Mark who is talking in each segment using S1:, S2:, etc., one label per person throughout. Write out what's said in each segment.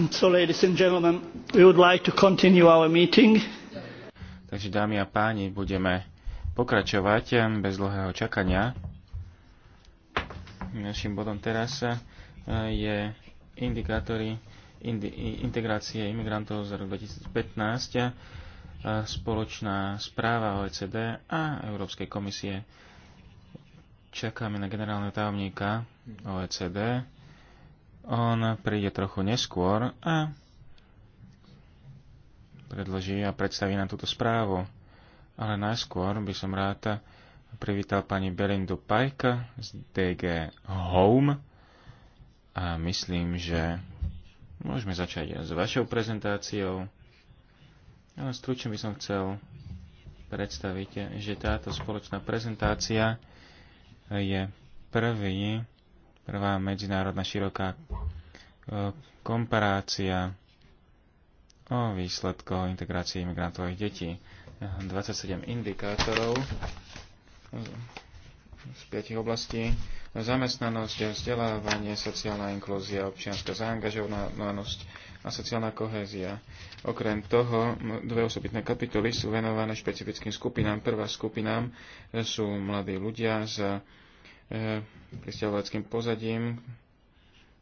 S1: Um, so, ladies and gentlemen, we would like to continue our meeting.
S2: Takže dámy a páni, budeme pokračovať um, bez dlhého čakania. Našim bodom teraz uh, je indikátory integrácie imigrantov z roku 2015, uh, spoločná správa OECD a Európskej komisie. Čakáme na generálneho tajomníka OECD on príde trochu neskôr a predloží a predstaví nám túto správu. Ale najskôr by som rád privítal pani Belindu Pajka z DG Home a myslím, že môžeme začať s vašou prezentáciou. Ale stručne by som chcel predstaviť, že táto spoločná prezentácia je prvý Prvá medzinárodná široká e, komparácia o výsledkoch integrácie imigrantových detí. 27 indikátorov z piatich oblastí. Zamestnanosť, vzdelávanie, sociálna inklúzia, občianská zaangažovanosť a sociálna kohézia. Okrem toho, dve osobitné kapitoly sú venované špecifickým skupinám. Prvá skupina sú mladí ľudia z Eh, pristahovaleckým pozadím,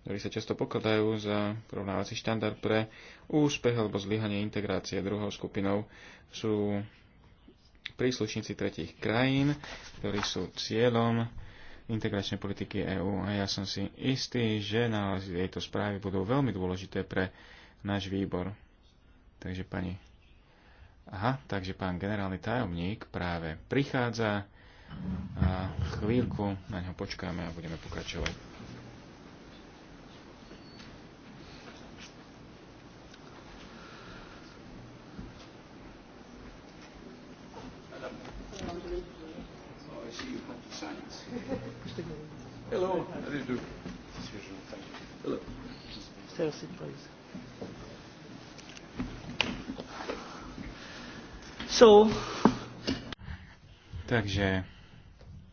S2: ktorí sa často pokladajú za porovnávací štandard pre úspech alebo zlyhanie integrácie. Druhou skupinou sú príslušníci tretich krajín, ktorí sú cieľom integračnej politiky EÚ a ja som si istý, že nálezy tejto správy budú veľmi dôležité pre náš výbor. Takže pani... Aha, takže pán generálny tajomník práve prichádza a chvíľku na ňo počkáme a budeme pokračovať.
S3: Hello, how do you do?
S1: Hello. Seriously, please. So.
S2: Takže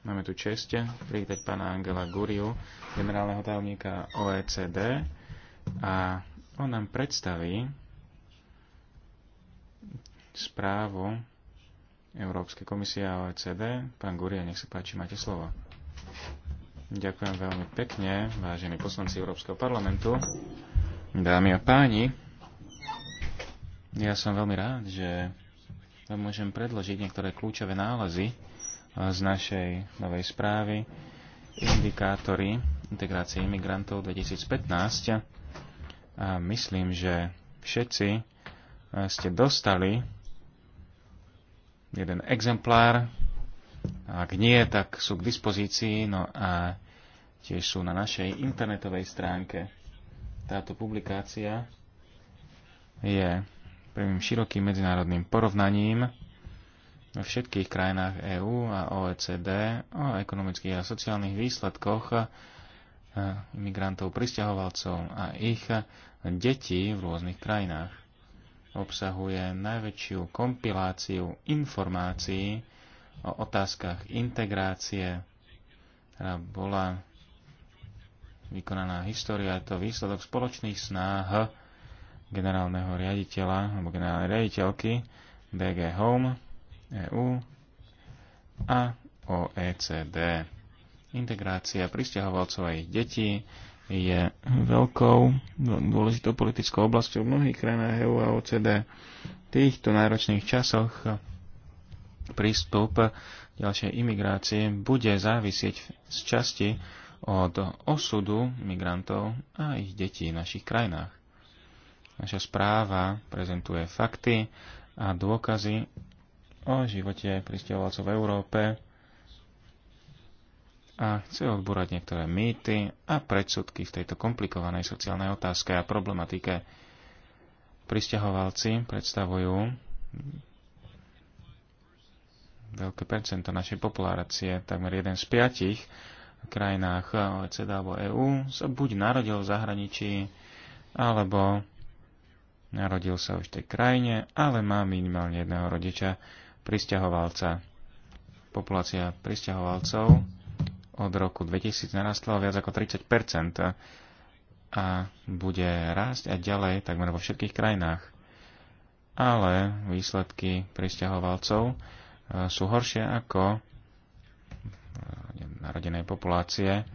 S2: Máme tu čest privítať pána Angela Guriu, generálneho tajomníka OECD a on nám predstaví správu Európskej komisie a OECD. Pán Guria, nech sa páči, máte slovo. Ďakujem veľmi pekne, vážení poslanci Európskeho parlamentu, dámy a páni. Ja som veľmi rád, že vám môžem predložiť niektoré kľúčové nálezy z našej novej správy indikátory integrácie imigrantov 2015 a myslím, že všetci eh, ste dostali jeden exemplár. Ak nie, tak sú k dispozícii, no a tiež sú na našej internetovej stránke. Táto publikácia je prvým širokým medzinárodným porovnaním v všetkých krajinách EÚ a OECD o ekonomických a sociálnych výsledkoch e, imigrantov, pristahovalcov a ich detí v rôznych krajinách. Obsahuje najväčšiu kompiláciu informácií o otázkach integrácie, ktorá bola vykonaná história. Je to výsledok spoločných snáh generálneho riaditeľa alebo generálnej riaditeľky DG Home EU a OECD. Integrácia pristahovalcov a ich detí je veľkou, dôležitou politickou oblasťou v mnohých krajinách EU a OCD. V týchto náročných časoch prístup ďalšej imigrácie bude závisieť z časti od osudu migrantov a ich detí v našich krajinách. Naša správa prezentuje fakty a dôkazy o živote pristahovalcov v Európe a chce odbúrať niektoré mýty a predsudky v tejto komplikovanej sociálnej otázke a problematike. Pristahovalci predstavujú veľké percento našej populácie, takmer jeden z piatich v krajinách OECD alebo EÚ sa buď narodil v zahraničí, alebo narodil sa už v tej krajine, ale má minimálne jedného rodiča pristahovalca. Populácia pristahovalcov od roku 2000 narastla o viac ako 30 a bude rásť a ďalej takmer vo všetkých krajinách. Ale výsledky pristahovalcov e, sú horšie ako e, narodenej populácie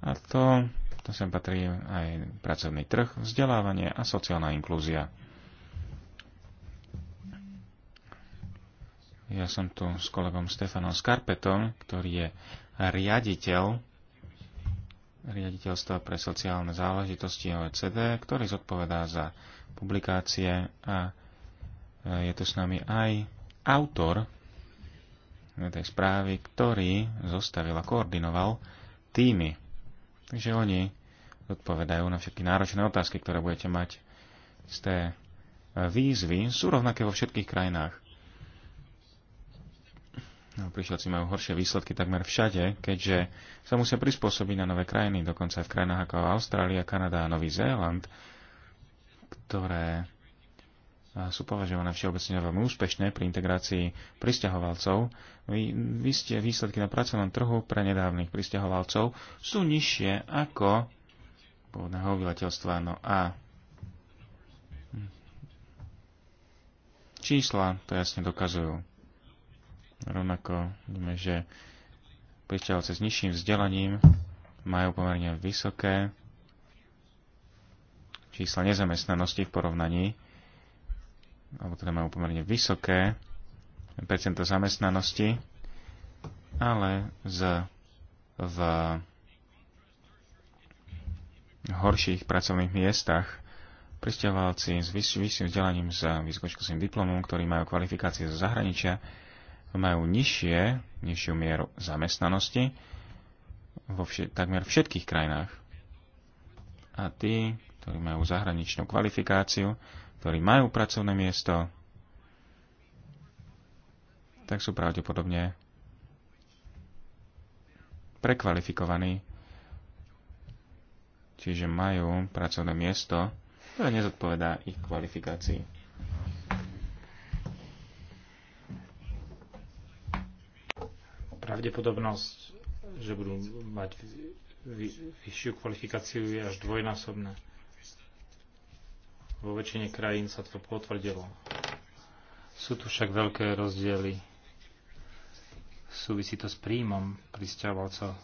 S2: a to, to sem patrí aj pracovný trh, vzdelávanie a sociálna inklúzia. Ja som tu s kolegom Stefanom Skarpetom, ktorý je riaditeľ riaditeľstva pre sociálne záležitosti OECD, ktorý zodpovedá za publikácie a e, je tu s nami aj autor tej správy, ktorý zostavil a koordinoval týmy. Takže oni zodpovedajú na všetky náročné otázky, ktoré budete mať z té e, výzvy. Sú rovnaké vo všetkých krajinách. No, prišielci majú horšie výsledky takmer všade, keďže sa musia prispôsobiť na nové krajiny, dokonca aj v krajinách ako Austrália, Kanada a Nový Zéland, ktoré sú považované všeobecne veľmi úspešné pri integrácii pristahovalcov. Vy, vy ste výsledky na pracovnom trhu pre nedávnych pristahovalcov sú nižšie ako pôvodného obyvateľstva. No a čísla to jasne dokazujú. Rovnako vidíme, že pristahovalce s nižším vzdelaním majú pomerne vysoké čísla nezamestnanosti v porovnaní, alebo teda majú pomerne vysoké percento zamestnanosti, ale z, v horších pracovných miestach pristahovalci s vyšším vzdelaním s vysokoškolským diplomom, ktorí majú kvalifikácie zo zahraničia, majú nižšie, nižšiu mieru zamestnanosti vo vše, takmer všetkých krajinách. A tí, ktorí majú zahraničnú kvalifikáciu, ktorí majú pracovné miesto, tak sú pravdepodobne prekvalifikovaní, čiže majú pracovné miesto, ktoré nezodpovedá ich kvalifikácii.
S4: pravdepodobnosť, že budú mať vyššiu kvalifikáciu, je až dvojnásobná. Vo väčšine krajín sa to potvrdilo. Sú tu však veľké rozdiely. Súvisí to s príjmom pristahovalcov.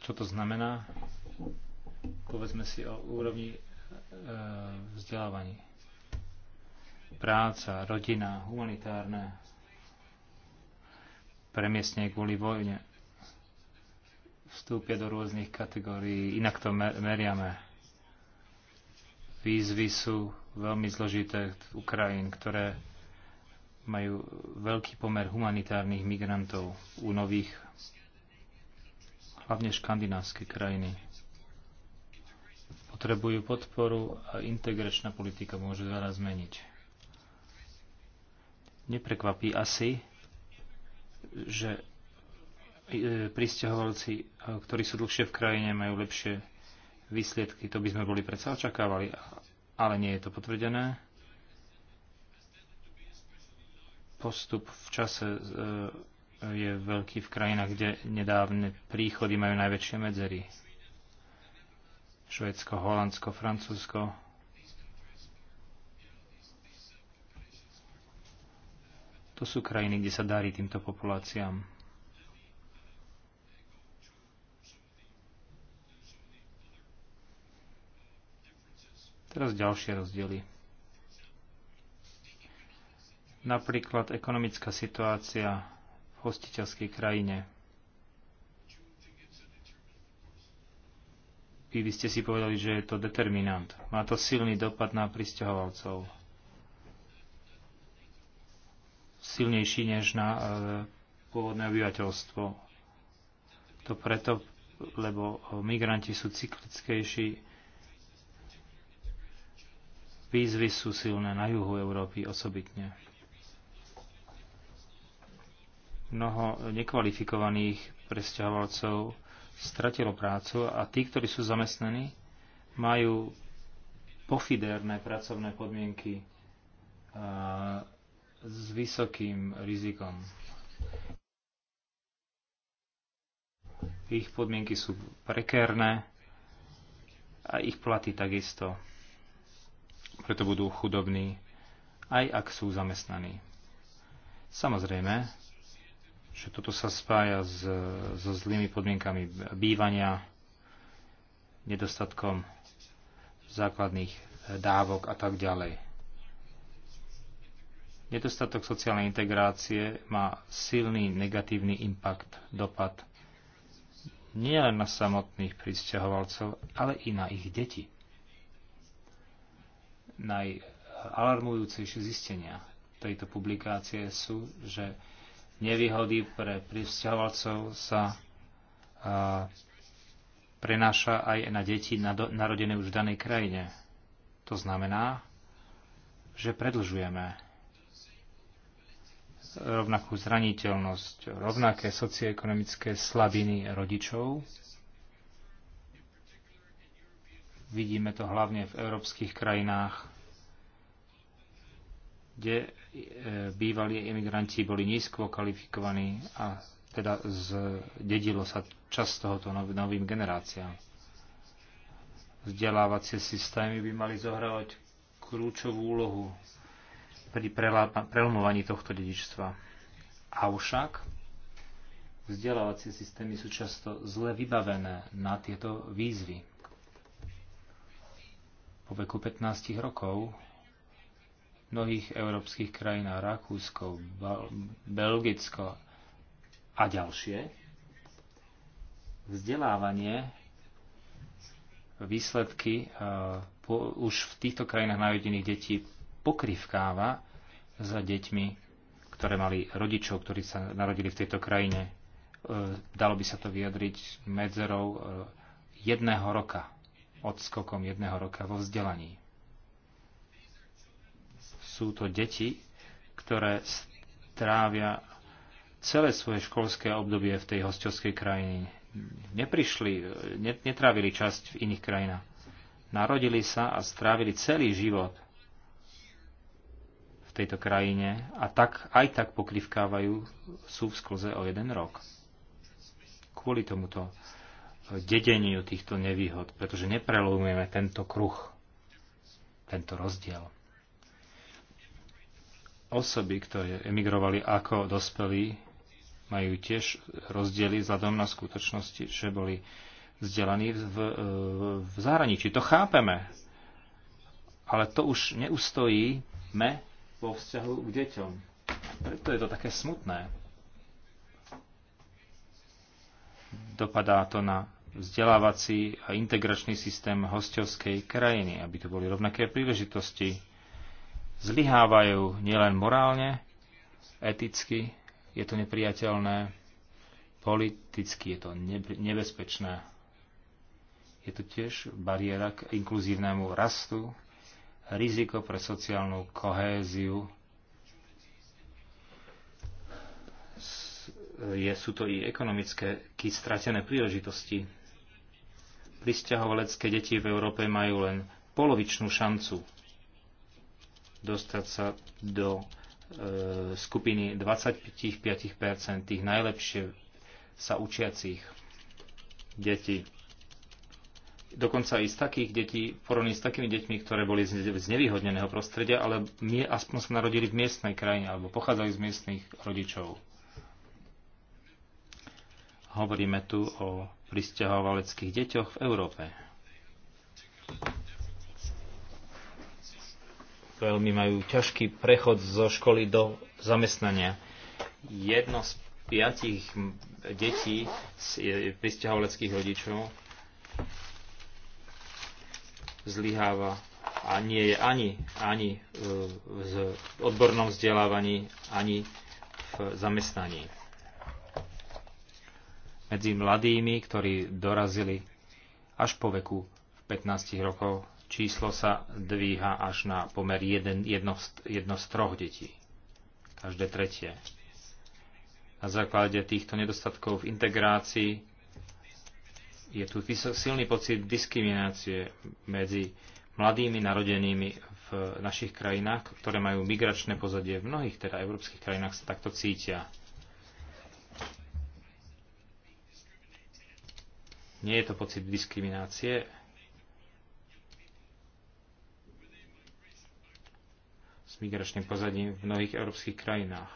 S4: Čo to znamená? Povedzme si o úrovni e, vzdelávaní. Práca, rodina, humanitárne premiesne kvôli vojne. Vstúpia do rôznych kategórií, inak to meriame. Výzvy sú veľmi zložité Ukrajín, ktoré majú veľký pomer humanitárnych migrantov u nových, hlavne škandinávske krajiny. Potrebujú podporu a integračná politika môže veľa zmeniť. Neprekvapí asi, že e, pristahovalci, e, ktorí sú dlhšie v krajine, majú lepšie výsledky. To by sme boli predsa očakávali, ale nie je to potvrdené. Postup v čase e, je veľký v krajinách, kde nedávne príchody majú najväčšie medzery. Švédsko, Holandsko, Francúzsko To sú krajiny, kde sa darí týmto populáciám. Teraz ďalšie rozdiely. Napríklad ekonomická situácia v hostiteľskej krajine. Vy by ste si povedali, že je to determinant. Má to silný dopad na pristahovalcov silnejší než na e, pôvodné obyvateľstvo. To preto, lebo migranti sú cyklickejší, výzvy sú silné na juhu Európy osobitne. Mnoho nekvalifikovaných presťahovalcov stratilo prácu a tí, ktorí sú zamestnaní, majú pofiderné pracovné podmienky s vysokým rizikom. Ich podmienky sú prekérne a ich platy takisto. Preto budú chudobní, aj ak sú zamestnaní. Samozrejme, že toto sa spája s, so zlými podmienkami bývania, nedostatkom základných dávok a tak ďalej. Nedostatok sociálnej integrácie má silný negatívny impact, dopad nielen na samotných pristahovalcov, ale i na ich deti. Najalarmujúcejšie zistenia tejto publikácie sú, že nevýhody pre pristahovalcov sa a, prenáša aj na deti narodené už v danej krajine. To znamená, že predlžujeme rovnakú zraniteľnosť, rovnaké socioekonomické slabiny rodičov. Vidíme to hlavne v európskych krajinách, kde e, bývalí imigranti boli nízko kvalifikovaní a teda zdedilo sa čas tohoto novým generáciám. Vzdelávacie systémy by mali zohrávať kľúčovú úlohu pri prelomovaní tohto dedičstva. Avšak vzdelávacie systémy sú často zle vybavené na tieto výzvy. Po veku 15 rokov v mnohých európskych krajinách Rakúsko, Belgicko a ďalšie vzdelávanie výsledky eh, už v týchto krajinách narodených detí pokrivkáva za deťmi, ktoré mali rodičov, ktorí sa narodili v tejto krajine. E, dalo by sa to vyjadriť medzerou e, jedného roka, odskokom jedného roka vo vzdelaní. Sú to deti, ktoré strávia celé svoje školské obdobie v tej hostovskej krajine. Neprišli, e, netrávili časť v iných krajinách. Narodili sa a strávili celý život tejto krajine a tak, aj tak pokrivkávajú, sú v sklze o jeden rok. Kvôli tomuto e, dedeniu týchto nevýhod, pretože neprelomujeme tento kruh, tento rozdiel. Osoby, ktoré emigrovali ako dospelí, majú tiež rozdiely vzhľadom na skutočnosti, že boli vzdelaní v, v, v zahraničí. To chápeme, ale to už neustojí vo vzťahu k deťom. Preto je to také smutné. Dopadá to na vzdelávací a integračný systém hostovskej krajiny, aby tu boli rovnaké príležitosti. Zlyhávajú nielen morálne, eticky, je to nepriateľné, politicky je to nebezpečné. Je to tiež bariéra k inkluzívnemu rastu, riziko pre sociálnu kohéziu je, sú to i ekonomické stratené príležitosti. Pristahovalecké deti v Európe majú len polovičnú šancu dostať sa do e, skupiny 25% tých najlepšie sa učiacich detí dokonca i z takých detí, porovný s takými deťmi, ktoré boli z nevýhodneného prostredia, ale nie aspoň sa narodili v miestnej krajine alebo pochádzali z miestnych rodičov. Hovoríme tu o pristahovaleckých deťoch v Európe. Veľmi majú ťažký prechod zo školy do zamestnania. Jedno z piatich detí z pristahovaleckých rodičov zlyháva a nie je ani, ani e, v odbornom vzdelávaní, ani v zamestnaní. Medzi mladými, ktorí dorazili až po veku 15 rokov, číslo sa dvíha až na pomer jeden, jedno, jedno z troch detí. Každé tretie. Na základe týchto nedostatkov v integrácii je tu silný pocit diskriminácie medzi mladými narodenými v našich krajinách, ktoré majú migračné pozadie. V mnohých teda európskych krajinách sa takto cítia. Nie je to pocit diskriminácie. S migračným pozadím v mnohých európskych krajinách.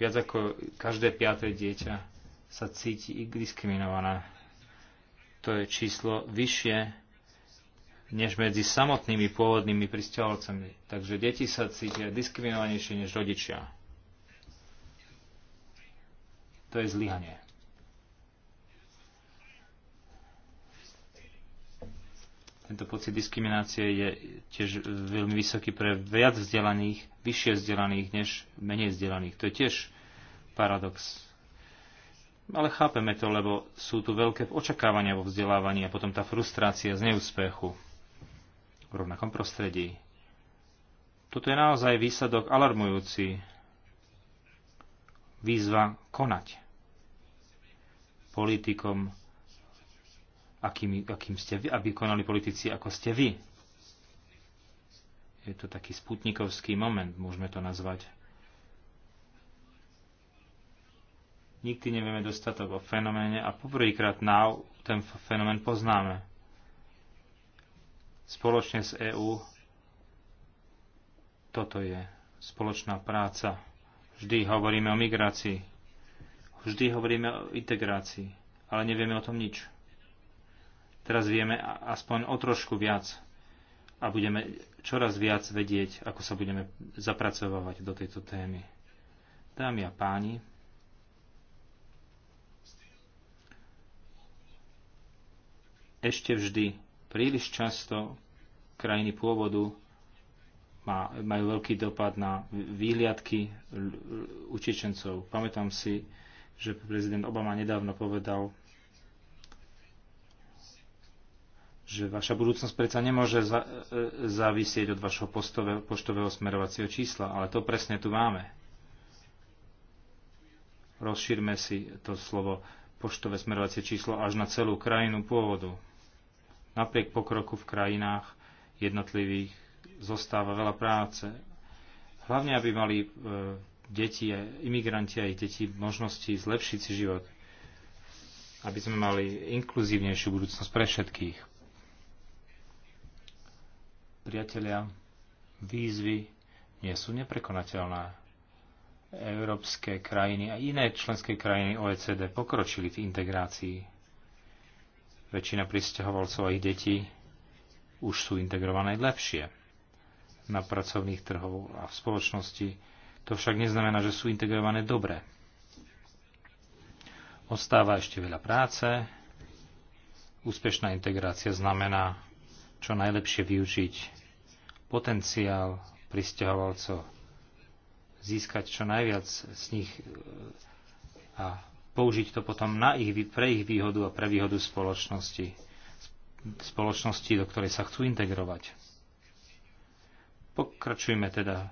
S4: Viac ako každé piaté dieťa sa cíti diskriminovaná. To je číslo vyššie než medzi samotnými pôvodnými pristahovalcami. Takže deti sa cítia diskriminovanejšie než rodičia. To je zlyhanie. Tento pocit diskriminácie je tiež veľmi vysoký pre viac vzdelaných, vyššie vzdelaných než menej vzdelaných. To je tiež paradox ale chápeme to, lebo sú tu veľké očakávania vo vzdelávaní a potom tá frustrácia z neúspechu v rovnakom prostredí. Toto je naozaj výsledok alarmujúci. Výzva konať. Politikom, akým, akým ste vy, aby konali politici, ako ste vy. Je to taký sputnikovský moment, môžeme to nazvať. Nikdy nevieme dostatok o fenoméne a poprvýkrát now ten fenomén poznáme. Spoločne s EÚ toto je spoločná práca. Vždy hovoríme o migrácii. Vždy hovoríme o integrácii. Ale nevieme o tom nič. Teraz vieme aspoň o trošku viac. A budeme čoraz viac vedieť, ako sa budeme zapracovávať do tejto témy. Dámy a páni, ešte vždy príliš často krajiny pôvodu majú veľký dopad na výliadky utečencov. Pamätám si, že prezident Obama nedávno povedal, že vaša budúcnosť predsa nemôže za, e, závisieť od vašho postove, poštového smerovacieho čísla, ale to presne tu máme. Rozšírme si to slovo poštové smerovacie číslo až na celú krajinu pôvodu. Napriek pokroku v krajinách jednotlivých zostáva veľa práce. Hlavne, aby mali e, deti, imigranti a ich deti možnosti zlepšiť si život. Aby sme mali inkluzívnejšiu budúcnosť pre všetkých. Priatelia, výzvy nie sú neprekonateľné. Európske krajiny a iné členské krajiny OECD pokročili v integrácii Väčšina pristahovalcov a ich detí už sú integrované lepšie na pracovných trhov a v spoločnosti. To však neznamená, že sú integrované dobre. Ostáva ešte veľa práce. Úspešná integrácia znamená čo najlepšie využiť potenciál pristahovalcov, získať čo najviac z nich e, a použiť to potom na ich, pre ich výhodu a pre výhodu spoločnosti, spoločnosti, do ktorej sa chcú integrovať. Pokračujme teda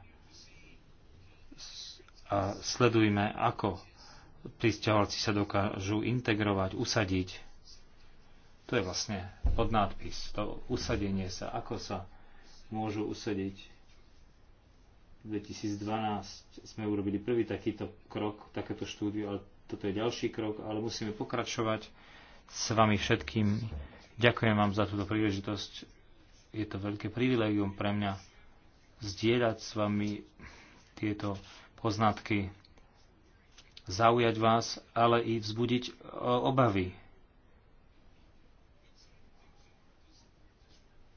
S4: a sledujme, ako pristahovalci sa dokážu integrovať, usadiť. To je vlastne podnádpis, to usadenie sa, ako sa môžu usadiť 2012 sme urobili prvý takýto krok, takéto štúdiu, ale toto je ďalší krok, ale musíme pokračovať s vami všetkým. Ďakujem vám za túto príležitosť. Je to veľké privilegium pre mňa zdieľať s vami tieto poznatky, zaujať vás, ale i vzbudiť e, obavy,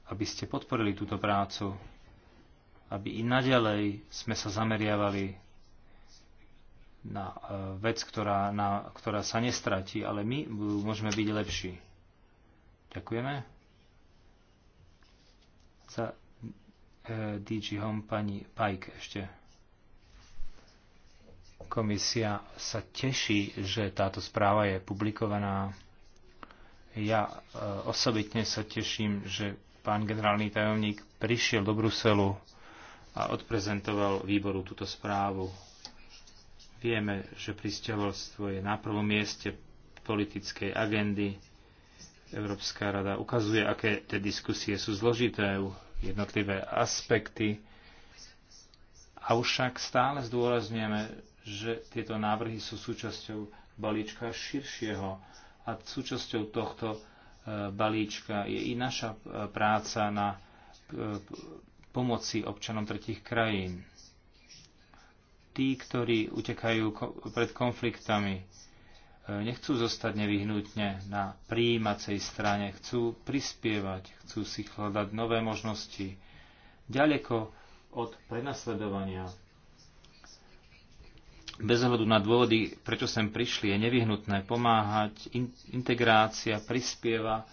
S4: aby ste podporili túto prácu, aby i naďalej sme sa zameriavali na e, vec, ktorá, na, ktorá sa nestratí, ale my môžeme byť lepší. Ďakujeme. Za e, DG Home pani Pajk ešte. Komisia sa teší, že táto správa je publikovaná. Ja e, osobitne sa teším, že pán generálny tajomník prišiel do Bruselu a odprezentoval výboru túto správu Vieme, že pristahovalstvo je na prvom mieste politickej agendy. Európska rada ukazuje, aké tie diskusie sú zložité, jednotlivé aspekty. a však stále zdôrazňujeme, že tieto návrhy sú súčasťou balíčka širšieho a súčasťou tohto e, balíčka je i naša e, práca na e, pomoci občanom tretich krajín tí, ktorí utekajú pred konfliktami, e, nechcú zostať nevyhnutne na príjímacej strane, chcú prispievať, chcú si hľadať nové možnosti ďaleko od prenasledovania. Bez ohľadu na dôvody, prečo sem prišli, je nevyhnutné pomáhať. Integrácia prispieva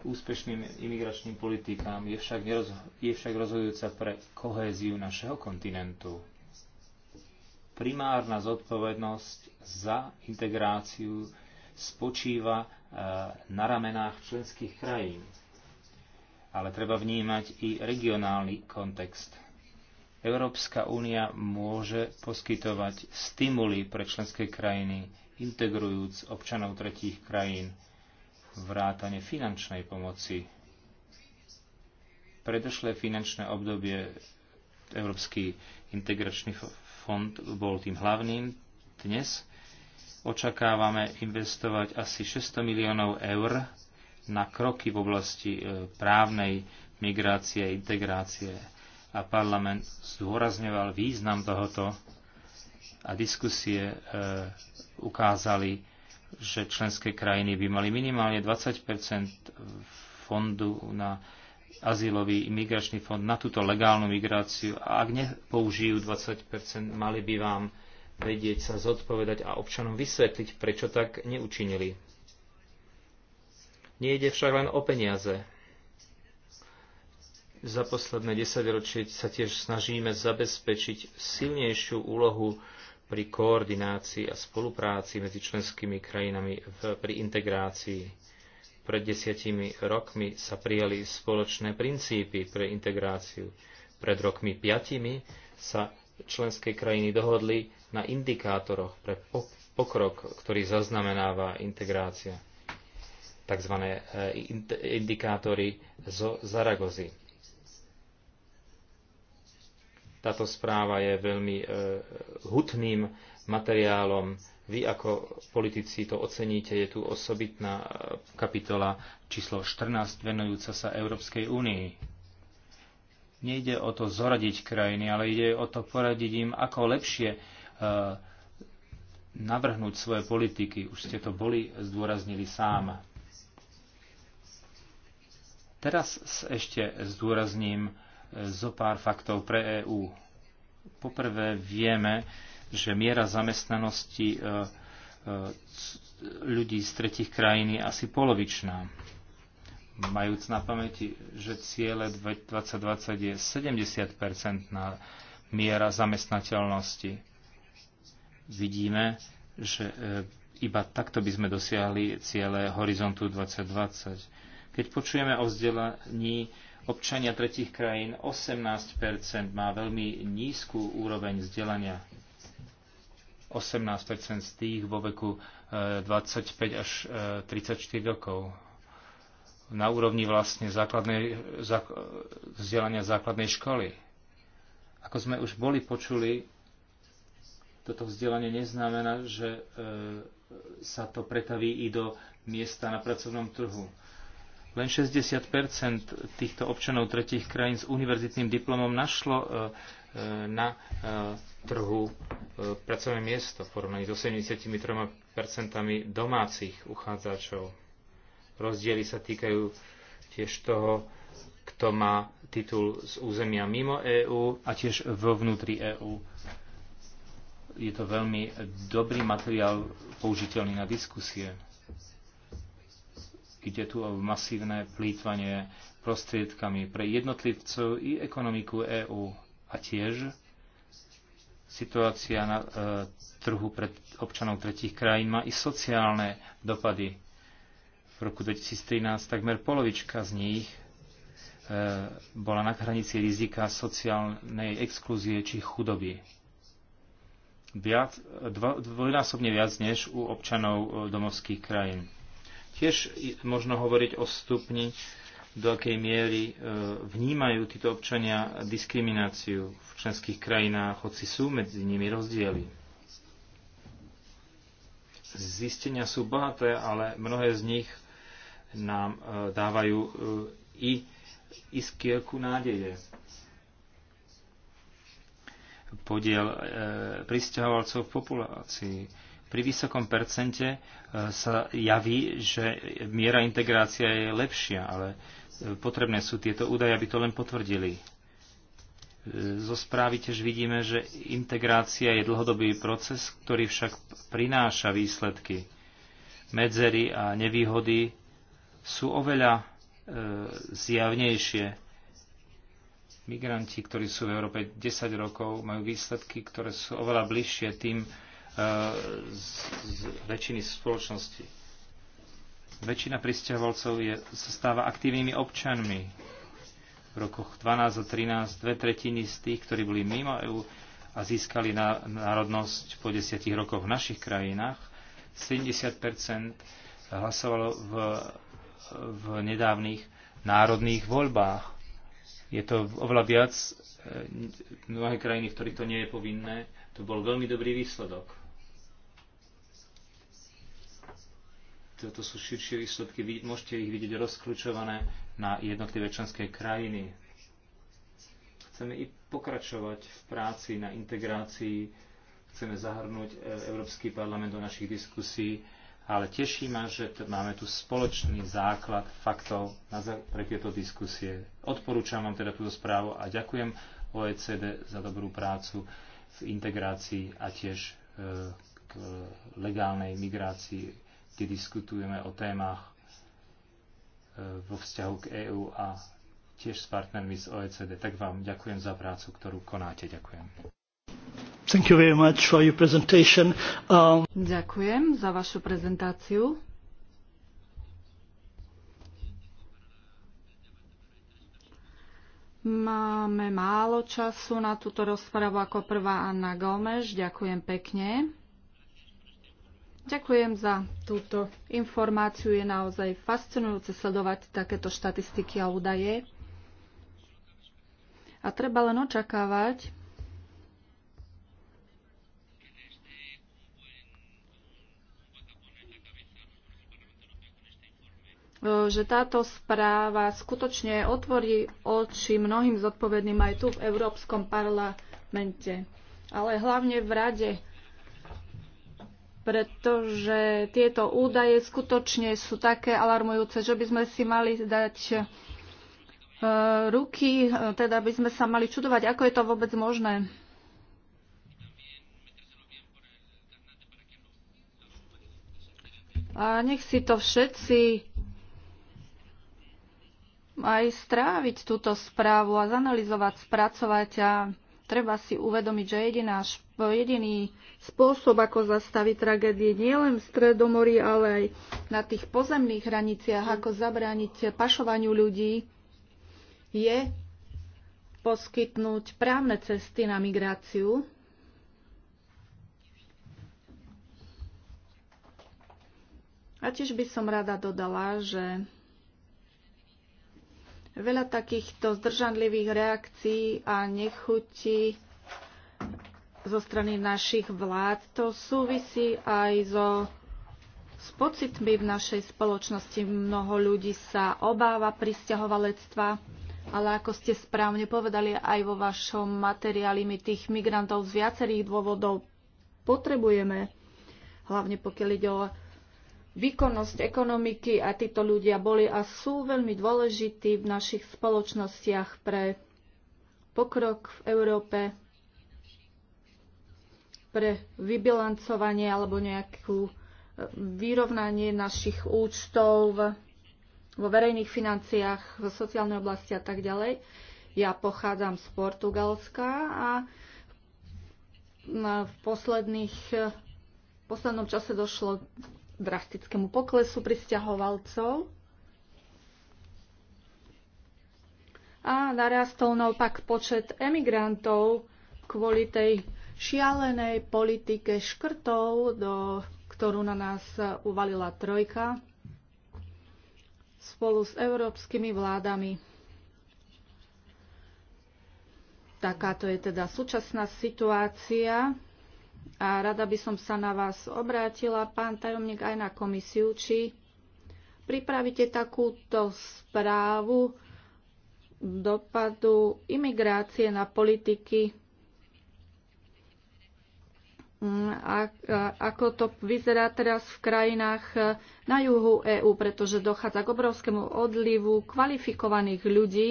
S4: úspešným imigračným politikám, je však, je však rozhodujúca pre kohéziu našeho kontinentu primárna zodpovednosť za integráciu spočíva e, na ramenách členských krajín. Ale treba vnímať i regionálny kontext. Európska únia môže poskytovať stimuly pre členské krajiny, integrujúc občanov tretích krajín, vrátane finančnej pomoci. Predošlé finančné obdobie Európsky integračný fond bol tým hlavným dnes. Očakávame investovať asi 600 miliónov eur na kroky v oblasti e, právnej migrácie a integrácie. A parlament zdôrazňoval význam tohoto a diskusie e, ukázali, že členské krajiny by mali minimálne 20 fondu na azylový imigračný fond na túto legálnu migráciu a ak nepoužijú 20%, mali by vám vedieť sa zodpovedať a občanom vysvetliť, prečo tak neučinili. ide však len o peniaze. Za posledné desaťročie sa tiež snažíme zabezpečiť silnejšiu úlohu pri koordinácii a spolupráci medzi členskými krajinami v, pri integrácii pred desiatimi rokmi sa prijali spoločné princípy pre integráciu. Pred rokmi piatimi sa členské krajiny dohodli na indikátoroch pre pokrok, ktorý zaznamenáva integrácia. Takzvané e, indikátory zo Zaragozy. Táto správa je veľmi e, hutným materiálom, vy ako politici to oceníte, je tu osobitná e, kapitola číslo 14 venujúca sa Európskej únii. Nejde o to zoradiť krajiny, ale ide o to poradiť im, ako lepšie e, navrhnúť svoje politiky. Už ste to boli zdôraznili sám. Teraz ešte zdôrazním e, zo pár faktov pre EÚ. Poprvé vieme, že miera zamestnanosti e, e, ľudí z tretich krajín je asi polovičná. Majúc na pamäti, že ciele 2020 je 70 na miera zamestnateľnosti, vidíme, že e, iba takto by sme dosiahli ciele horizontu 2020. Keď počujeme o vzdelaní občania tretich krajín, 18 má veľmi nízku úroveň vzdelania 18 z tých vo veku 25 e, až 34 e, rokov. Na úrovni vlastne základnej, vzdelania základnej školy. Ako sme už boli počuli, toto vzdelanie neznamená, že e, sa to pretaví i do miesta na pracovnom trhu. Len 60 týchto občanov tretich krajín s univerzitným diplomom našlo e, E, na e, trhu e, pracovné miesto v porovnaní s 83% domácich uchádzačov. Rozdiely sa týkajú tiež toho, kto má titul z územia mimo EÚ a tiež vo vnútri EÚ. Je to veľmi dobrý materiál použiteľný na diskusie. Ide tu o masívne plýtvanie prostriedkami pre jednotlivcov i ekonomiku EÚ a tiež situácia na e, trhu pred občanov tretich krajín má i sociálne dopady. V roku 2013 takmer polovička z nich e, bola na hranici rizika sociálnej exklúzie či chudoby. Viac, dva, dvojnásobne viac než u občanov e, domovských krajín. Tiež možno hovoriť o stupni do akej miery e, vnímajú títo občania diskrimináciu v členských krajinách, hoci sú medzi nimi rozdiely. Zistenia sú bohaté, ale mnohé z nich nám e, dávajú e, i iskierku nádeje. Podiel pristahovalcov v populácii pri vysokom percente sa javí, že miera integrácia je lepšia, ale Potrebné sú tieto údaje, aby to len potvrdili. Zo správy tiež vidíme, že integrácia je dlhodobý proces, ktorý však prináša výsledky. Medzery a nevýhody sú oveľa e, zjavnejšie. Migranti, ktorí sú v Európe 10 rokov, majú výsledky, ktoré sú oveľa bližšie tým e, z, z väčšiny spoločnosti Väčšina pristahovalcov je, sa stáva aktívnymi občanmi. V rokoch 12 a 13 dve tretiny z tých, ktorí boli mimo EÚ a získali na, národnosť po desiatich rokoch v našich krajinách, 70 hlasovalo v, v nedávnych národných voľbách. Je to oveľa viac e, mnohé krajiny, v ktorých to nie je povinné. To bol veľmi dobrý výsledok. toto sú širšie výsledky, môžete ich vidieť rozklúčované na jednotlivé členské krajiny. Chceme i pokračovať v práci na integrácii, chceme zahrnúť e, Európsky parlament do našich diskusí, ale teší ma, že máme tu spoločný základ faktov pre tieto diskusie. Odporúčam vám teda túto správu a ďakujem OECD za dobrú prácu v integrácii a tiež e, k legálnej migrácii kde diskutujeme o témach e, vo vzťahu k EÚ a tiež s partnermi z OECD. Tak vám ďakujem za prácu, ktorú konáte. Ďakujem.
S1: Thank you very much for your presentation.
S5: Um... Ďakujem za vašu prezentáciu. Máme málo času na túto rozpravu ako prvá Anna Gomeš. Ďakujem pekne. Ďakujem za túto informáciu. Je naozaj fascinujúce sledovať takéto štatistiky a údaje. A treba len očakávať, že táto správa skutočne otvorí oči mnohým zodpovedným aj tu v Európskom parlamente, ale hlavne v Rade pretože tieto údaje skutočne sú také alarmujúce, že by sme si mali dať e, ruky, e, teda by sme sa mali čudovať, ako je to vôbec možné. A nech si to všetci aj stráviť túto správu a zanalizovať, spracovať a Treba si uvedomiť, že jediná, jediný spôsob, ako zastaviť tragédie nielen v Stredomorí, ale aj na tých pozemných hraniciach, ako zabrániť pašovaniu ľudí, je poskytnúť právne cesty na migráciu, A tiež by som rada dodala, že Veľa takýchto zdržanlivých reakcií a nechutí zo strany našich vlád, to súvisí aj so s pocitmi v našej spoločnosti. Mnoho ľudí sa obáva pristahovalectva, ale ako ste správne povedali aj vo vašom materiáli, my tých migrantov z viacerých dôvodov potrebujeme, hlavne pokiaľ ide o výkonnosť ekonomiky a títo ľudia boli a sú veľmi dôležití v našich spoločnostiach pre pokrok v Európe, pre vybilancovanie alebo nejakú e, vyrovnanie našich účtov vo verejných financiách, v sociálnej oblasti a tak ďalej. Ja pochádzam z Portugalska a e, v, posledných, e, v poslednom čase došlo drastickému poklesu pristahovalcov a narastol naopak počet emigrantov kvôli tej šialenej politike škrtov, do, ktorú na nás uvalila trojka spolu s európskymi vládami. Takáto je teda súčasná situácia a rada by som sa na vás obrátila, pán tajomník, aj na komisiu, či pripravíte takúto správu dopadu imigrácie na politiky, mm, a, ako to vyzerá teraz v krajinách e, na juhu EÚ, pretože dochádza k obrovskému odlivu kvalifikovaných ľudí,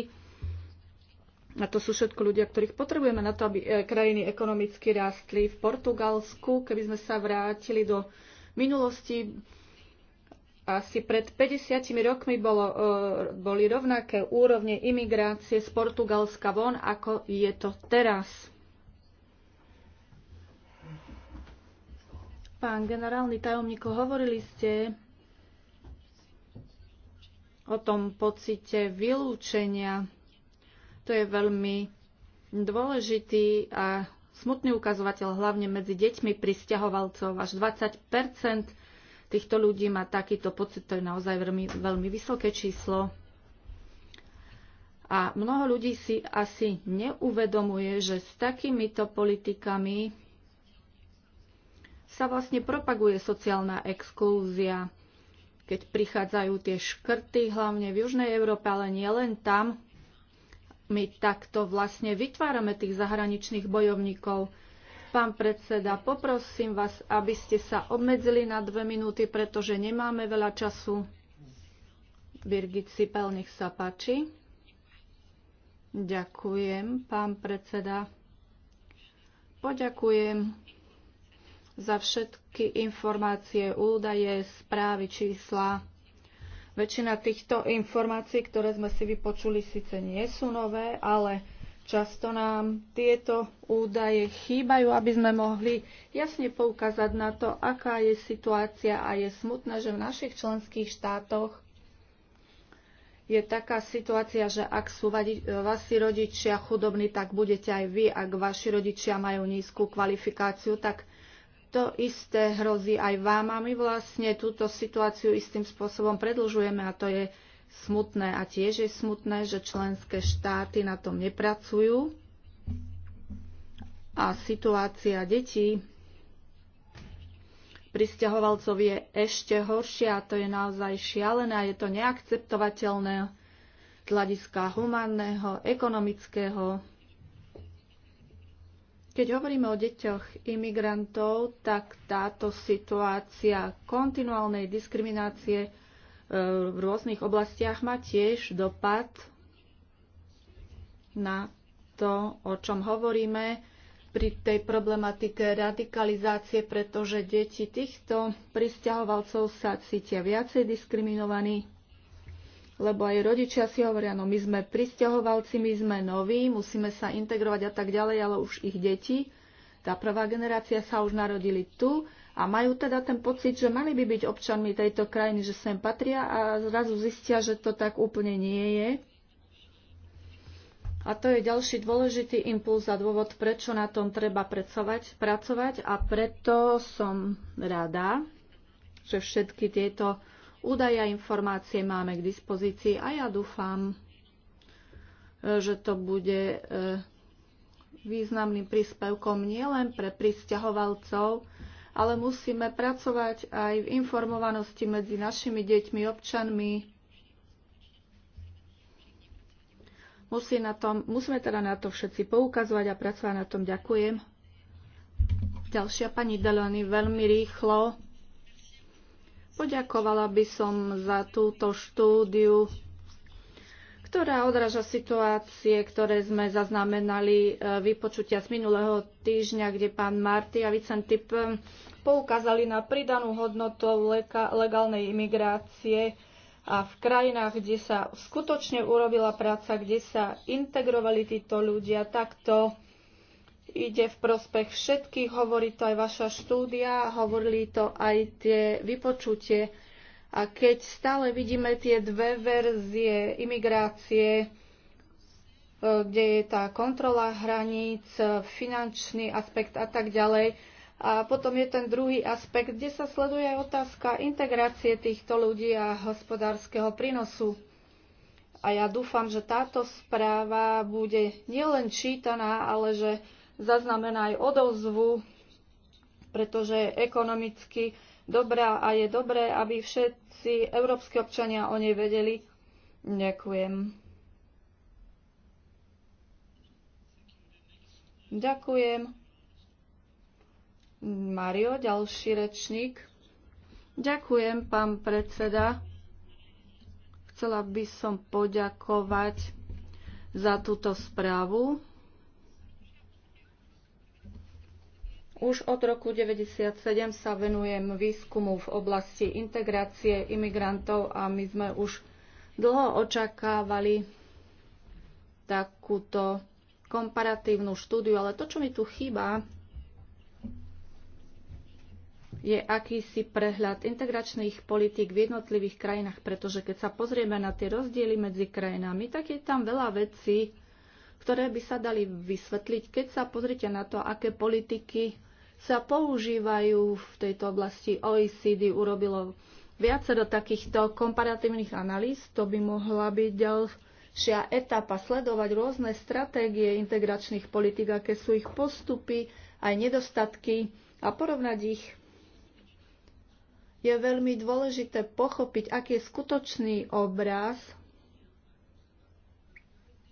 S5: a to sú všetko ľudia, ktorých potrebujeme na to, aby e, krajiny ekonomicky rástli. V Portugalsku, keby sme sa vrátili do minulosti, asi pred 50 rokmi bolo, e, boli rovnaké úrovne imigrácie z Portugalska von, ako je to teraz. Pán generálny tajomníko, hovorili ste o tom pocite vylúčenia to je veľmi dôležitý a smutný ukazovateľ, hlavne medzi deťmi pristahovalcov. Až 20 týchto ľudí má takýto pocit, to je naozaj veľmi, veľmi vysoké číslo. A mnoho ľudí si asi neuvedomuje, že s takýmito politikami sa vlastne propaguje sociálna exklúzia, keď prichádzajú tie škrty, hlavne v Južnej Európe, ale nie len tam, my takto vlastne vytvárame tých zahraničných bojovníkov. Pán predseda, poprosím vás, aby ste sa obmedzili na dve minúty, pretože nemáme veľa času. Birgit Sipel, nech sa páči. Ďakujem, pán predseda. Poďakujem za všetky informácie, údaje, správy, čísla Väčšina týchto informácií, ktoré sme si vypočuli, síce nie sú nové, ale často nám tieto údaje chýbajú, aby sme mohli jasne poukázať na to, aká je situácia a je smutné, že v našich členských štátoch je taká situácia, že ak sú vaši rodičia chudobní, tak budete aj vy. Ak vaši rodičia majú nízku kvalifikáciu, tak to isté hrozí aj vám a my vlastne túto situáciu istým spôsobom predlžujeme a to je smutné a tiež je smutné, že členské štáty na tom nepracujú a situácia detí pristahovalcov je ešte horšia a to je naozaj šialené a je to neakceptovateľné z hľadiska humánneho, ekonomického, keď hovoríme o deťoch imigrantov, tak táto situácia kontinuálnej diskriminácie e, v rôznych oblastiach má tiež dopad na to, o čom hovoríme pri tej problematike radikalizácie, pretože deti týchto pristahovalcov sa cítia viacej diskriminovaní lebo aj rodičia si hovoria, no my sme pristahovalci, my sme noví, musíme sa integrovať a tak ďalej, ale už ich deti, tá prvá generácia sa už narodili tu a majú teda ten pocit, že mali by byť občanmi tejto krajiny, že sem patria a zrazu zistia, že to tak úplne nie je. A to je ďalší dôležitý impuls a dôvod, prečo na tom treba pracovať, pracovať a preto som rada, že všetky tieto Údaje a informácie máme k dispozícii a ja dúfam, že to bude e, významným príspevkom nielen pre pristahovalcov, ale musíme pracovať aj v informovanosti medzi našimi deťmi, občanmi. Musí na tom, musíme teda na to všetci poukazovať a pracovať na tom. Ďakujem. Ďalšia pani Delany veľmi rýchlo. Poďakovala by som za túto štúdiu, ktorá odráža situácie, ktoré sme zaznamenali e, vypočutia z minulého týždňa, kde pán Marty a Vicentip e, poukázali na pridanú hodnotu legálnej imigrácie a v krajinách, kde sa skutočne urobila práca, kde sa integrovali títo ľudia, takto ide v prospech všetkých, hovorí to aj vaša štúdia, hovorili to aj tie vypočutie. A keď stále vidíme tie dve verzie imigrácie, e, kde je tá kontrola hraníc, e, finančný aspekt a tak ďalej, a potom je ten druhý aspekt, kde sa sleduje aj otázka integrácie týchto ľudí a hospodárskeho prínosu. A ja dúfam, že táto správa bude nielen čítaná, ale že zaznamená aj odozvu, pretože ekonomicky dobrá a je dobré, aby všetci európsky občania o nej vedeli. Ďakujem. Ďakujem. Mario, ďalší rečník. Ďakujem, pán predseda. Chcela by som poďakovať za túto správu. Už od roku 1997 sa venujem výskumu v oblasti integrácie imigrantov a my sme už dlho očakávali takúto komparatívnu štúdiu, ale to, čo mi tu chýba, je akýsi prehľad integračných politík v jednotlivých krajinách, pretože keď sa pozrieme na tie rozdiely medzi krajinami, tak je tam veľa vecí, ktoré by sa dali vysvetliť, keď sa pozrite na to, aké politiky sa používajú v tejto oblasti. OECD urobilo viacero takýchto komparatívnych analýz. To by mohla byť ďalšia etapa sledovať rôzne stratégie integračných politik, aké sú ich postupy, aj nedostatky a porovnať ich je veľmi dôležité pochopiť, aký je skutočný obraz,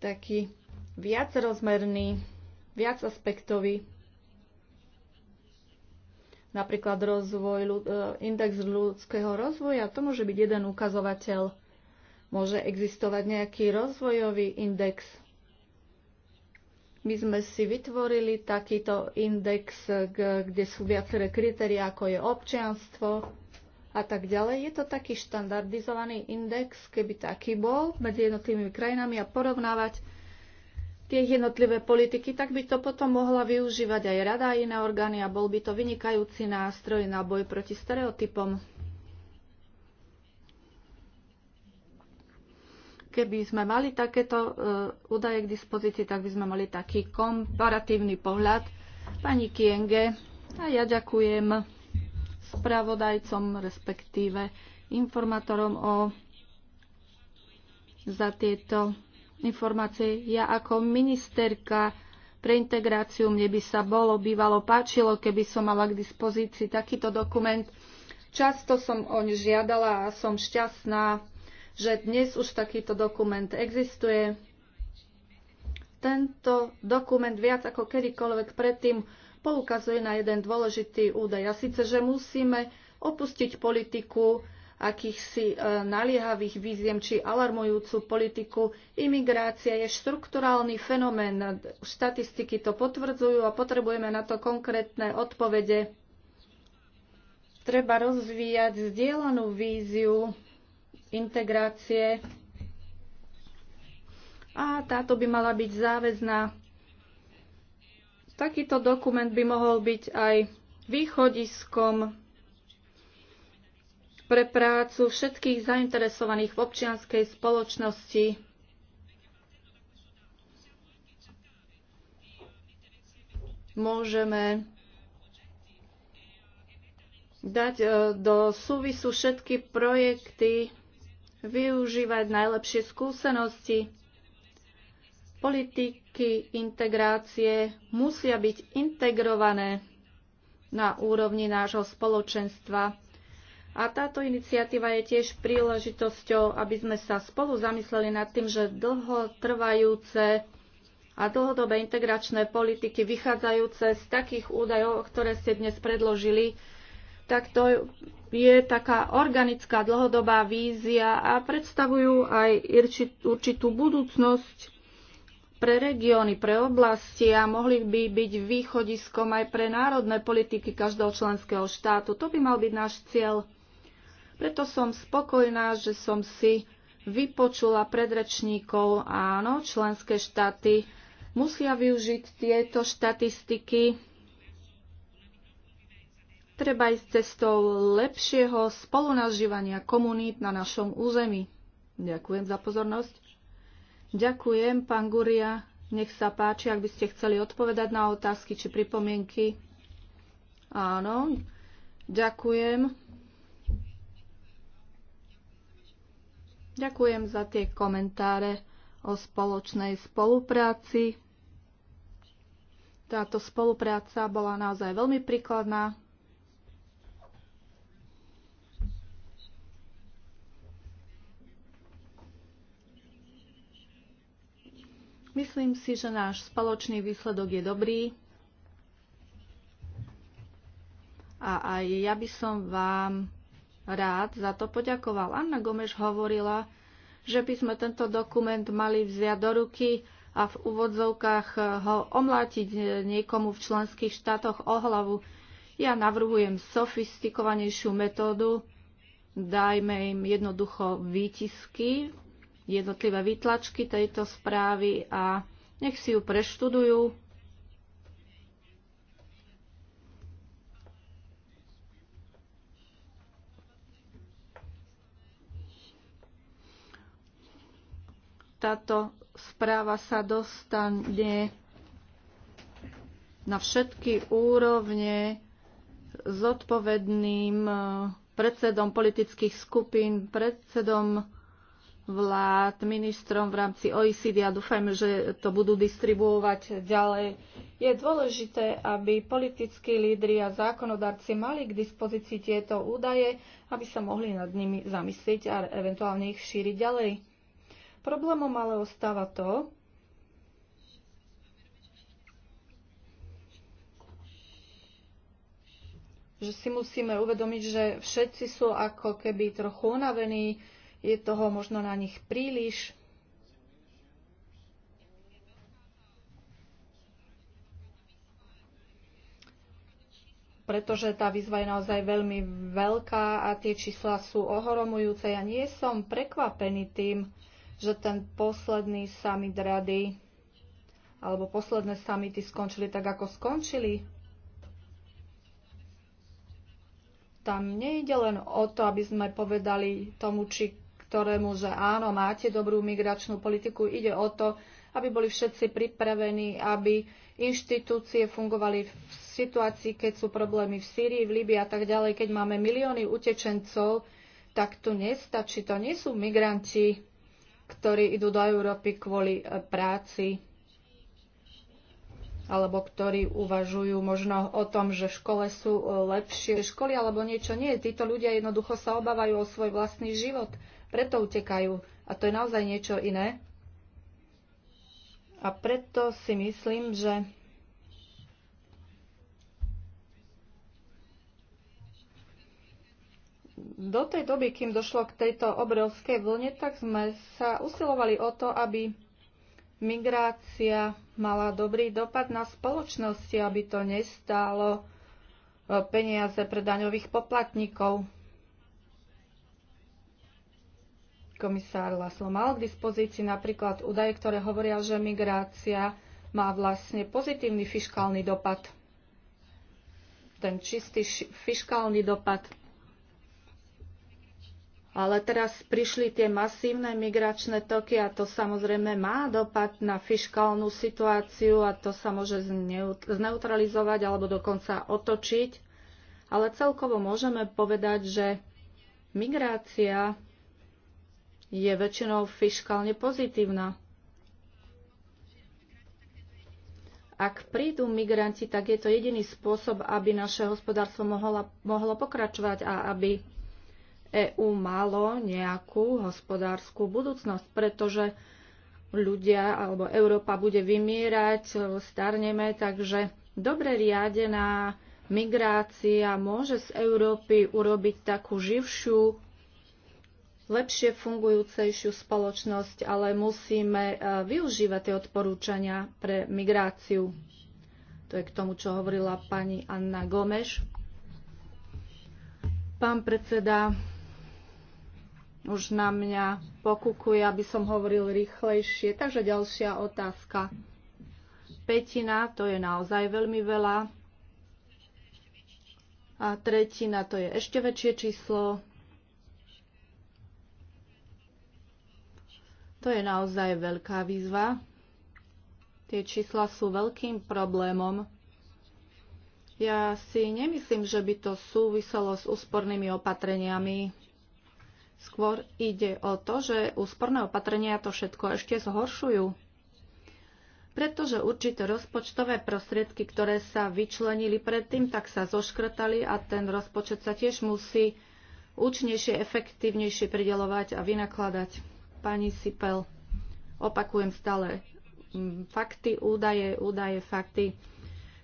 S5: taký viacrozmerný, viacaspektový napríklad rozvoj, e, index ľudského rozvoja, to môže byť jeden ukazovateľ. Môže existovať nejaký rozvojový index. My sme si vytvorili takýto index, kde sú viaceré kritéria, ako je občianstvo a tak ďalej. Je to taký štandardizovaný index, keby taký bol medzi jednotlivými krajinami a porovnávať tie jednotlivé politiky, tak by to potom mohla využívať aj rada a iné orgány a bol by to vynikajúci nástroj na boj proti stereotypom. Keby sme mali takéto e, údaje k dispozícii, tak by sme mali taký komparatívny pohľad. Pani Kienge, a ja ďakujem spravodajcom, respektíve informátorom o, za tieto informácie. Ja ako ministerka pre integráciu mne by sa bolo bývalo páčilo, keby som mala k dispozícii takýto dokument. Často som oň žiadala a som šťastná, že dnes už takýto dokument existuje. Tento dokument viac ako kedykoľvek predtým poukazuje na jeden dôležitý údaj. A síce, že musíme opustiť politiku akýchsi e, naliehavých výziem či alarmujúcu politiku. Imigrácia je štrukturálny fenomén. Štatistiky to potvrdzujú a potrebujeme na to konkrétne odpovede. Treba rozvíjať zdieľanú víziu integrácie a táto by mala byť záväzná. Takýto dokument by mohol byť aj východiskom pre prácu všetkých zainteresovaných v občianskej spoločnosti. Môžeme dať e, do súvisu všetky projekty, využívať najlepšie skúsenosti. Politiky integrácie musia byť integrované na úrovni nášho spoločenstva a táto iniciatíva je tiež príležitosťou, aby sme sa spolu zamysleli nad tým, že dlhotrvajúce a dlhodobé integračné politiky vychádzajúce z takých údajov, ktoré ste dnes predložili, tak to je taká organická dlhodobá vízia a predstavujú aj určitú budúcnosť pre regióny, pre oblasti a mohli by byť východiskom aj pre národné politiky každého členského štátu. To by mal byť náš cieľ preto som spokojná, že som si vypočula predrečníkov. Áno, členské štáty musia využiť tieto štatistiky. Treba ísť cestou lepšieho spolunažívania komunít na našom území. Ďakujem za pozornosť. Ďakujem, pán Guria. Nech sa páči, ak by ste chceli odpovedať na otázky či pripomienky. Áno, ďakujem. Ďakujem za tie komentáre o spoločnej spolupráci. Táto spolupráca bola naozaj veľmi príkladná. Myslím si, že náš spoločný výsledok je dobrý. A aj ja by som vám rád za to poďakoval. Anna Gomeš hovorila, že by sme tento dokument mali vziať do ruky a v úvodzovkách eh, ho omlátiť eh, niekomu v členských štátoch o hlavu. Ja navrhujem sofistikovanejšiu metódu, dajme im jednoducho výtisky, jednotlivé výtlačky tejto správy a nech si ju preštudujú táto správa sa dostane na všetky úrovne zodpovedným eh, predsedom politických skupín, predsedom vlád, ministrom v rámci OECD a dúfajme, že to budú distribuovať ďalej. Je dôležité, aby politickí lídry a zákonodarci mali k dispozícii tieto údaje, aby sa mohli nad nimi zamyslieť a eventuálne ich šíriť ďalej. Problémom ale ostáva to, že si musíme uvedomiť, že všetci sú ako keby trochu unavení, je toho možno na nich príliš. pretože tá výzva je naozaj veľmi veľká a tie čísla sú ohromujúce. Ja nie som prekvapený tým, že ten posledný summit rady alebo posledné summity skončili tak, ako skončili. Tam nejde len o to, aby sme povedali tomu, či ktorému, že áno, máte dobrú migračnú politiku. Ide o to, aby boli všetci pripravení, aby inštitúcie fungovali v situácii, keď sú problémy v Sýrii, v Líbii a tak ďalej. Keď máme milióny utečencov, tak tu nestačí. To nie sú migranti, ktorí idú do Európy kvôli e, práci alebo ktorí uvažujú možno o tom, že v škole sú e, lepšie školy alebo niečo nie. Títo ľudia jednoducho sa obávajú o svoj vlastný život, preto utekajú a to je naozaj niečo iné. A preto si myslím, že do tej doby, kým došlo k tejto obrovskej vlne, tak sme sa usilovali o to, aby migrácia mala dobrý dopad na spoločnosti, aby to nestálo e, peniaze pre daňových poplatníkov. Komisár Laslo mal k dispozícii napríklad údaje, ktoré hovoria, že migrácia má vlastne pozitívny fiskálny dopad. Ten čistý fiškálny dopad ale teraz prišli tie masívne migračné toky a to samozrejme má dopad na fiskálnu situáciu a to sa môže zneutralizovať alebo dokonca otočiť. Ale celkovo môžeme povedať, že migrácia je väčšinou fiskálne pozitívna. Ak prídu migranti, tak je to jediný spôsob, aby naše hospodárstvo mohlo, mohlo pokračovať a aby EÚ malo nejakú hospodárskú budúcnosť, pretože ľudia alebo Európa bude vymierať, e, starneme, takže dobre riadená migrácia môže z Európy urobiť takú živšiu, lepšie fungujúcejšiu spoločnosť, ale musíme e, využívať tie odporúčania pre migráciu. To je k tomu, čo hovorila pani Anna Gomeš. Pán predseda, už na mňa pokukuje, aby som hovoril rýchlejšie. Takže ďalšia otázka. Petina, to je naozaj veľmi veľa. A tretina, to je ešte väčšie číslo. To je naozaj veľká výzva. Tie čísla sú veľkým problémom. Ja si nemyslím, že by to súviselo s úspornými opatreniami. Skôr ide o to, že úsporné opatrenia to všetko ešte zhoršujú. Pretože určité rozpočtové prostriedky, ktoré sa vyčlenili predtým, tak sa zoškrtali a ten rozpočet sa tiež musí účnejšie, efektívnejšie pridelovať a vynakladať. Pani Sipel, opakujem stále, fakty, údaje, údaje, fakty.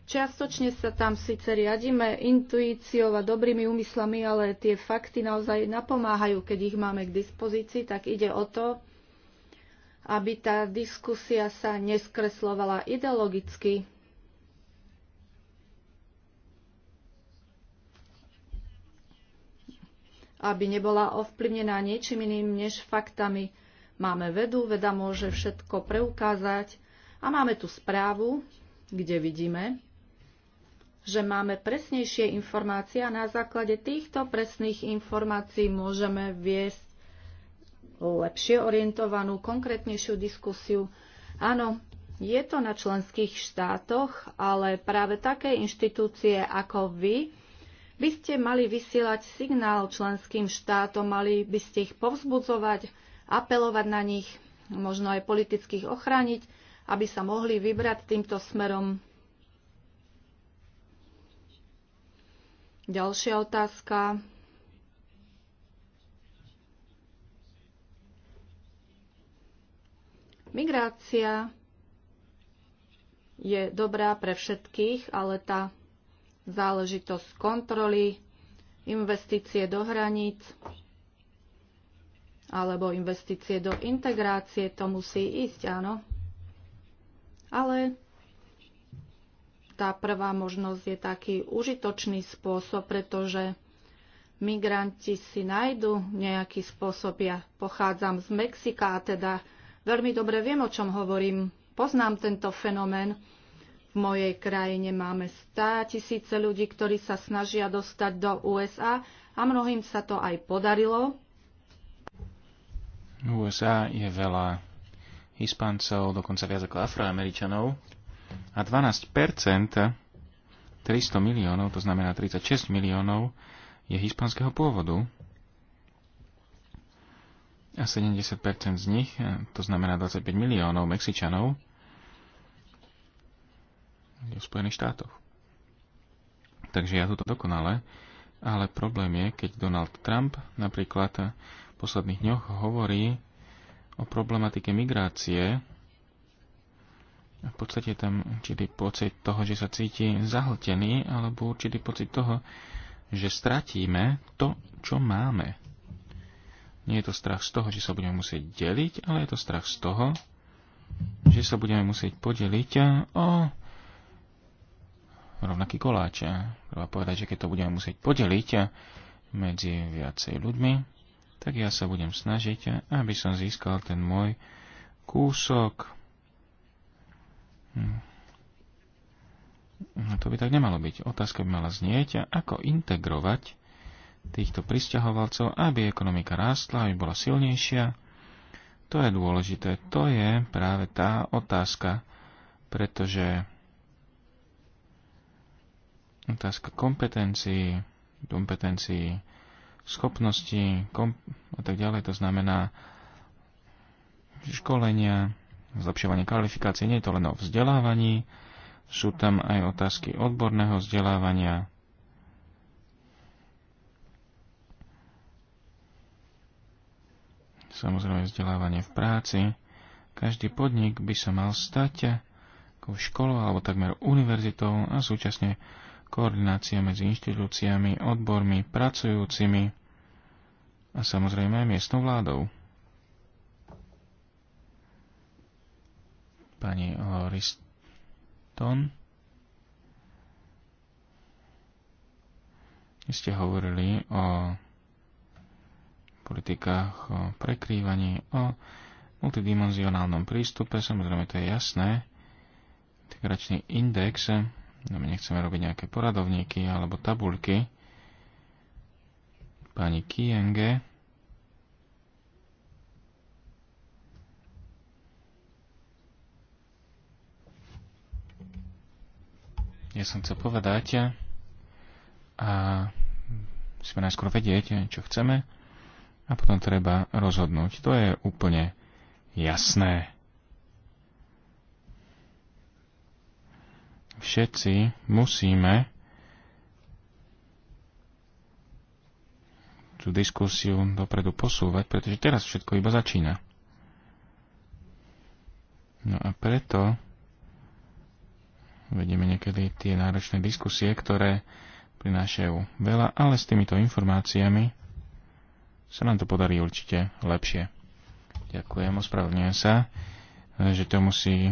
S5: Čiastočne sa tam síce riadíme intuíciou a dobrými úmyslami, ale tie fakty naozaj napomáhajú, keď ich máme k dispozícii, tak ide o to, aby tá diskusia sa neskreslovala ideologicky. aby nebola ovplyvnená niečím iným než faktami. Máme vedu, veda môže všetko preukázať a máme tu správu, kde vidíme, že máme presnejšie informácie a na základe týchto presných informácií môžeme viesť lepšie orientovanú, konkrétnejšiu diskusiu. Áno, je to na členských štátoch, ale práve také inštitúcie ako vy by ste mali vysielať signál členským štátom, mali by ste ich povzbudzovať, apelovať na nich, možno aj politických ochrániť, aby sa mohli vybrať týmto smerom. Ďalšia otázka. Migrácia je dobrá pre všetkých, ale tá záležitosť kontroly, investície do hraníc alebo investície do integrácie, to musí ísť, áno. Ale tá prvá možnosť je taký užitočný spôsob, pretože migranti si nájdu nejaký spôsob. Ja pochádzam z Mexika a teda veľmi dobre viem, o čom hovorím. Poznám tento fenomén. V mojej krajine máme 100 tisíce ľudí, ktorí sa snažia dostať do USA a mnohým sa to aj podarilo.
S2: USA je veľa Hispáncov, dokonca viac ako Afroameričanov, a 12 300 miliónov, to znamená 36 miliónov, je hispanského pôvodu a 70 z nich, eh, to znamená 25 miliónov Mexičanov, je v Spojených štátoch. Takže ja toto dokonale, ale problém je, keď Donald Trump napríklad v posledných dňoch hovorí o problematike migrácie v podstate tam určitý pocit toho, že sa cíti zahltený, alebo určitý pocit toho, že stratíme to, čo máme. Nie je to strach z toho, že sa budeme musieť deliť, ale je to strach z toho, že sa budeme musieť podeliť o rovnaký koláč. Treba povedať, že keď to budeme musieť podeliť medzi viacej ľuďmi, tak ja sa budem snažiť, aby som získal ten môj kúsok Hm. No to by tak nemalo byť. Otázka by mala znieť, ako integrovať týchto pristahovalcov, aby ekonomika rástla, aby bola silnejšia. To je dôležité. To je práve tá otázka, pretože otázka kompetencií, kompetencií, schopností kom- a tak ďalej, to znamená školenia, zlepšovanie kvalifikácie. Nie je to len o vzdelávaní, sú tam aj otázky odborného vzdelávania. Samozrejme vzdelávanie v práci. Každý podnik by sa mal stať ako školou alebo takmer univerzitou a súčasne koordinácia medzi inštitúciami, odbormi, pracujúcimi a samozrejme aj miestnou vládou. pani Loriston. Vy ste hovorili o politikách, o prekrývaní, o multidimenzionálnom prístupe. Samozrejme, to je jasné. Integračný index, no my nechceme robiť nejaké poradovníky alebo tabulky. Pani Kienge, Ja som chcel povedať a musíme najskôr vedieť, čo chceme a potom treba rozhodnúť. To je úplne jasné. Všetci musíme tú diskusiu dopredu posúvať, pretože teraz všetko iba začína. No a preto vedieme niekedy tie náročné diskusie, ktoré prinášajú veľa, ale s týmito informáciami sa nám to podarí určite lepšie. Ďakujem, ospravedlňujem sa, že to musí,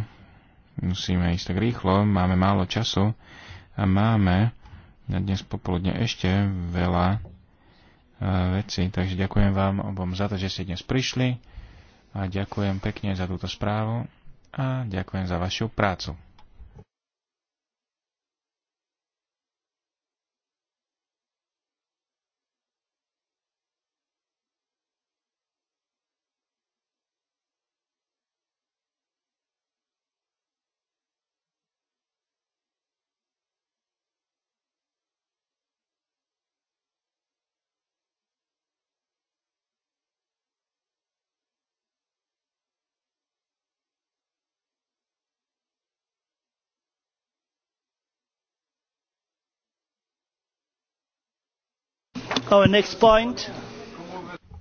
S2: musíme ísť tak rýchlo, máme málo času a máme na dnes popoludne ešte veľa e, veci, takže ďakujem vám obom za to, že ste dnes prišli a ďakujem pekne za túto správu a ďakujem za vašu prácu.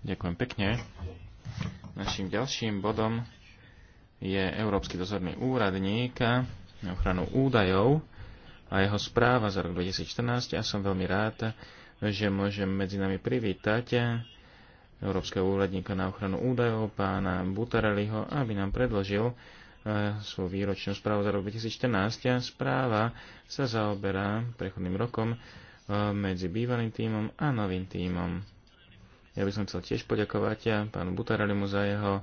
S2: Ďakujem pekne. Našim ďalším bodom je Európsky dozorný úradník na ochranu údajov a jeho správa za rok 2014. Ja som veľmi rád, že môžem medzi nami privítať Európskeho úradníka na ochranu údajov, pána Butareliho, aby nám predložil eh, svoju výročnú správu za rok 2014. Správa sa zaoberá prechodným rokom medzi bývalým tímom a novým tímom. Ja by som chcel tiež poďakovať ja, pánu Butarelimu za jeho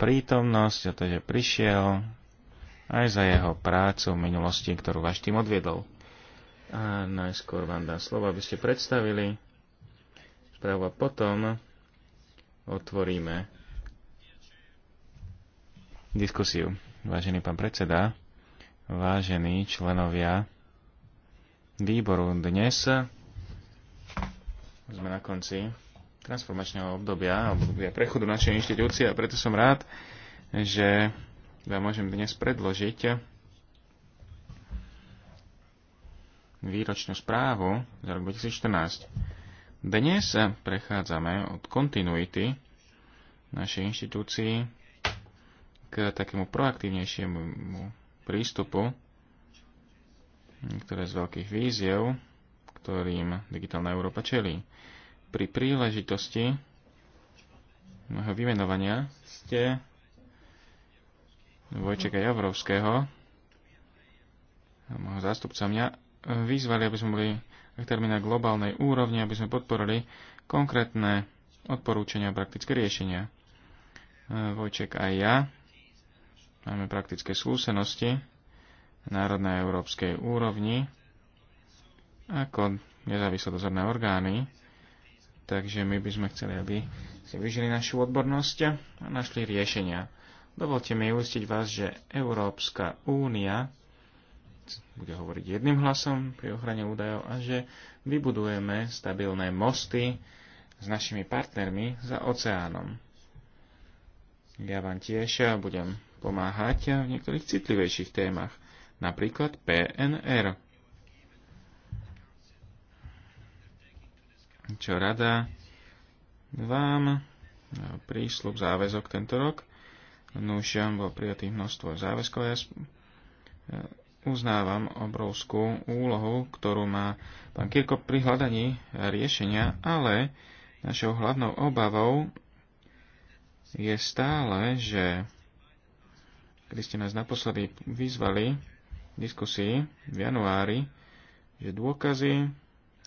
S2: prítomnosť, za to, že prišiel, aj za jeho prácu v minulosti, ktorú váš tým odviedol. A najskôr vám dám slovo, aby ste predstavili správu a potom otvoríme diskusiu. Vážený pán predseda, vážení členovia výboru dnes sme na konci transformačného obdobia, obdobia prechodu našej inštitúcie a preto som rád, že vám môžem dnes predložiť výročnú správu za rok 2014. Dnes prechádzame od kontinuity našej inštitúcii k takému proaktívnejšiemu prístupu niektoré z veľkých víziev, ktorým digitálna Európa čelí. Pri príležitosti môjho vymenovania ste Vojčeka Javrovského, môjho zástupca mňa, vyzvali, aby sme boli aktérmi na globálnej úrovni, aby sme podporili konkrétne odporúčania a praktické riešenia. E, Vojček aj ja máme praktické skúsenosti národnej európskej úrovni ako nezávislé dozorné orgány. Takže my by sme chceli, aby ste vyžili našu odbornosť a našli riešenia. Dovolte mi uistiť vás, že Európska únia bude hovoriť jedným hlasom pri ochrane údajov a že vybudujeme stabilné mosty s našimi partnermi za oceánom. Ja vám tiež budem pomáhať v niektorých citlivejších témach napríklad PNR. Čo rada vám prísľub záväzok tento rok. Nuž no, bol prijatý množstvo záväzkov. Ja uznávam obrovskú úlohu, ktorú má pán Kirko pri hľadaní riešenia, ale našou hlavnou obavou je stále, že kedy ste nás naposledy vyzvali diskusii v januári, že dôkazy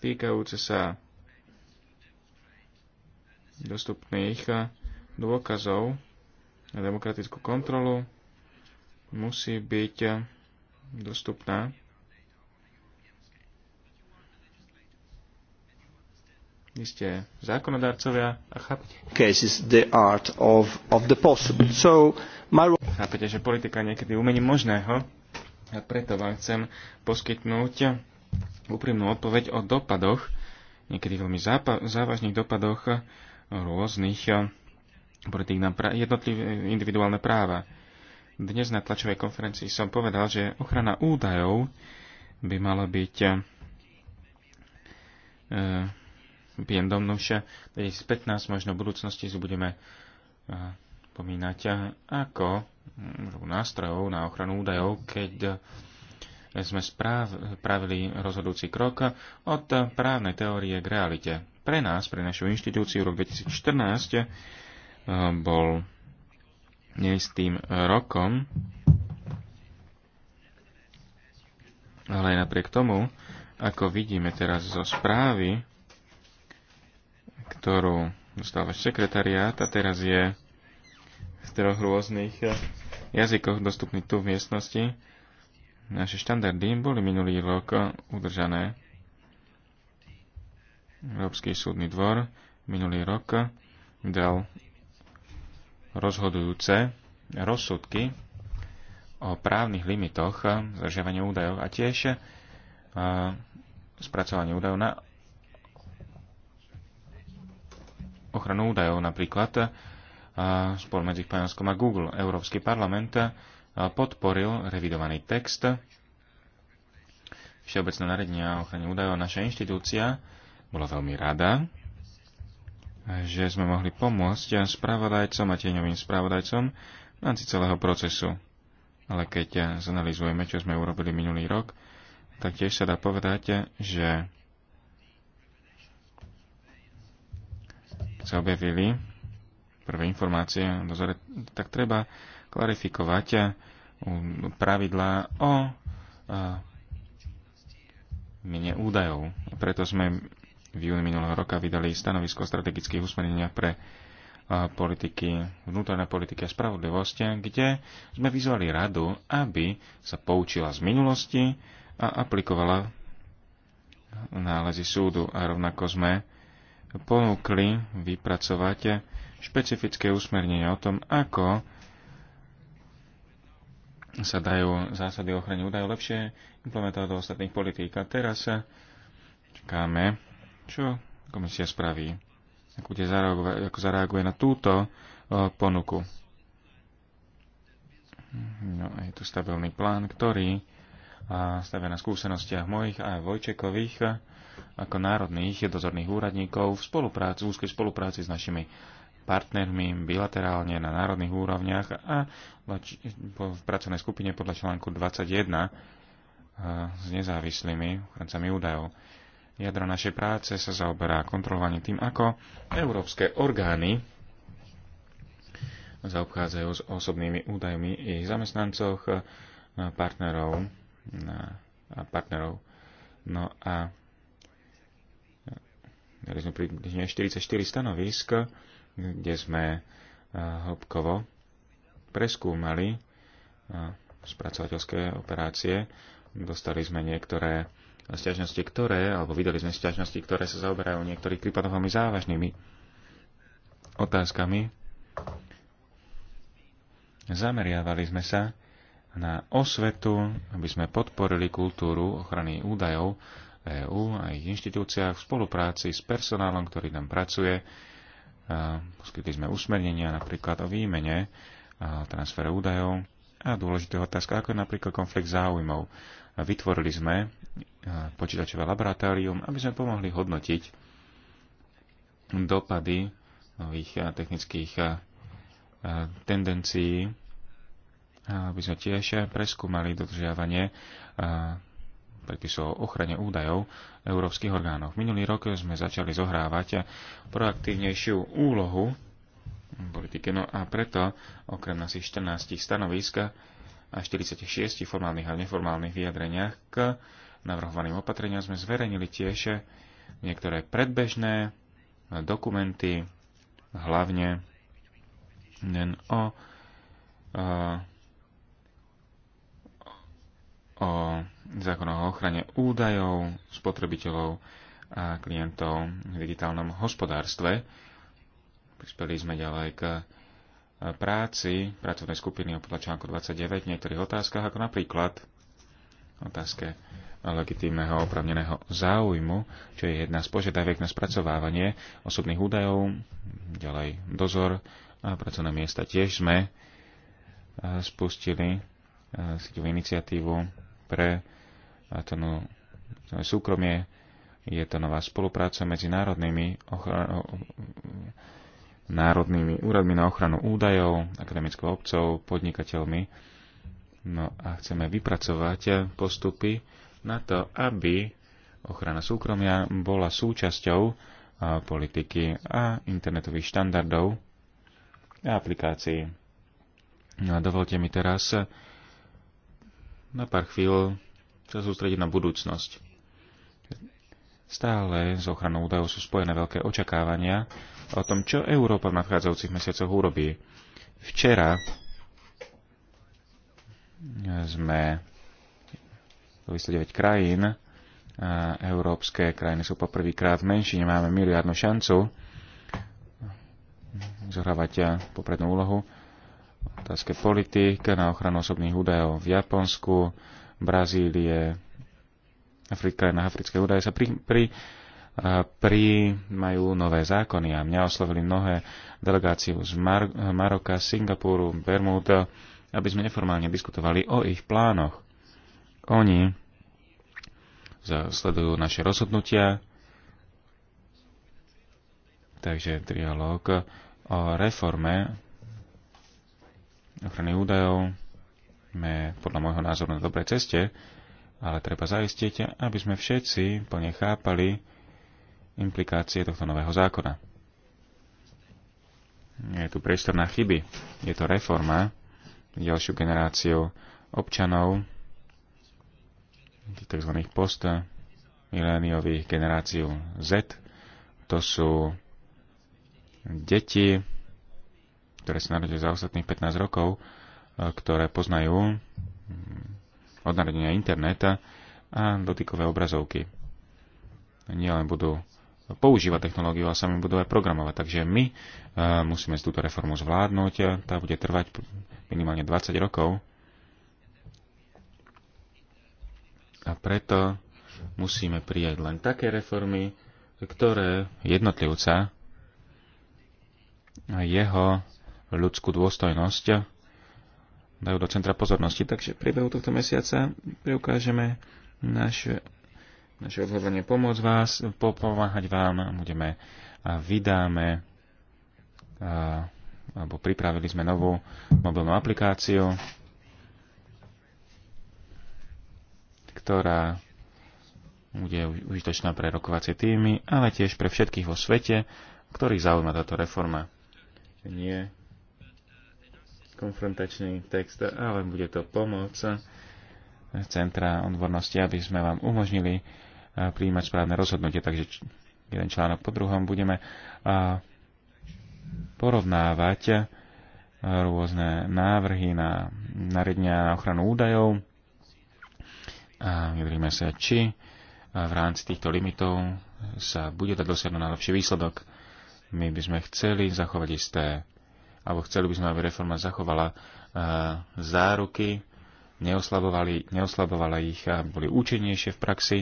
S2: týkajúce sa dostupných dôkazov na demokratickú kontrolu musí byť dostupná Vy ste zákonodárcovia a chápete. Cases the art of, of the possible. So my... Chápete, že politika niekedy umení možného. A preto vám chcem poskytnúť úprimnú odpoveď o dopadoch, niekedy veľmi závažných dopadoch rôznych eh, politik na jednotlivé individuálne práva. Dnes na tlačovej konferencii som povedal, že ochrana údajov by mala byť pijem domnúša 2015, možno v budúcnosti si budeme eh, pomínať, eh, ako Mm, nástrojov na ochranu údajov, keď sme spravili rozhodujúci krok od právnej teórie k realite. Pre nás, pre našu inštitúciu, rok 2014 eh, bol neistým rokom, ale aj napriek tomu, ako vidíme teraz zo správy, ktorú dostávaš sekretariát a teraz je v troch rôznych eh, jazykoch dostupných tu v miestnosti. Naše štandardy boli minulý rok eh, udržané. Európsky súdny dvor minulý rok eh, dal rozhodujúce rozsudky o právnych limitoch zažiavania údajov a tiež spracovanie údajov na ochranu údajov. Napríklad spolu medzi Španielskom a Google. Európsky parlament podporil revidovaný text Všeobecné nariadenie o ochrane údajov. Naša inštitúcia bola veľmi rada, že sme mohli pomôcť spravodajcom a tieňovým spravodajcom v rámci celého procesu. Ale keď zanalizujeme, čo sme urobili minulý rok, tak tiež sa dá povedať, že sa objavili prvé informácie o dozore, tak treba klarifikovať eh, pravidlá o eh, mene údajov. Preto sme v júni minulého roka vydali stanovisko strategických usmernenia pre eh, politiky, vnútorné politiky a spravodlivosti, kde sme vyzvali radu, aby sa poučila z minulosti a aplikovala nálezy súdu. A rovnako sme ponúkli vypracovať špecifické usmernenie o tom, ako sa dajú zásady ochrany údajov lepšie implementovať do ostatných politík. A teraz sa čakáme, čo komisia spraví, ako, bude zareaguje, ako zareaguje na túto ponuku. No a je tu stabilný plán, ktorý stavia na skúsenostiach mojich a Vojčekových ako národných dozorných úradníkov v, spolupráci, v úzkej spolupráci s našimi partnermi bilaterálne na národných úrovniach a v pracovnej skupine podľa článku 21 s nezávislými ochrancami údajov. Jadro našej práce sa zaoberá kontrolovaním tým, ako európske orgány zaobchádzajú s osobnými údajmi ich zamestnancoch, partnerov a partnerov. No a dali e, sme približne 44 stanovisk, kde sme eh, hĺbkovo preskúmali eh, spracovateľské operácie. Dostali sme niektoré sťažnosti, ktoré, alebo vydali sme sťažnosti, ktoré sa zaoberajú niektorých prípadoch veľmi závažnými otázkami. Zameriavali sme sa na osvetu, aby sme podporili kultúru ochrany údajov EÚ a ich inštitúciách v spolupráci s personálom, ktorý tam pracuje, poskytli sme usmernenia napríklad o výmene, transfere údajov a dôležitá otázka, ako je napríklad konflikt záujmov. Vytvorili sme počítačové laboratórium, aby sme pomohli hodnotiť dopady nových technických tendencií, aby sme tiež preskúmali dodržiavanie predpisov o ochrane údajov európskych orgánov. Minulý rok sme začali zohrávať proaktívnejšiu úlohu politike. No a preto, okrem našich 14 stanovisk a 46 formálnych a neformálnych vyjadreniach k navrhovaným opatreniam sme zverejnili tiež niektoré predbežné dokumenty, hlavne len o o zákonoch o ochrane údajov spotrebiteľov a klientov v digitálnom hospodárstve. Prispeli sme ďalej k práci pracovnej skupiny podľa článku 29 v niektorých otázkach, ako napríklad otázke legitímneho opravneného záujmu, čo je jedna z požiadaviek na spracovávanie osobných údajov, ďalej dozor a pracovné miesta. Tiež sme eh, spustili eh, sieťovú iniciatívu pre to no, súkromie. Je to nová spolupráca medzi národnými, ochra- národnými úradmi na ochranu údajov, akademickou obcov, podnikateľmi. No a chceme vypracovať postupy na to, aby ochrana súkromia bola súčasťou politiky a internetových štandardov a aplikácií. No a dovolte mi teraz na pár chvíľ sa sústrediť na budúcnosť. Stále s ochranou údajov sú spojené veľké očakávania o tom, čo Európa v nadchádzajúcich mesiacoch urobí. Včera sme 29 krajín, a európske krajiny sú poprvýkrát v menšine, máme miliardnú šancu zohrávať poprednú úlohu otázke politik na ochranu osobných údajov v Japonsku, Brazílie, Afrika, na africké údaje sa pri, pri, pri majú nové zákony a mňa oslovili mnohé delegáciu z Mar- Maroka, Singapuru, Bermúd, aby sme neformálne diskutovali o ich plánoch. Oni sledujú naše rozhodnutia, takže trialóg o reforme ochrany údajov sme podľa môjho názoru na dobrej ceste, ale treba zaistiť, aby sme všetci plne chápali implikácie tohto nového zákona. Je tu priestor na chyby. Je to reforma ďalšiu generáciu občanov, tzv. post miléniových generáciu Z. To sú deti, ktoré sa narodili za ostatných 15 rokov, e, ktoré poznajú mm, od narodenia interneta a dotykové obrazovky. Nielen budú používať technológiu, ale sami budú aj programovať. Takže my e, musíme túto reformu zvládnuť. Tá bude trvať minimálne 20 rokov. A preto musíme prijať len také reformy, ktoré jednotlivca a jeho ľudskú dôstojnosť dajú do centra pozornosti. Takže v priebehu tohto mesiaca preukážeme naše, naše odhodlanie pomôcť vás, pomáhať vám. Budeme a vydáme a, alebo pripravili sme novú mobilnú aplikáciu, ktorá bude užitočná pre rokovacie týmy, ale tiež pre všetkých vo svete, ktorých zaujíma táto reforma. Nie konfrontačný text, ale bude to pomoc Centra odbornosti, aby sme vám umožnili e, prijímať správne rozhodnutie. Takže jeden článok po druhom budeme porovnávať e, rôzne návrhy na nariadenia na ochranu údajov a vyberíme sa, či e, v rámci týchto limitov sa bude dať dosiahnuť najlepší výsledok. My by sme chceli zachovať isté alebo chceli by sme, aby reforma zachovala eh, záruky, neoslabovala ich a boli účinnejšie v praxi.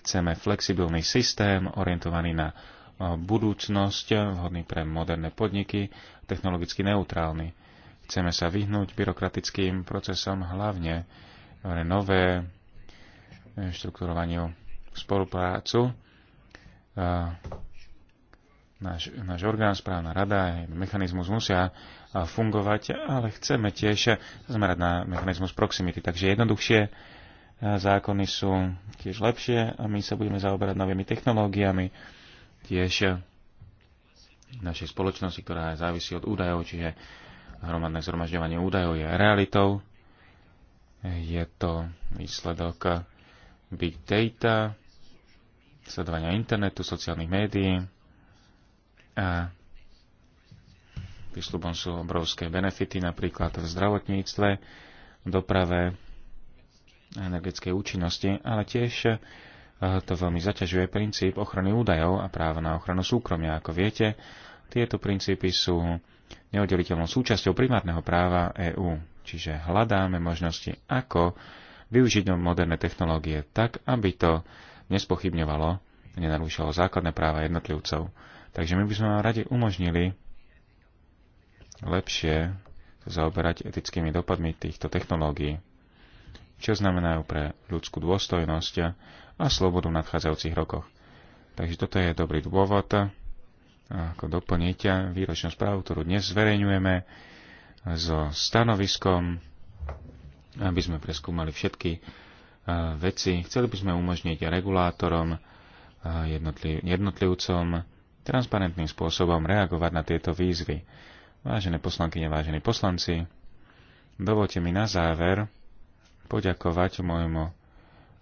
S2: Chceme flexibilný systém orientovaný na eh, budúcnosť, vhodný pre moderné podniky, technologicky neutrálny. Chceme sa vyhnúť byrokratickým procesom, hlavne nové eh, štrukturovaniu spoluprácu náš, náš orgán, správna rada, mechanizmus musia fungovať, ale chceme tiež zmerať na mechanizmus proximity. Takže jednoduchšie zákony sú tiež lepšie a my sa budeme zaoberať novými technológiami, tiež našej spoločnosti, ktorá závisí od údajov, čiže hromadné zhromažďovanie údajov je realitou. Je to výsledok big data, sledovania internetu, sociálnych médií, a prísľubom sú obrovské benefity, napríklad v zdravotníctve, doprave, energetickej účinnosti, ale tiež e, to veľmi zaťažuje princíp ochrany údajov a práva na ochranu súkromia. Ako viete, tieto princípy sú neoddeliteľnou súčasťou primárneho práva EÚ, čiže hľadáme možnosti, ako využiť no- moderné technológie tak, aby to nespochybňovalo, nenarúšalo základné práva jednotlivcov. Takže my by sme vám radi umožnili lepšie zaoberať etickými dopadmi týchto technológií, čo znamenajú pre ľudskú dôstojnosť a slobodu v nadchádzajúcich rokoch. Takže toto je dobrý dôvod, ako doplniť výročnú správu, ktorú dnes zverejňujeme so stanoviskom, aby sme preskúmali všetky e, veci. Chceli by sme umožniť regulátorom, e, jednotlivcom, transparentným spôsobom reagovať na tieto výzvy. Vážené poslankyne, vážení poslanci, dovolte mi na záver poďakovať môjmu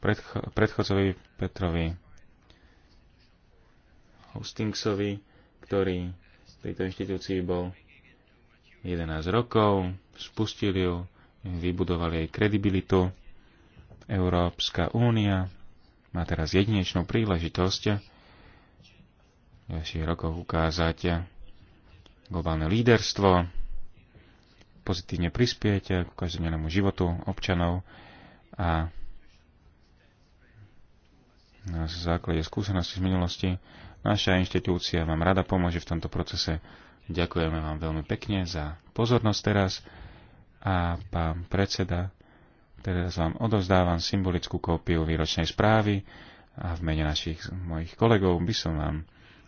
S2: predcho- predchodcovi Petrovi Hostingsovi, ktorý v tejto inštitúcii bol 11 rokov, spustil ju, vybudoval jej kredibilitu. Európska únia má teraz jedinečnú príležitosť ďalších rokoch ukázať globálne líderstvo, pozitívne prispieť k každodennému životu občanov a na základe skúsenosti z minulosti naša inštitúcia vám rada pomôže v tomto procese. Ďakujeme vám veľmi pekne za pozornosť teraz a pán predseda, teraz vám odovzdávam symbolickú kópiu výročnej správy a v mene našich mojich kolegov by som vám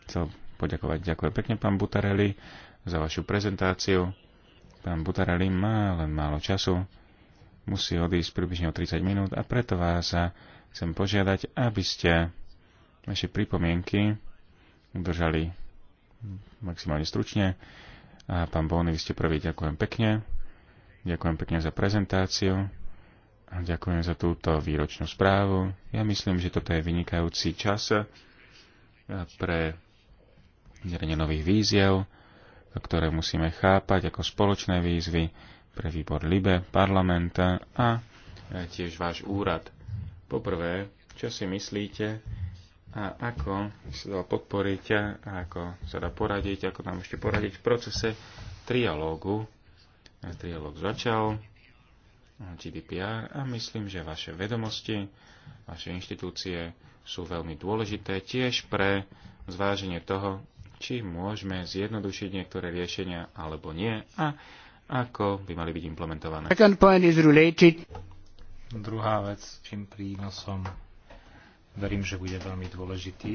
S2: chcel poďakovať. Ďakujem pekne, pán Butarelli, za vašu prezentáciu. Pán Butarelli má len málo času, musí odísť približne o 30 minút a preto vás chcem požiadať, aby ste vaše pripomienky udržali maximálne stručne. A pán Bóny, vy ste prvý, ďakujem pekne. Ďakujem pekne za prezentáciu. A ďakujem za túto výročnú správu. Ja myslím, že toto je vynikajúci čas pre mierenie nových víziev, ktoré musíme chápať ako spoločné výzvy pre výbor LIBE, parlamenta a e, tiež váš úrad. Poprvé, čo si myslíte a ako sa dá podporiť a ako sa dá poradiť, ako nám ešte poradiť v procese trialógu. E, trialóg začal, GDPR a myslím, že vaše vedomosti, vaše inštitúcie sú veľmi dôležité tiež pre zváženie toho, či môžeme zjednodušiť niektoré riešenia alebo nie a ako by mali byť implementované.
S4: Druhá vec, čím prínosom verím, že bude veľmi dôležitý,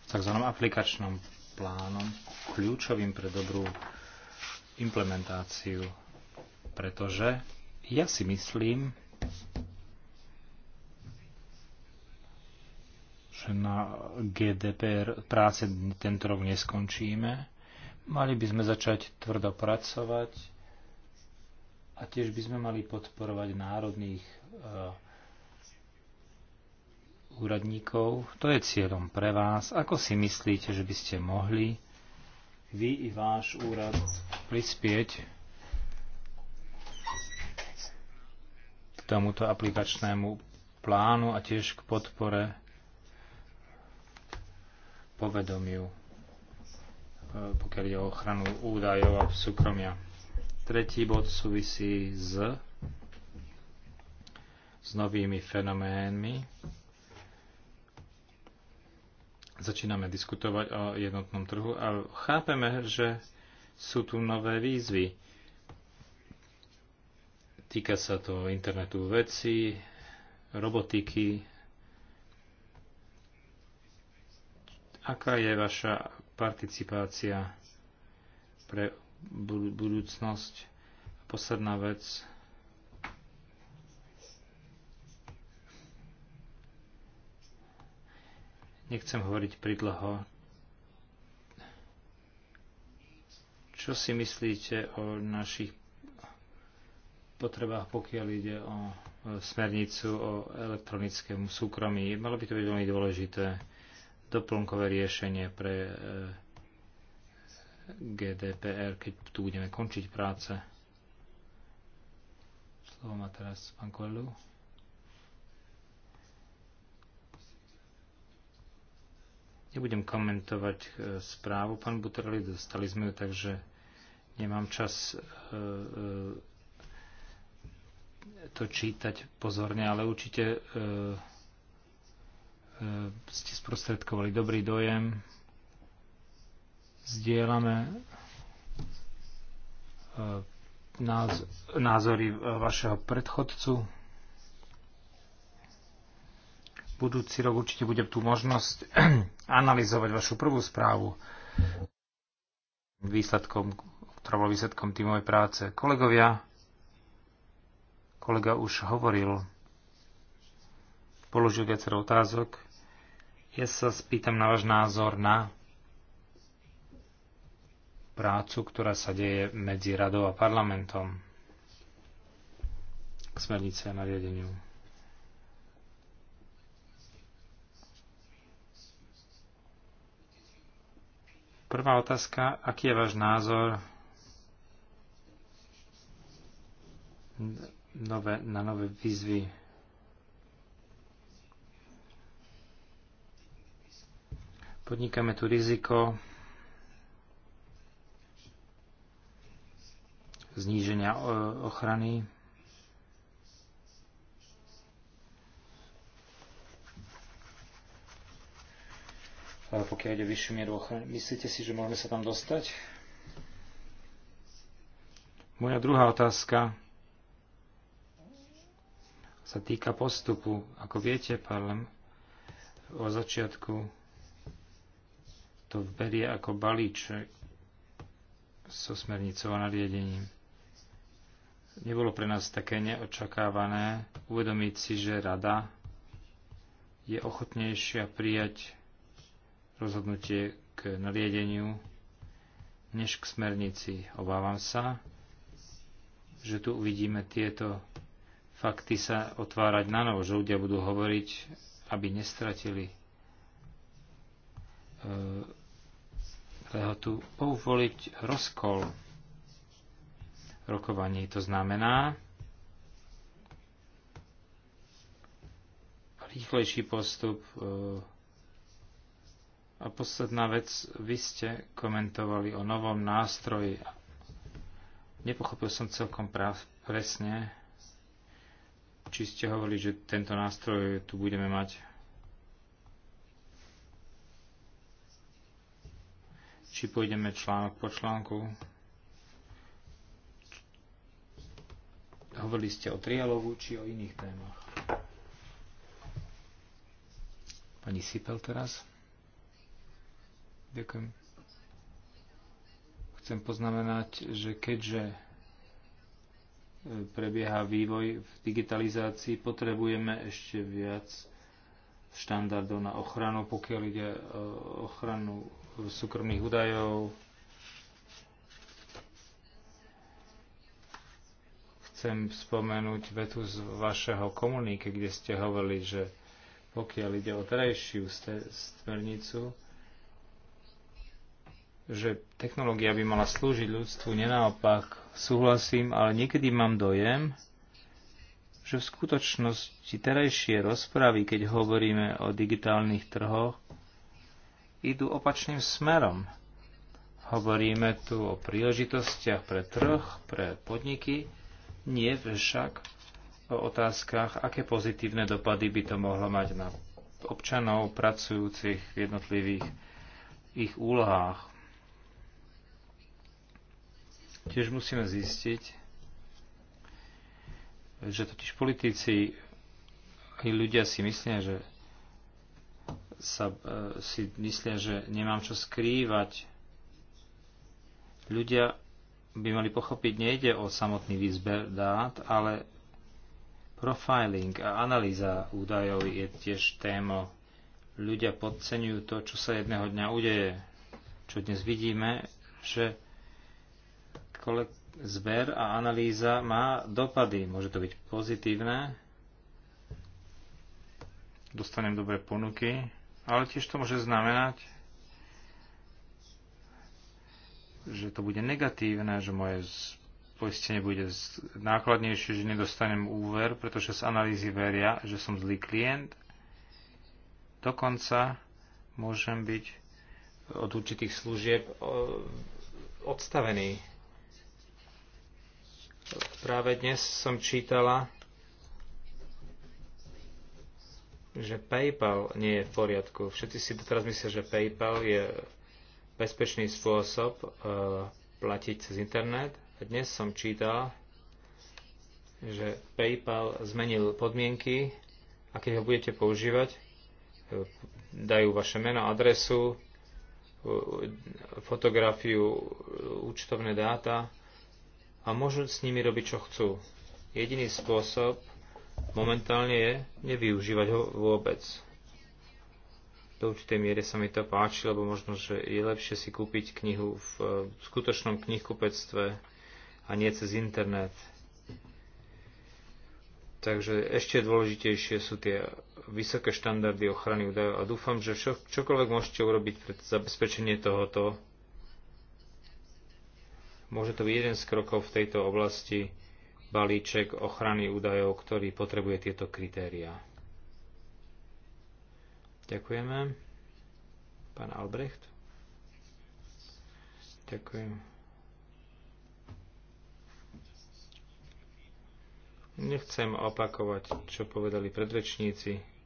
S4: v tzv. aplikačnom plánom, kľúčovým pre dobrú implementáciu, pretože ja si myslím, že na GDPR práce tento rok neskončíme. Mali by sme začať tvrdo pracovať a tiež by sme mali podporovať národných uh, úradníkov. To je cieľom pre vás. Ako si myslíte, že by ste mohli vy i váš úrad prispieť k tomuto aplikačnému plánu a tiež k podpore povedomiu, e, pokiaľ je o ochranu údajov a súkromia. Tretí bod súvisí s, s novými fenoménmi. Začíname diskutovať o jednotnom trhu a chápeme, že sú tu nové výzvy. Týka sa to internetu veci, robotiky, Aká je vaša participácia pre budúcnosť? Posledná vec. Nechcem hovoriť pridlho. Čo si myslíte o našich potrebách, pokiaľ ide o e, smernicu o elektronickému súkromí? Malo by to byť veľmi dôležité doplnkové riešenie pre e, GDPR, keď tu budeme končiť práce. Slovo má teraz pán Koelu. Nebudem komentovať e, správu, pán Buterli, dostali sme ju, takže nemám čas e, to čítať pozorne, ale určite E, ste sprostredkovali dobrý dojem. Zdieľame e, názory e, vašeho predchodcu. Budúci rok určite bude tu možnosť analyzovať vašu prvú správu výsledkom, ktorá bola výsledkom tímovej práce. Kolegovia, kolega už hovoril, položil viacero otázok ja sa spýtam na váš názor na prácu, ktorá sa deje medzi radou a parlamentom k smernice a nariadeniu. Prvá otázka, aký je váš názor nové, na nové výzvy Podnikáme tu riziko zníženia e, ochrany pokiaľ ide vyššiu mieru ochrany. Myslíte si, že môžeme sa tam dostať? Moja druhá otázka sa týka postupu. Ako viete, parlem, o začiatku to berie ako balíček so smernicou a nariadením. Nebolo pre nás také neočakávané uvedomiť si, že rada je ochotnejšia prijať rozhodnutie k nariadeniu než k smernici. Obávam sa, že tu uvidíme tieto fakty sa otvárať na novo, že ľudia budú hovoriť, aby nestratili e, tu povoliť rozkol rokovaní. To znamená rýchlejší postup. E, a posledná vec, vy ste komentovali o novom nástroji. Nepochopil som celkom práv, presne, či ste hovorili, že tento nástroj tu budeme mať či pôjdeme článok po článku. Hovorili ste o trialogu či o iných témach. Pani Sipel teraz. Ďakujem. Chcem poznamenať, že keďže e, prebieha vývoj v digitalizácii, potrebujeme ešte viac štandardov na ochranu, pokiaľ ide o e, ochranu súkromných údajov. Chcem spomenúť vetu z vašeho komuníke, kde ste hovorili, že pokiaľ ide o terajšiu smernicu, že technológia by mala slúžiť ľudstvu, nenaopak súhlasím, ale niekedy mám dojem, že v skutočnosti terajšie rozpravy, keď hovoríme o digitálnych trhoch, idú opačným smerom. Hovoríme tu o príležitostiach pre trh, pre podniky, nie však o otázkach, aké pozitívne dopady by to mohlo mať na občanov pracujúcich v jednotlivých ich úlohách. Tiež musíme zistiť, že totiž politici i ľudia si myslia, že sa, e, si myslia, že nemám čo skrývať. Ľudia by mali pochopiť, nejde o samotný výzber dát, ale profiling a analýza údajov je tiež téma. Ľudia podceňujú to, čo sa jedného dňa udeje. Čo dnes vidíme, že kolek zber a analýza má dopady. Môže to byť pozitívne, dostanem dobré ponuky, ale tiež to môže znamenať, že to bude negatívne, že moje poistenie bude nákladnejšie, že nedostanem úver, pretože z analýzy veria, že som zlý klient. Dokonca môžem byť od určitých služieb eh, odstavený Práve dnes som čítala, že PayPal nie je v poriadku. Všetci si teraz myslia, že PayPal je bezpečný spôsob e, platiť cez internet. A dnes som čítal, že PayPal zmenil podmienky a keď ho budete používať, e, dajú vaše meno, adresu, e, fotografiu, účtovné dáta a môžu s nimi robiť, čo chcú. Jediný spôsob momentálne je nevyužívať ho vôbec. Do určitej miery sa mi to páči, lebo možno, že je lepšie si kúpiť knihu e, v skutočnom knihkupectve a nie cez internet. Takže ešte dôležitejšie sú tie vysoké štandardy ochrany údajov a dúfam, že čokoľvek môžete urobiť pre zabezpečenie tohoto, Môže to byť jeden z krokov v tejto oblasti balíček ochrany údajov, ktorý potrebuje tieto kritériá. Ďakujeme. Pán Albrecht. Ďakujem. Nechcem opakovať, čo povedali predvečníci.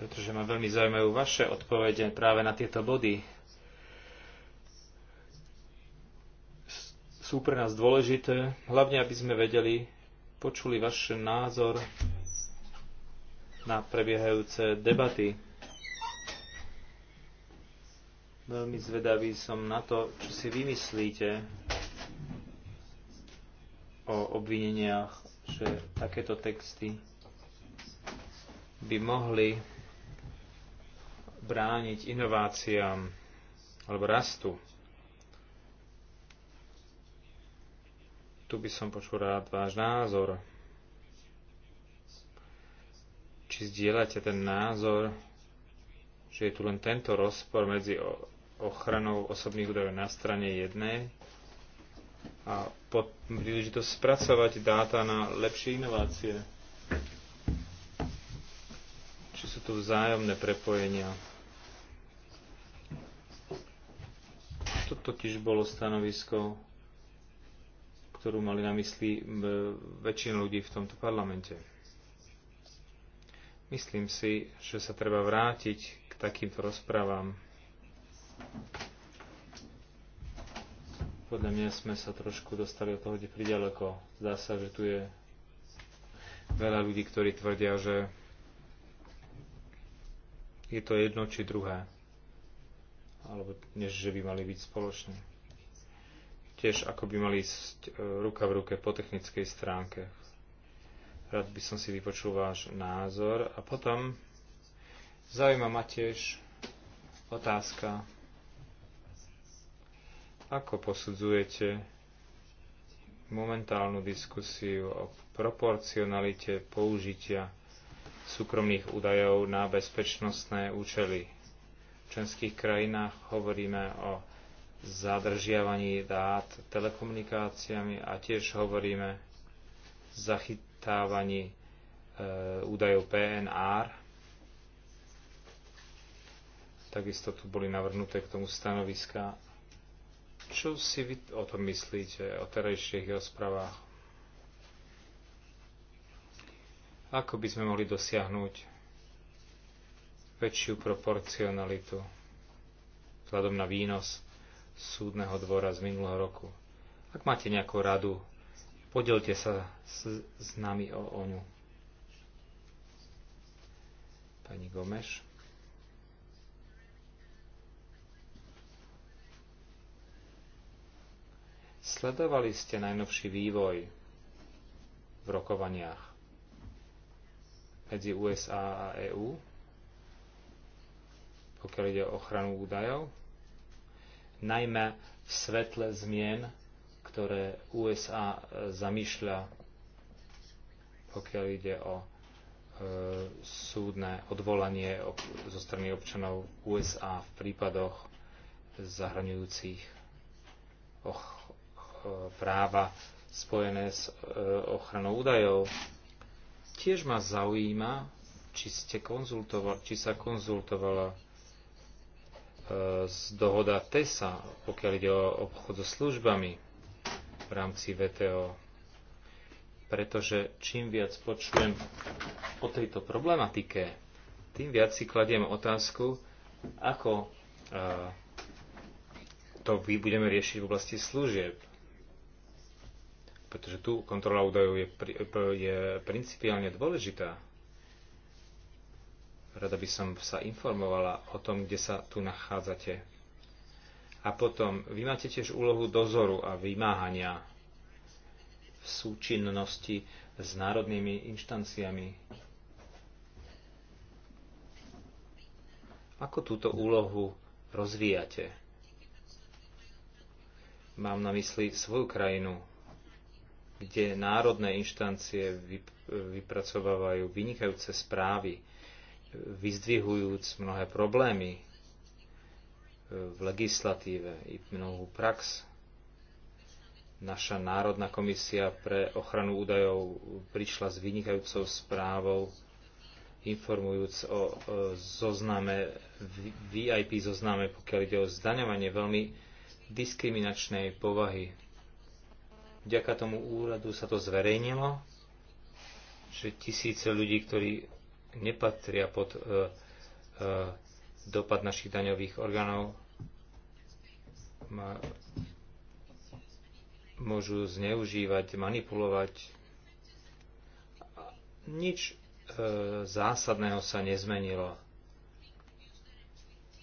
S4: pretože ma veľmi zaujímajú vaše odpovede práve na tieto body sú pre nás dôležité, hlavne aby sme vedeli, počuli vaš názor na prebiehajúce debaty. Veľmi zvedavý som na to, čo si vymyslíte o obvineniach, že takéto texty by mohli brániť inováciám alebo rastu Tu by som počul rád váš názor. Či zdieľate ten názor, že je tu len tento rozpor medzi ochranou osobných údajov na strane jednej a pod príležitosť spracovať dáta na lepšie inovácie. Či sú tu vzájomné prepojenia. To totiž bolo stanovisko ktorú mali na mysli väčšina ľudí v tomto parlamente. Myslím si, že sa treba vrátiť k takýmto rozprávam. Podľa mňa sme sa trošku dostali od toho, kde pridaleko. Zdá sa, že tu je veľa ľudí, ktorí tvrdia, že je to jedno či druhé. Alebo než, že by mali byť spoločné tiež ako by mali ísť e, ruka v ruke po technickej stránke. Rád by som si vypočul váš názor a potom zaujíma ma tiež otázka, ako posudzujete momentálnu diskusiu o proporcionalite použitia súkromných údajov na bezpečnostné účely. V členských krajinách hovoríme o zadržiavaní dát telekomunikáciami a tiež hovoríme zachytávaní e, údajov PNR. Takisto tu boli navrhnuté k tomu stanoviska. Čo si vy o tom myslíte, o terajších rozprávach? Ako by sme mohli dosiahnuť väčšiu proporcionalitu vzhľadom na výnos súdneho dvora z minulého roku. Ak máte nejakú radu, podelte sa s, s nami o, o ňu. Pani Gomeš. Sledovali ste najnovší vývoj v rokovaniach medzi USA a EÚ, pokiaľ ide o ochranu údajov? najmä v svetle zmien, ktoré USA e, zamýšľa, pokiaľ ide o e, súdne odvolanie zo strany občanov USA v prípadoch zahraňujúcich e, práva spojené s ochranou údajov. Tiež ma zaujíma, či, ste či sa konzultovala z dohoda TESA, pokiaľ ide o obchod so službami v rámci VTO. Pretože čím viac počujem o tejto problematike, tým viac si kladiem otázku, ako e, to vy budeme riešiť v oblasti služieb. Pretože tu kontrola údajov je, je principiálne dôležitá Rada by som sa informovala o tom, kde sa tu nachádzate. A potom, vy máte tiež úlohu dozoru a vymáhania v súčinnosti s národnými inštanciami. Ako túto úlohu rozvíjate? Mám na mysli svoju krajinu, kde národné inštancie vypracovávajú vynikajúce správy vyzdvihujúc mnohé problémy e, v legislatíve i mnohú prax. Naša Národná komisia pre ochranu údajov prišla s vynikajúcou správou informujúc o e, zozname, VIP zozname, pokiaľ ide o zdaňovanie veľmi diskriminačnej povahy. Vďaka tomu úradu sa to zverejnilo, že tisíce ľudí, ktorí nepatria pod e, e, dopad našich daňových orgánov, môžu zneužívať, manipulovať. Nič e, zásadného sa nezmenilo.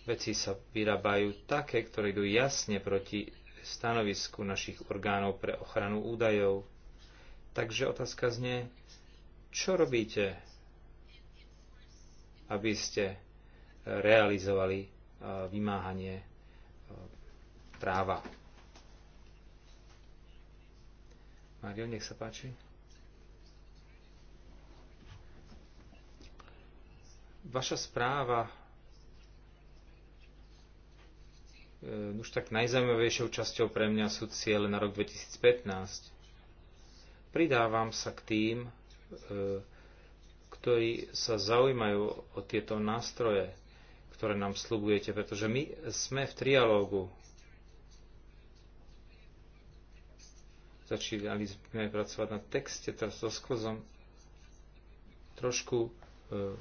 S4: Veci sa vyrábajú také, ktoré idú jasne proti stanovisku našich orgánov pre ochranu údajov. Takže otázka znie, čo robíte? aby ste e, realizovali e, vymáhanie e, práva. Mario, nech sa páči. Vaša správa už tak najzaujímavejšou časťou pre mňa sú ciele na rok 2015. Pridávam sa k tým, e, ktorí sa zaujímajú o tieto nástroje, ktoré nám slubujete, pretože my sme v trialógu. Začínali sme pracovať na texte, teraz so sklzom trošku e,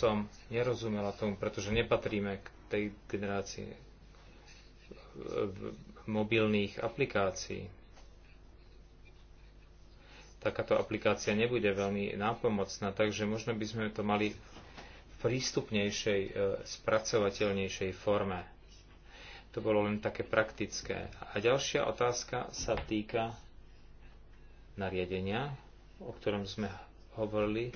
S4: som nerozumela tomu, pretože nepatríme k tej generácii e, mobilných aplikácií takáto aplikácia nebude veľmi nápomocná, takže možno by sme to mali v prístupnejšej, e, spracovateľnejšej forme. To bolo len také praktické. A ďalšia otázka sa týka nariadenia, o ktorom sme hovorili,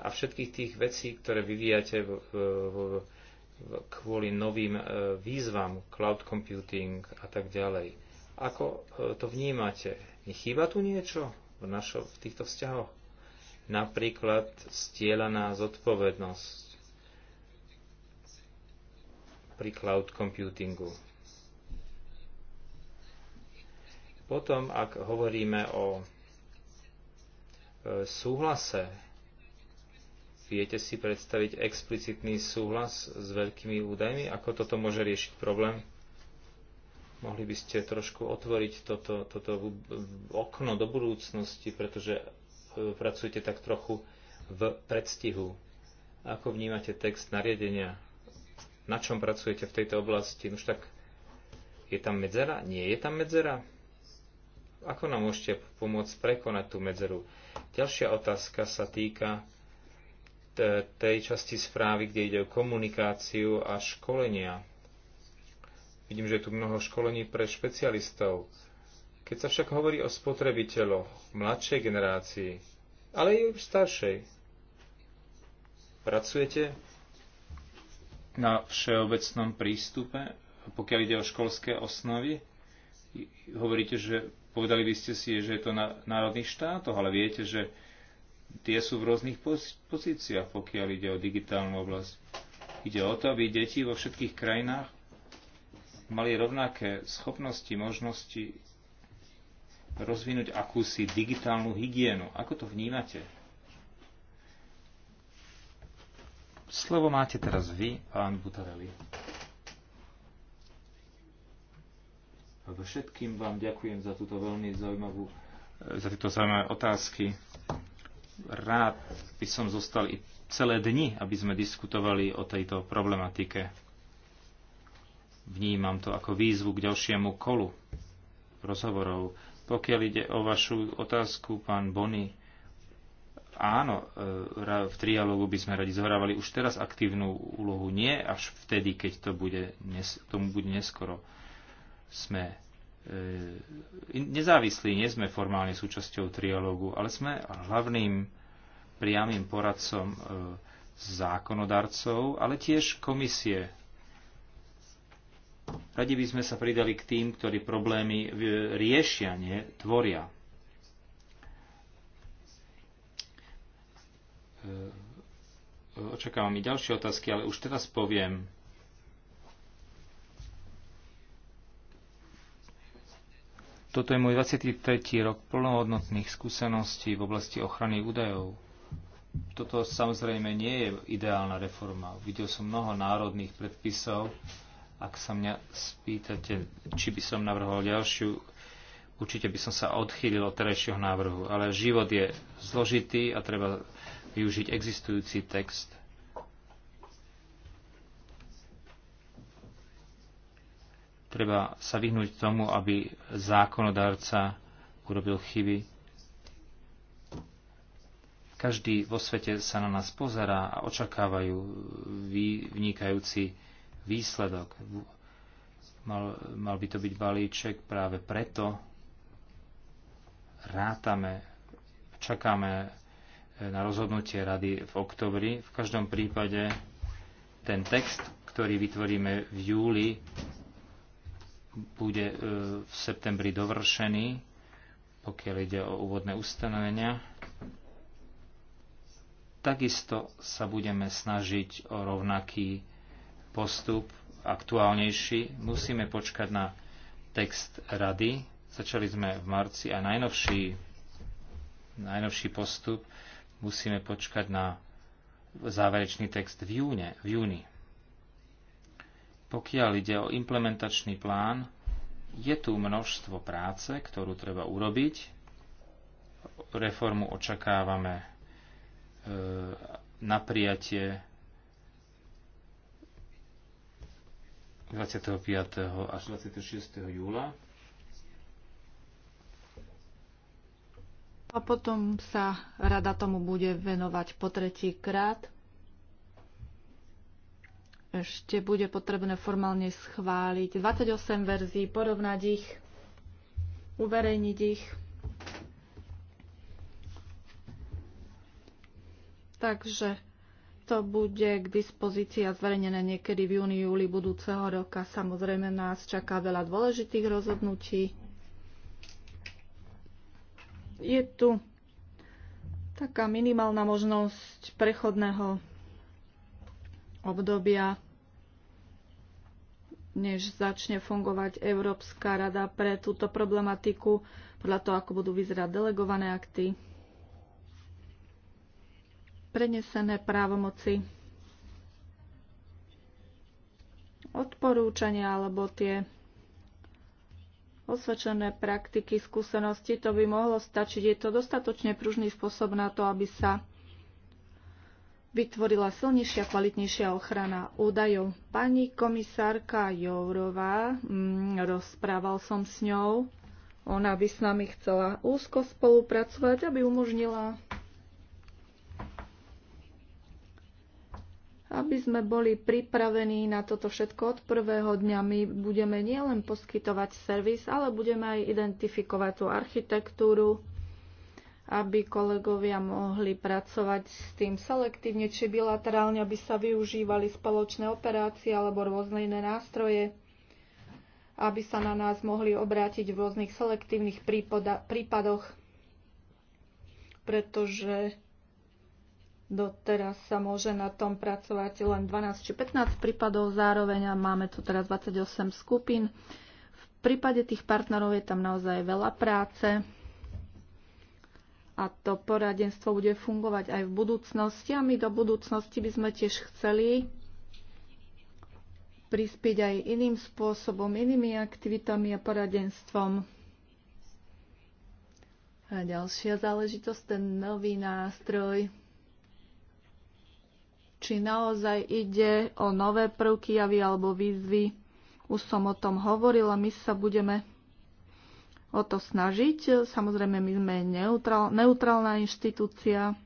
S4: a všetkých tých vecí, ktoré vyvíjate v, v, v, kvôli novým e, výzvam, cloud computing a tak ďalej. Ako e, to vnímate? Nechýba tu niečo? v, našo, v týchto vzťahoch. Napríklad stielaná zodpovednosť pri cloud computingu. Potom, ak hovoríme o e, súhlase, viete si predstaviť explicitný súhlas s veľkými údajmi, ako toto môže riešiť problém? Mohli by ste trošku otvoriť toto, toto okno do budúcnosti, pretože e, pracujete tak trochu v predstihu. Ako vnímate text nariadenia? Na čom pracujete v tejto oblasti? Už tak je tam medzera? Nie je tam medzera? Ako nám môžete pomôcť prekonať tú medzeru? Ďalšia otázka sa týka tej časti správy, kde ide o komunikáciu a školenia. Vidím, že je tu mnoho školení pre špecialistov. Keď sa však hovorí o spotrebiteľoch mladšej generácii, ale i už staršej, pracujete na všeobecnom prístupe, pokiaľ ide o školské osnovy? Hovoríte, že povedali by ste si, že je to na národných štátoch, ale viete, že tie sú v rôznych pozíciách, pokiaľ ide o digitálnu oblasť. Ide o to, aby deti vo všetkých krajinách mali rovnaké schopnosti, možnosti rozvinúť akúsi digitálnu hygienu. Ako to vnímate? Slovo máte teraz vy, pán Butarelli. Všetkým vám ďakujem za túto veľmi zaujímavú za tieto zaujímavé otázky. Rád by som zostal i celé dni, aby sme diskutovali o tejto problematike Vnímam to ako výzvu k ďalšiemu kolu rozhovorov. Pokiaľ ide o vašu otázku, pán Bony, áno, e, v trialógu by sme radi zohrávali už teraz aktívnu úlohu, nie až vtedy, keď to bude, tomu bude neskoro. Sme e, nezávislí, nie sme formálne súčasťou trialógu, ale sme hlavným priamým poradcom e, zákonodarcov, ale tiež komisie Radi by sme sa pridali k tým, ktorí problémy riešia, nie tvoria. E, očakávam i ďalšie otázky, ale už teraz poviem, Toto je môj 23. rok plnohodnotných skúseností v oblasti ochrany údajov. Toto samozrejme nie je ideálna reforma. Videl som mnoho národných predpisov, ak sa mňa spýtate, či by som navrhol ďalšiu, určite by som sa odchýlil od terajšieho návrhu, ale život je zložitý a treba využiť existujúci text. Treba sa vyhnúť tomu, aby zákonodárca urobil chyby. Každý vo svete sa na nás pozerá a očakávajú vynikajúci výsledok. Mal, mal by to byť balíček práve preto, rátame, čakáme e, na rozhodnutie rady v oktobri. V každom prípade ten text, ktorý vytvoríme v júli, bude e, v septembri dovršený, pokiaľ ide o úvodné ustanovenia. Takisto sa budeme snažiť o rovnaký postup aktuálnejší. Musíme počkať na text rady. Začali sme v marci a najnovší, najnovší postup musíme počkať na záverečný text v, júne, v júni. Pokiaľ ide o implementačný plán, je tu množstvo práce, ktorú treba urobiť. Reformu očakávame e, na prijatie 25. až 26. júla.
S5: A potom sa rada tomu bude venovať po tretí krát. Ešte bude potrebné formálne schváliť 28 verzií, porovnať ich, uverejniť ich. Takže to bude k dispozícii a zverejnené niekedy v júni, júli budúceho roka. Samozrejme nás čaká veľa dôležitých rozhodnutí. Je tu taká minimálna možnosť prechodného obdobia, než začne fungovať Európska rada pre túto problematiku, podľa toho, ako budú vyzerať delegované akty prenesené právomoci, odporúčania alebo tie osvedčené praktiky, skúsenosti, to by mohlo stačiť. Je to dostatočne pružný spôsob na to, aby sa vytvorila silnejšia, kvalitnejšia ochrana údajov. Pani komisárka Jourová, mm, rozprával som s ňou, ona by s nami chcela úzko spolupracovať, aby umožnila aby sme boli pripravení na toto všetko od prvého dňa. My budeme nielen poskytovať servis, ale budeme aj identifikovať tú architektúru, aby kolegovia mohli pracovať s tým selektívne či bilaterálne, aby sa využívali spoločné operácie alebo rôzne iné nástroje, aby sa na nás mohli obrátiť v rôznych selektívnych prípadoch, pretože Doteraz sa môže na tom pracovať len 12 či 15 prípadov zároveň a máme tu teraz 28 skupín. V prípade tých partnerov je tam naozaj veľa práce a to poradenstvo bude fungovať aj v budúcnosti a my do budúcnosti by sme tiež chceli prispieť aj iným spôsobom, inými aktivitami a poradenstvom. A ďalšia záležitosť, ten nový nástroj či naozaj ide o nové prvky javy alebo výzvy. Už som o tom hovorila, my sa budeme o to snažiť. Samozrejme, my sme neutrál, neutrálna inštitúcia.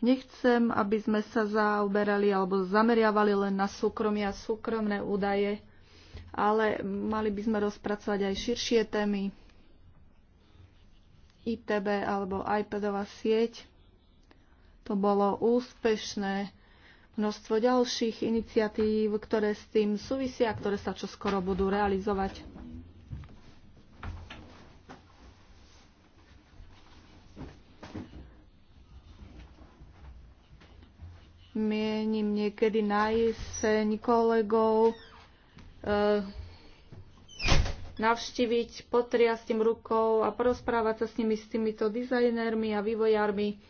S5: Nechcem, aby sme sa zaoberali alebo zameriavali len na súkromie a súkromné údaje, ale mali by sme rozpracovať aj širšie témy. ITB alebo iPadová sieť. To bolo úspešné. Množstvo ďalších iniciatív, ktoré s tým súvisia a ktoré sa čoskoro budú realizovať. Mienim niekedy na jeseň kolegov, eh, navštíviť, potriať tým rukou a porozprávať sa s nimi, s týmito dizajnérmi a vývojármi,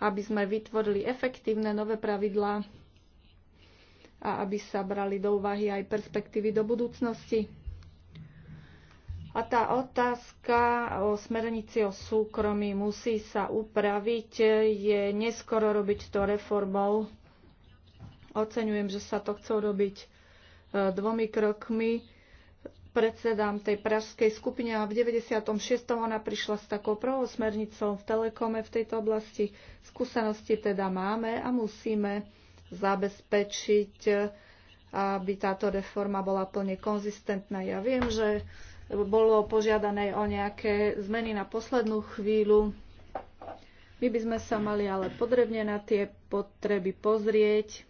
S5: aby sme vytvorili efektívne nové pravidlá a aby sa brali do úvahy aj perspektívy do budúcnosti. A tá otázka o smernici o súkromí musí sa upraviť. Je neskoro robiť to reformou. Oceňujem, že sa to chcú robiť e, dvomi krokmi predsedám tej pražskej skupine a v 96. ona prišla s takou prvou smernicou v Telekome v tejto oblasti. Skúsenosti teda máme a musíme zabezpečiť, aby táto reforma bola plne konzistentná. Ja viem, že bolo požiadané o nejaké zmeny na poslednú chvíľu. My by sme sa mali ale podrebne na tie potreby pozrieť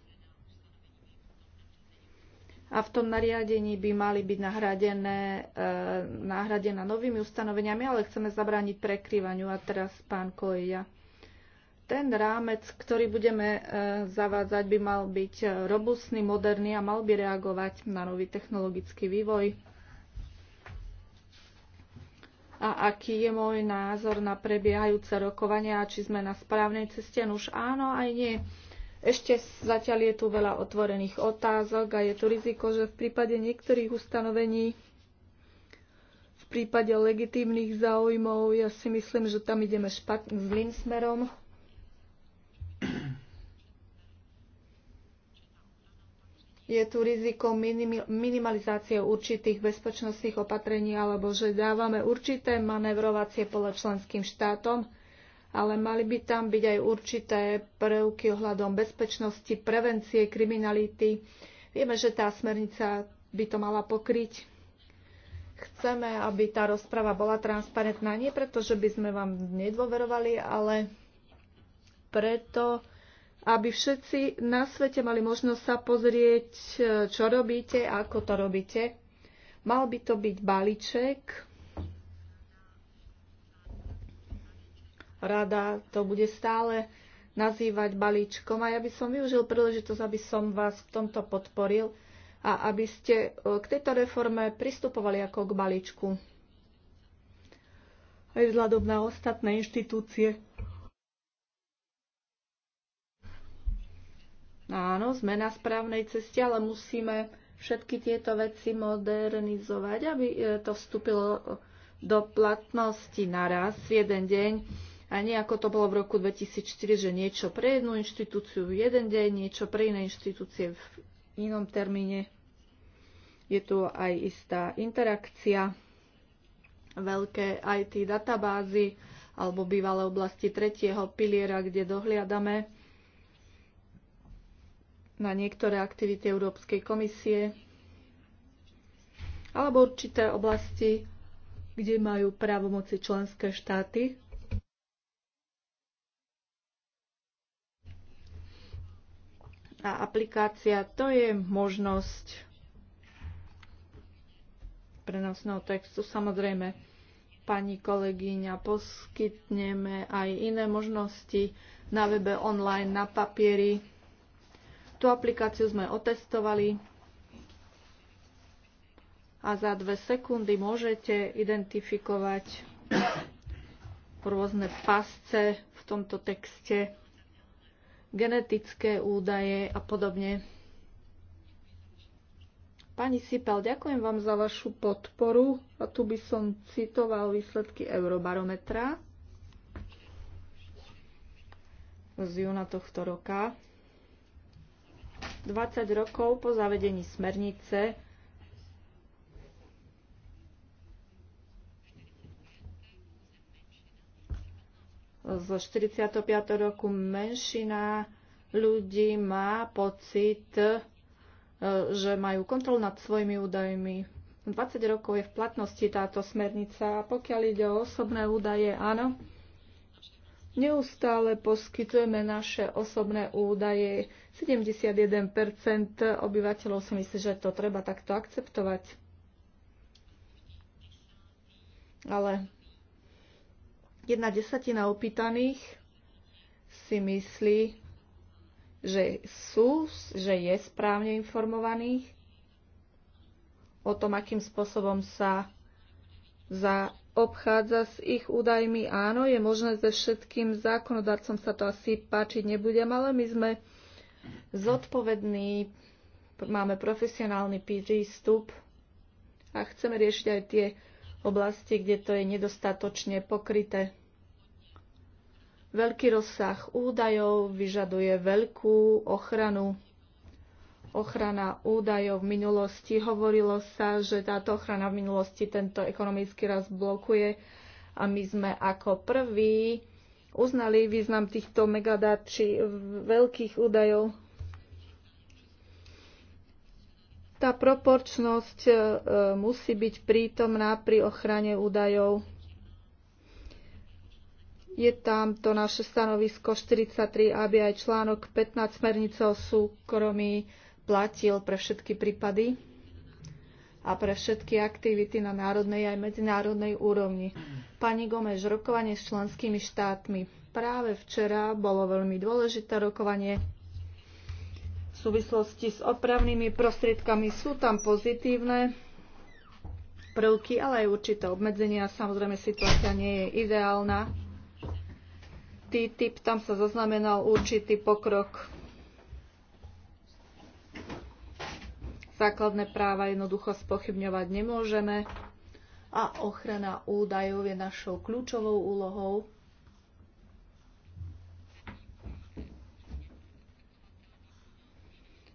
S5: a v tom nariadení by mali byť nahradené, e, nahradená novými ustanoveniami, ale chceme zabrániť prekrývaniu. A teraz pán Koeja. Ten rámec, ktorý budeme e, zavádzať, by mal byť e, robustný, moderný a mal by reagovať na nový technologický vývoj. A aký je môj názor na prebiehajúce rokovania, či sme na správnej ceste? No už áno, aj nie ešte zatiaľ je tu veľa otvorených otázok a je tu riziko, že v prípade niektorých ustanovení, v prípade legitímnych záujmov, ja si myslím, že tam ideme špatným zlým smerom. Je tu riziko minimalizácie určitých bezpečnostných opatrení alebo že dávame určité manevrovacie pole členským štátom, ale mali by tam byť aj určité prvky ohľadom bezpečnosti, prevencie, kriminality. Vieme, že tá smernica by to mala pokryť. Chceme, aby tá rozprava bola transparentná, nie preto, že by sme vám nedôverovali, ale preto, aby všetci na svete mali možnosť sa pozrieť, čo robíte, a ako to robíte. Mal by to byť balíček, Rada to bude stále nazývať balíčkom a ja by som využil príležitosť, aby som vás v tomto podporil a aby ste e, k tejto reforme pristupovali ako k balíčku. Aj vzhľadom na ostatné inštitúcie. Áno, sme na správnej ceste, ale musíme všetky tieto veci modernizovať, aby e, to vstúpilo do platnosti naraz v jeden deň a nie ako to bolo v roku 2004, že niečo pre jednu inštitúciu v jeden deň, niečo pre iné inštitúcie v inom termíne. Je tu aj istá interakcia, veľké IT databázy alebo bývalé oblasti tretieho piliera, kde dohliadame na niektoré aktivity Európskej komisie alebo určité oblasti, kde majú právomoci členské štáty a aplikácia to je možnosť prenosného textu. Samozrejme, pani kolegyňa, poskytneme aj iné možnosti na webe online, na papieri. Tú aplikáciu sme otestovali a za dve sekundy môžete identifikovať rôzne pasce v tomto texte genetické údaje a podobne. Pani Sipel, ďakujem vám za vašu podporu a tu by som citoval výsledky Eurobarometra z júna tohto roka. 20 rokov po zavedení smernice zo 45. roku menšina ľudí má pocit, e, že majú kontrol nad svojimi údajmi. 20 rokov je v platnosti táto smernica a pokiaľ ide o osobné údaje, áno, neustále poskytujeme naše osobné údaje. 71% obyvateľov si myslí, že to treba takto akceptovať. Ale jedna desatina opýtaných si myslí, že sú, že je správne informovaných o tom, akým spôsobom sa za obchádza s ich údajmi. Áno, je možné, že všetkým zákonodarcom sa to asi páčiť nebudem, ale my sme zodpovední, máme profesionálny prístup a chceme riešiť aj tie oblasti, kde to je nedostatočne pokryté. Veľký rozsah údajov vyžaduje veľkú ochranu. Ochrana údajov v minulosti. Hovorilo sa, že táto ochrana v minulosti tento ekonomický rast blokuje a my sme ako prví uznali význam týchto megadát či veľkých údajov Tá proporčnosť e, e, musí byť prítomná pri ochrane údajov. Je tam to naše stanovisko 43, aby aj článok 15 smernice o súkromí platil pre všetky prípady a pre všetky aktivity na národnej aj medzinárodnej úrovni. Pani Gomeš, rokovanie s členskými štátmi. Práve včera bolo veľmi dôležité rokovanie súvislosti s opravnými prostriedkami sú tam pozitívne prvky, ale aj určité obmedzenia. Samozrejme, situácia nie je ideálna. TTIP, tam sa zaznamenal určitý pokrok. Základné práva jednoducho spochybňovať nemôžeme a ochrana údajov je našou kľúčovou úlohou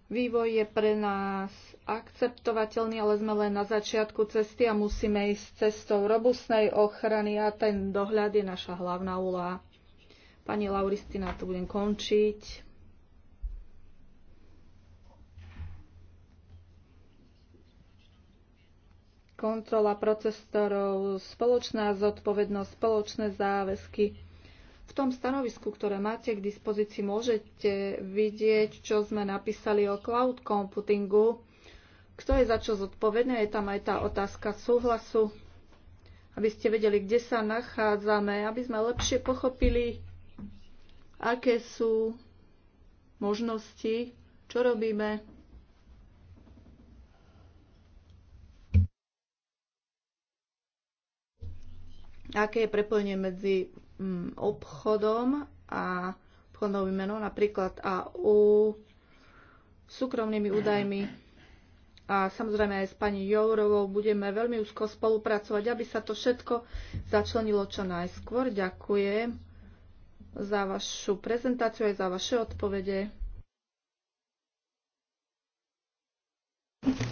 S5: Vývoj je pre nás akceptovateľný, ale sme len na začiatku cesty a musíme ísť cestou robustnej ochrany a ten dohľad je naša hlavná úloha. Pani Lauristina, tu budem končiť. Kontrola procesorov, spoločná zodpovednosť, spoločné záväzky tom stanovisku, ktoré máte k dispozícii, môžete vidieť, čo sme napísali o cloud computingu, kto je za čo zodpovedný. Je tam aj tá otázka súhlasu, aby ste vedeli, kde sa nachádzame, aby sme lepšie pochopili, aké sú možnosti, čo robíme. Aké je prepojenie medzi Mm, obchodom a obchodnou výmenou, napríklad AU, súkromnými údajmi. A samozrejme aj s pani Jourovou budeme veľmi úzko spolupracovať, aby sa to všetko začlenilo čo najskôr. Ďakujem za vašu prezentáciu aj za vaše odpovede.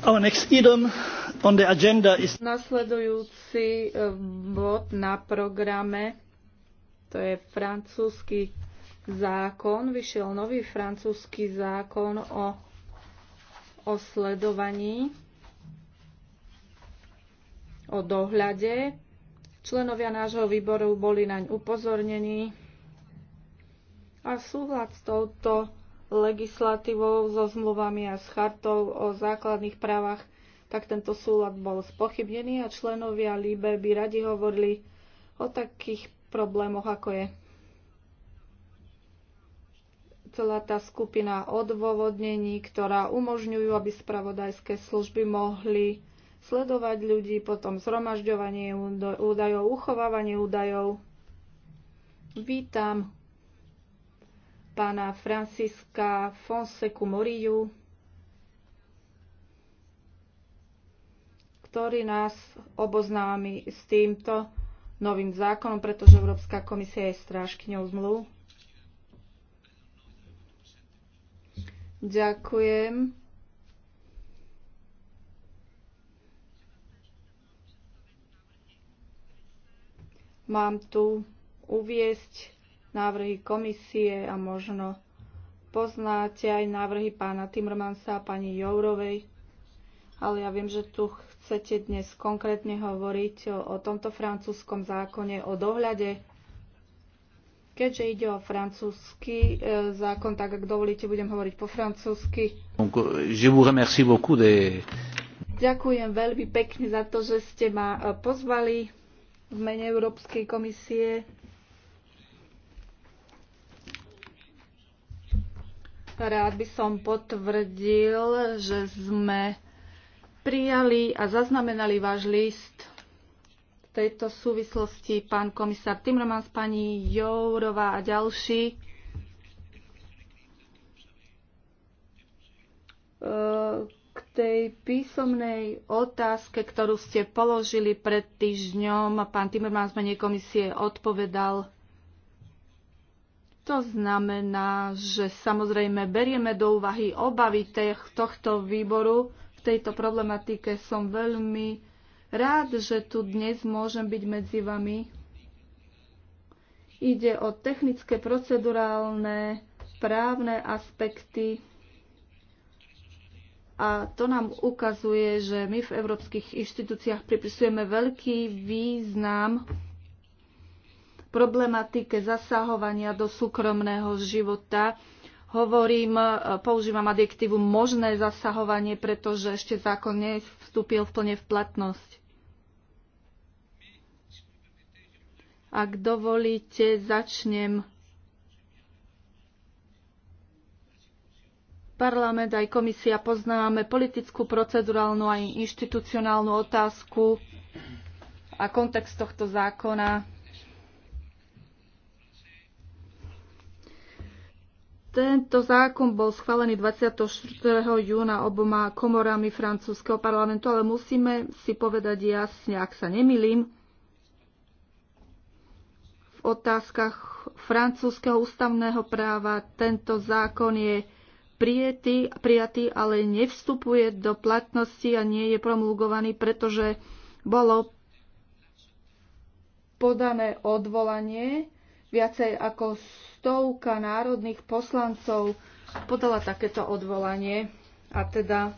S1: Our next item on the agenda is...
S5: Nasledujúci eh, bod na programe to je francúzsky zákon, vyšiel nový francúzsky zákon o, o sledovaní, o dohľade. Členovia nášho výboru boli naň upozornení a súhľad s touto legislatívou, so zmluvami a s chartou o základných právach, tak tento súlad bol spochybnený a členovia Líbe by radi hovorili o takých problémoch, ako je celá tá skupina odôvodnení, ktorá umožňujú, aby spravodajské služby mohli sledovať ľudí, potom zhromažďovanie údajov, uchovávanie údajov. Vítam pána Franciska Fonseku Moriju, ktorý nás oboznámi s týmto novým zákonom, pretože Európska komisia je strážkyňou zmluv. Ďakujem. Mám tu uviesť návrhy komisie a možno poznáte aj návrhy pána Timmermansa a pani Jourovej, ale ja viem, že tu chcete dnes konkrétne hovoriť o, o tomto francúzskom zákone, o dohľade. Keďže ide o francúzsky e, zákon, tak ak dovolíte, budem hovoriť po francúzsky.
S4: De...
S5: Ďakujem veľmi pekne za to, že ste ma e, pozvali v mene Európskej komisie. Rád by som potvrdil, že sme prijali a zaznamenali váš list v tejto súvislosti pán komisár Timmermans, pani Jourová a ďalší. E, k tej písomnej otázke, ktorú ste položili pred týždňom, pán Timmermans menej komisie odpovedal to znamená, že samozrejme berieme do úvahy obavy tohto výboru, tejto problematike. Som veľmi rád, že tu dnes môžem byť medzi vami. Ide o technické, procedurálne, právne aspekty a to nám ukazuje, že my v európskych inštitúciách pripisujeme veľký význam problematike zasahovania do súkromného života hovorím, e, používam adjektívu možné zasahovanie, pretože ešte zákon nevstúpil v plne v platnosť. Ak dovolíte, začnem. Parlament aj komisia poznáme politickú, procedurálnu aj inštitucionálnu otázku a kontext tohto zákona Tento zákon bol schválený 24. júna oboma komorami francúzského parlamentu, ale musíme si povedať jasne, ak sa nemilím, v otázkach francúzského ústavného práva tento zákon je prijetý, prijatý, ale nevstupuje do platnosti a nie je promulgovaný, pretože bolo podané odvolanie viacej ako stovka národných poslancov podala takéto odvolanie a teda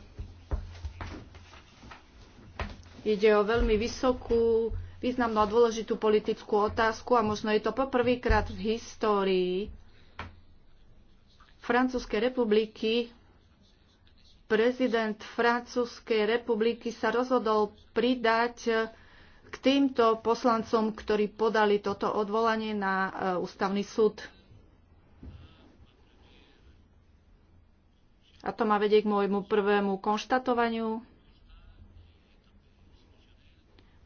S5: ide o veľmi vysokú, významnú a dôležitú politickú otázku a možno je to poprvýkrát v histórii Francúzskej republiky prezident Francúzskej republiky sa rozhodol pridať k týmto poslancom, ktorí podali toto odvolanie na e, ústavný súd. A to ma vedie k môjmu prvému konštatovaniu,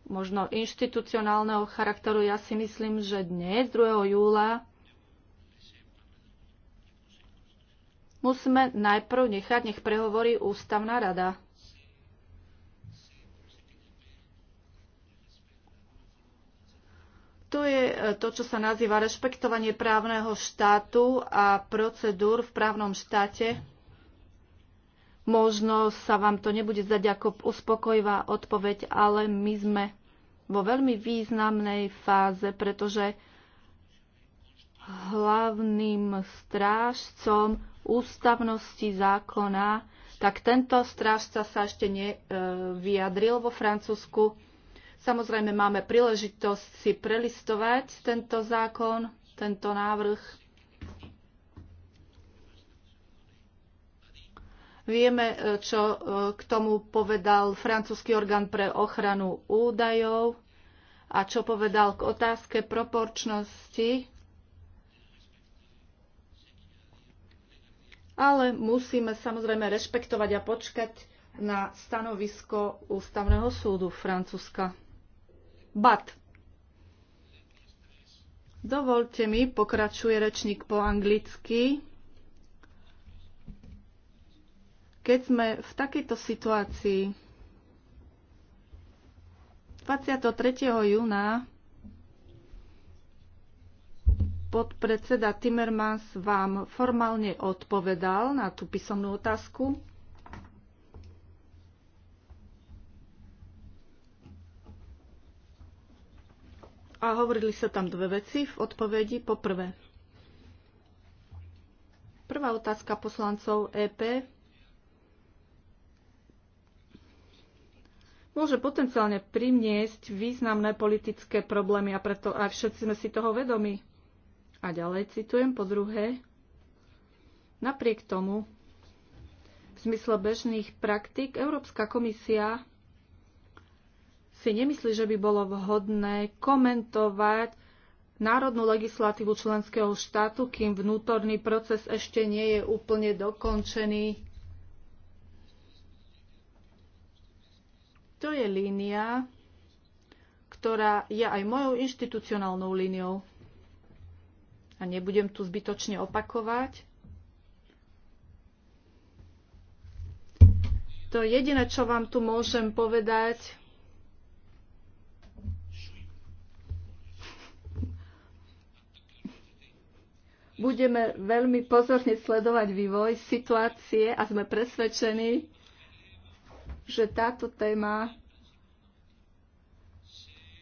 S5: možno inštitucionálneho charakteru. Ja si myslím, že dnes, 2. júla, musíme najprv nechať, nech prehovorí ústavná rada. To je e, to, čo sa nazýva rešpektovanie právneho štátu a procedúr v právnom štáte. Možno sa vám to nebude zdať ako uspokojivá odpoveď, ale my sme vo veľmi významnej fáze, pretože hlavným strážcom ústavnosti zákona, tak tento strážca sa ešte nevyjadril vo Francúzsku Samozrejme máme príležitosť si prelistovať tento zákon, tento návrh. Vieme, e, čo e, k tomu povedal francúzsky orgán pre ochranu údajov a čo povedal k otázke proporčnosti. Ale musíme samozrejme rešpektovať a počkať na stanovisko Ústavného súdu Francúzska but. Dovolte mi, pokračuje rečník po anglicky. Keď sme v takejto situácii 23. júna podpredseda Timmermans vám formálne odpovedal na tú písomnú otázku a hovorili sa tam dve veci v odpovedi. Poprvé, prvá otázka poslancov EP môže potenciálne priniesť významné politické problémy a preto aj všetci sme si toho vedomi. A ďalej citujem po druhé. Napriek tomu, v zmysle bežných praktik, Európska komisia si nemyslí, že by bolo vhodné komentovať národnú legislatívu členského štátu, kým vnútorný proces ešte nie je úplne dokončený. To je línia, ktorá je aj mojou inštitucionálnou líniou. A nebudem tu zbytočne opakovať. To jediné, čo vám tu môžem povedať, budeme veľmi pozorne sledovať vývoj situácie a sme presvedčení, že táto téma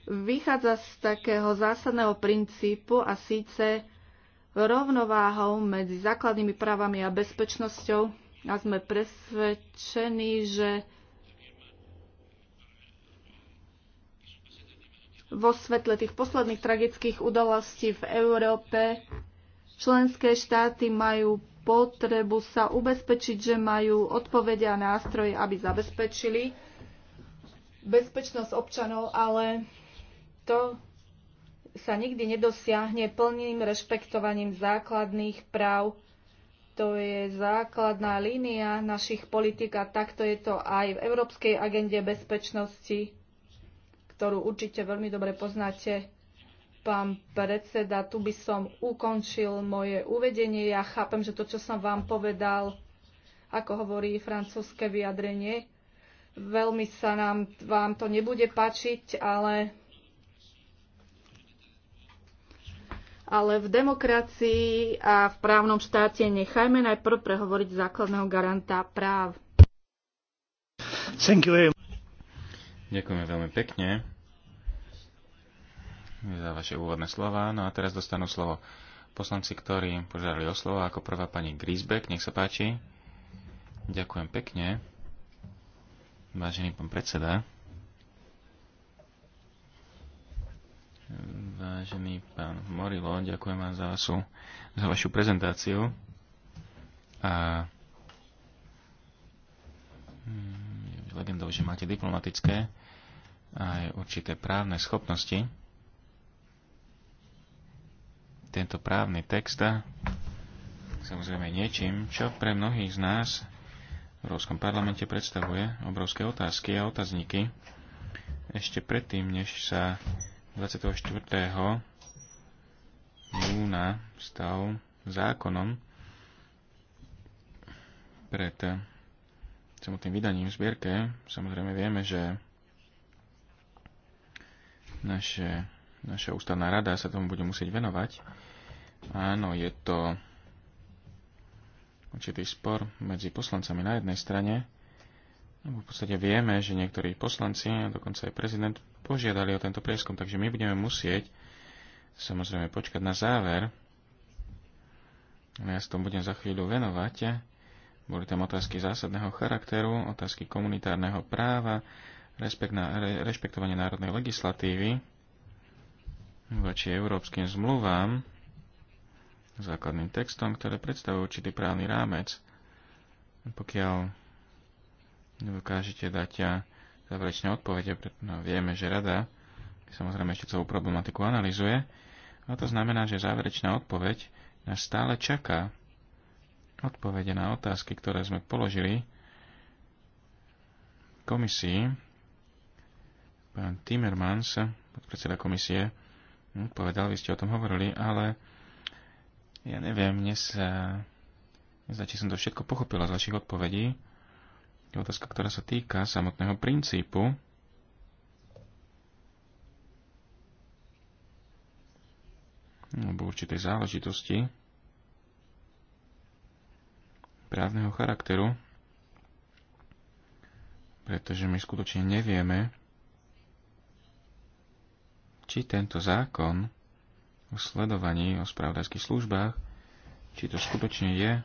S5: vychádza z takého zásadného princípu a síce rovnováhou medzi základnými právami a bezpečnosťou a sme presvedčení, že vo svetle tých posledných tragických udalostí v Európe Členské štáty majú potrebu sa ubezpečiť, že majú odpovede a nástroje, aby zabezpečili bezpečnosť občanov, ale to sa nikdy nedosiahne plným rešpektovaním základných práv to je základná línia našich politik a takto je to aj v Európskej agende bezpečnosti, ktorú určite veľmi dobre poznáte. Pán predseda, tu by som ukončil moje uvedenie. Ja chápem, že to, čo som vám povedal, ako hovorí francúzske vyjadrenie, veľmi sa nám, vám to nebude pačiť, ale, ale v demokracii a v právnom štáte nechajme najprv prehovoriť základného garanta práv.
S2: Ďakujeme veľmi pekne za vaše úvodné slova. No a teraz dostanú slovo poslanci, ktorí požiadali o slovo. Ako prvá pani Grisbeck, nech sa páči. Ďakujem pekne. Vážený pán predseda. Vážený pán Morilo, ďakujem vám za, vašu, za vašu prezentáciu. A hm, legendou, že máte diplomatické aj určité právne schopnosti tento právny text samozrejme niečím, čo pre mnohých z nás v Európskom parlamente predstavuje obrovské otázky a otázniky. Ešte predtým, než sa 24. júna stal zákonom pred samotným vydaním v zbierke, samozrejme vieme, že naše naša ústavná rada sa tomu bude musieť venovať. Áno, je to určitý spor medzi poslancami na jednej strane. No, v podstate vieme, že niektorí poslanci, a dokonca aj prezident, požiadali o tento prieskum, takže my budeme musieť samozrejme počkať na záver. Ja sa tomu budem za chvíľu venovať. Boli tam otázky zásadného charakteru, otázky komunitárneho práva, na, re, rešpektovanie národnej legislatívy voči európskym zmluvám, základným textom, ktoré predstavujú určitý právny rámec. Pokiaľ nedokážete dať záverečné odpovede, no, vieme, že rada samozrejme ešte celú problematiku analizuje, a to znamená, že záverečná odpoveď nás stále čaká. Odpovede na otázky, ktoré sme položili komisii, pán Timmermans, podpredseda komisie, Hm, povedal, vy ste o tom hovorili, ale ja neviem, mne sa nezdá, či som to všetko pochopila z vašich odpovedí. Je otázka, ktorá sa týka samotného princípu. alebo určitej záležitosti právneho charakteru, pretože my skutočne nevieme, či tento zákon o sledovaní o spravodajských službách, či to skutočne je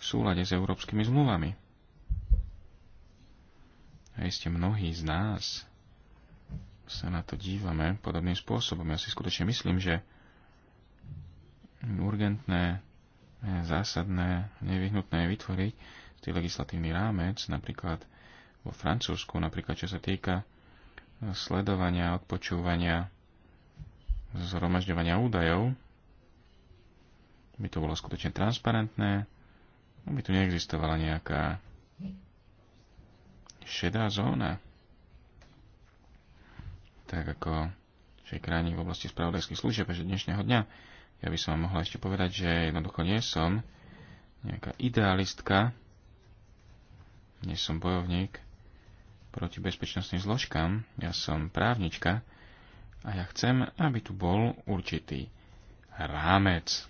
S2: v súlade s európskymi zmluvami. A iste mnohí z nás sa na to dívame podobným spôsobom. Ja si skutočne myslím, že urgentné, zásadné, nevyhnutné je vytvoriť tý legislatívny rámec, napríklad vo Francúzsku, napríklad čo sa týka sledovania, odpočúvania zhromažďovania údajov, by to bolo skutočne transparentné, by tu neexistovala nejaká šedá zóna. Tak ako všej krajine v oblasti spravodajských služieb že dnešného dňa, ja by som vám mohla ešte povedať, že jednoducho nie som nejaká idealistka, nie som bojovník proti bezpečnostným zložkám, ja som právnička, a ja chcem, aby tu bol určitý rámec.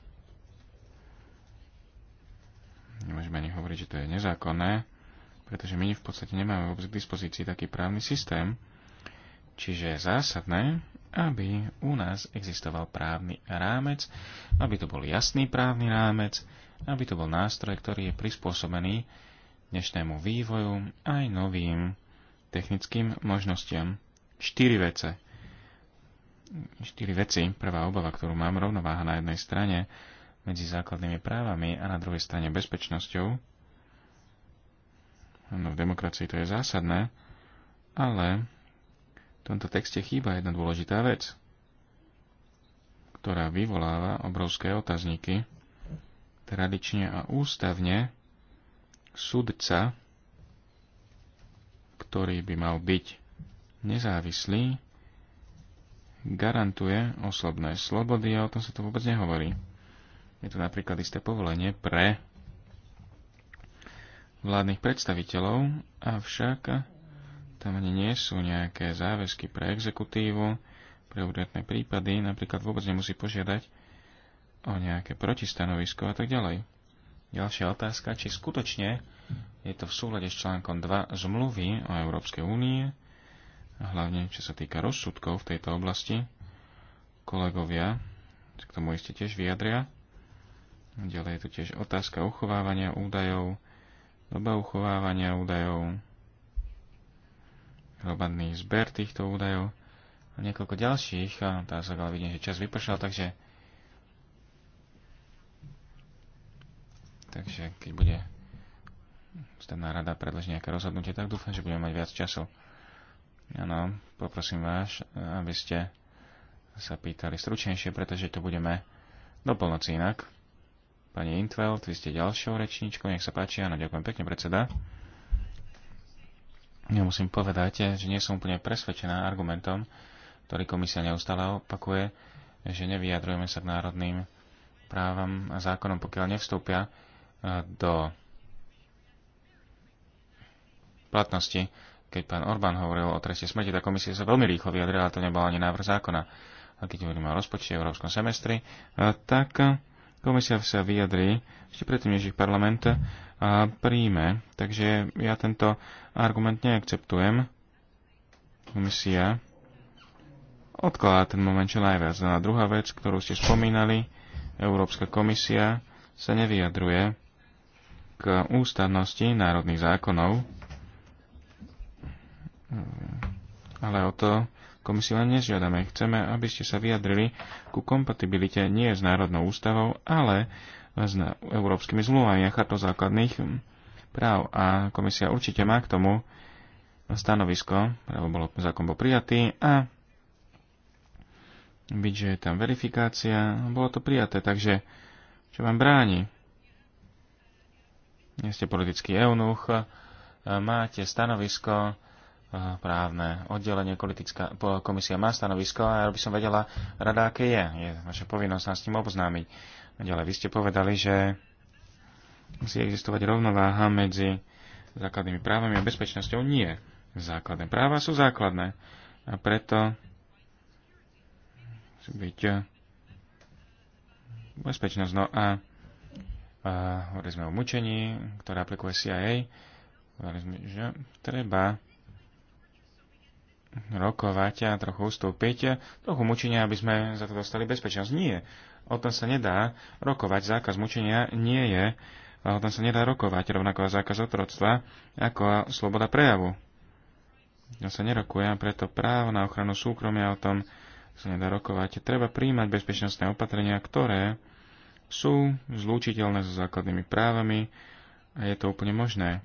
S2: Nemôžeme ani hovoriť, že to je nezákonné, pretože my v podstate nemáme vôbec k dispozícii taký právny systém. Čiže je zásadné, aby u nás existoval právny rámec, aby to bol jasný právny rámec, aby to bol nástroj, ktorý je prispôsobený dnešnému vývoju aj novým technickým možnostiam. Štyri vece štyri veci. Prvá obava, ktorú mám, rovnováha na jednej strane medzi základnými právami a na druhej strane bezpečnosťou. No, v demokracii to je zásadné, ale v tomto texte chýba jedna dôležitá vec, ktorá vyvoláva obrovské otazníky. Tradične a ústavne súdca, ktorý by mal byť nezávislý, garantuje osobné slobody a o tom sa to vôbec nehovorí. Je tu napríklad isté povolenie pre vládnych predstaviteľov, avšak tam ani nie sú nejaké záväzky pre exekutívu, pre údatné prípady, napríklad vôbec nemusí požiadať o nejaké protistanovisko a tak ďalej. Ďalšia otázka, či skutočne je to v súlade s článkom 2 zmluvy o Európskej únie, hlavne čo sa týka rozsudkov v tejto oblasti. Kolegovia k tomu iste tiež vyjadria. Ďalej je tu tiež otázka uchovávania údajov, doba uchovávania údajov, hromadný zber týchto údajov a niekoľko ďalších sa ale vidím, že čas vypršal, takže takže keď bude stanná rada predložiť nejaké rozhodnutie, tak dúfam, že budeme mať viac času. Áno, poprosím vás, aby ste sa pýtali stručnejšie, pretože to budeme do polnoci inak. Pani Intveld, vy ste ďalšou rečníčkou, nech sa páči, áno, ďakujem pekne, predseda. Ja musím povedať, že nie som úplne presvedčená argumentom, ktorý komisia neustále opakuje, že nevyjadrujeme sa k národným právam a zákonom, pokiaľ nevstúpia eh, do platnosti keď pán Orbán hovoril o treste smrti, tá komisia sa veľmi rýchlo vyjadrila, to nebol ani návrh zákona. A keď hovoríme o rozpočte v európskom semestri, tak komisia sa vyjadrí ešte predtým, než ich parlament príjme. Takže ja tento argument neakceptujem. Komisia odkladá ten moment čo najviac. No a druhá vec, ktorú ste spomínali, Európska komisia sa nevyjadruje k ústavnosti národných zákonov Hm. Ale o to komisiu len nežiadame. Chceme, aby ste sa vyjadrili ku kompatibilite nie s Národnou ústavou, ale s európskymi zmluvami a chartou základných práv. A komisia určite má k tomu stanovisko, lebo bolo, zákon bol prijatý a byť, že je tam verifikácia, bolo to prijaté, takže čo vám bráni? Nie ste politický eunuch, máte stanovisko, právne oddelenie, politická komisia má stanovisko a ja by som vedela rada, aké je. Je vaša povinnosť nás s tým oboznámiť. Ďalej, vy ste povedali, že musí existovať rovnováha medzi základnými právami a bezpečnosťou. Nie. Základné práva sú základné. A preto musí byť eh, bezpečnosť. No a, a hovorili sme o mučení, ktoré aplikuje CIA. Hovorili sme, že treba rokovať a trochu ustúpiť, trochu mučenia, aby sme za to dostali bezpečnosť. Nie, o tom sa nedá rokovať. Zákaz mučenia nie je, o tom sa nedá rokovať, rovnako zákaz otroctva, ako sloboda prejavu. To sa nerokuje a preto právo na ochranu súkromia o tom sa nedá rokovať. Treba príjmať bezpečnostné opatrenia, ktoré sú zlúčiteľné so základnými právami a je to úplne možné.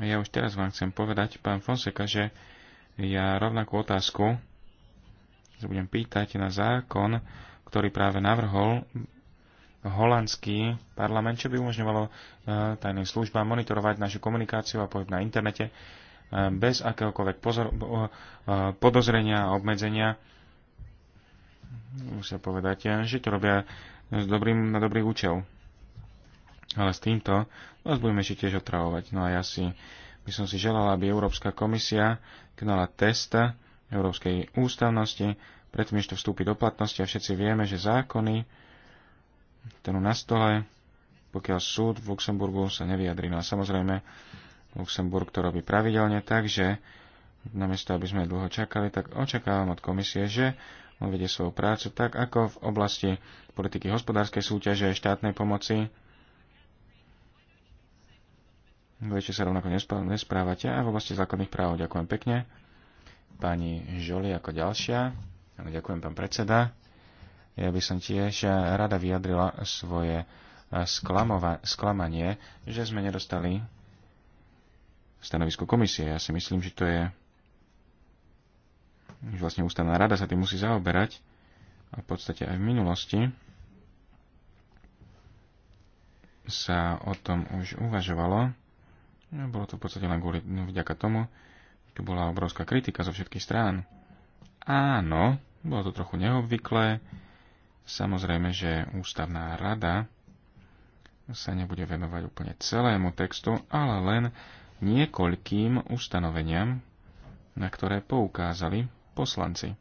S2: A ja už teraz vám chcem povedať, pán Fonseka, že ja rovnakú otázku sa budem pýtať na zákon, ktorý práve navrhol holandský parlament, čo by umožňovalo e, tajným službám monitorovať našu komunikáciu a pohyb na internete e, bez akéhokoľvek pozor- e, podozrenia a obmedzenia. Musia povedať, že to robia s dobrým, na dobrý účel. Ale s týmto vás budeme ešte tiež otravovať. No a ja si by som si želala, aby Európska komisia konala test Európskej ústavnosti, predtým, než to vstúpi do platnosti a všetci vieme, že zákony, ten na stole, pokiaľ súd v Luxemburgu sa nevyjadrí. No a samozrejme, Luxemburg to robí pravidelne, takže namiesto, aby sme dlho čakali, tak očakávam od komisie, že on vedie svoju prácu tak, ako v oblasti politiky hospodárskej súťaže a štátnej pomoci Viete sa rovnako nesprávate a v oblasti základných práv. Ďakujem pekne. Pani Žoli ako ďalšia. Ďakujem, pán predseda. Ja by som tiež rada vyjadrila svoje sklamanie, že sme nedostali stanovisko komisie. Ja si myslím, že to je že vlastne ústavná rada sa tým musí zaoberať a v podstate aj v minulosti sa o tom už uvažovalo bolo to v podstate len kvôli, no, vďaka tomu, tu bola obrovská kritika zo všetkých strán. Áno, bolo to trochu neobvyklé. Samozrejme, že ústavná rada sa nebude venovať úplne celému textu, ale len niekoľkým ustanoveniam, na ktoré poukázali poslanci.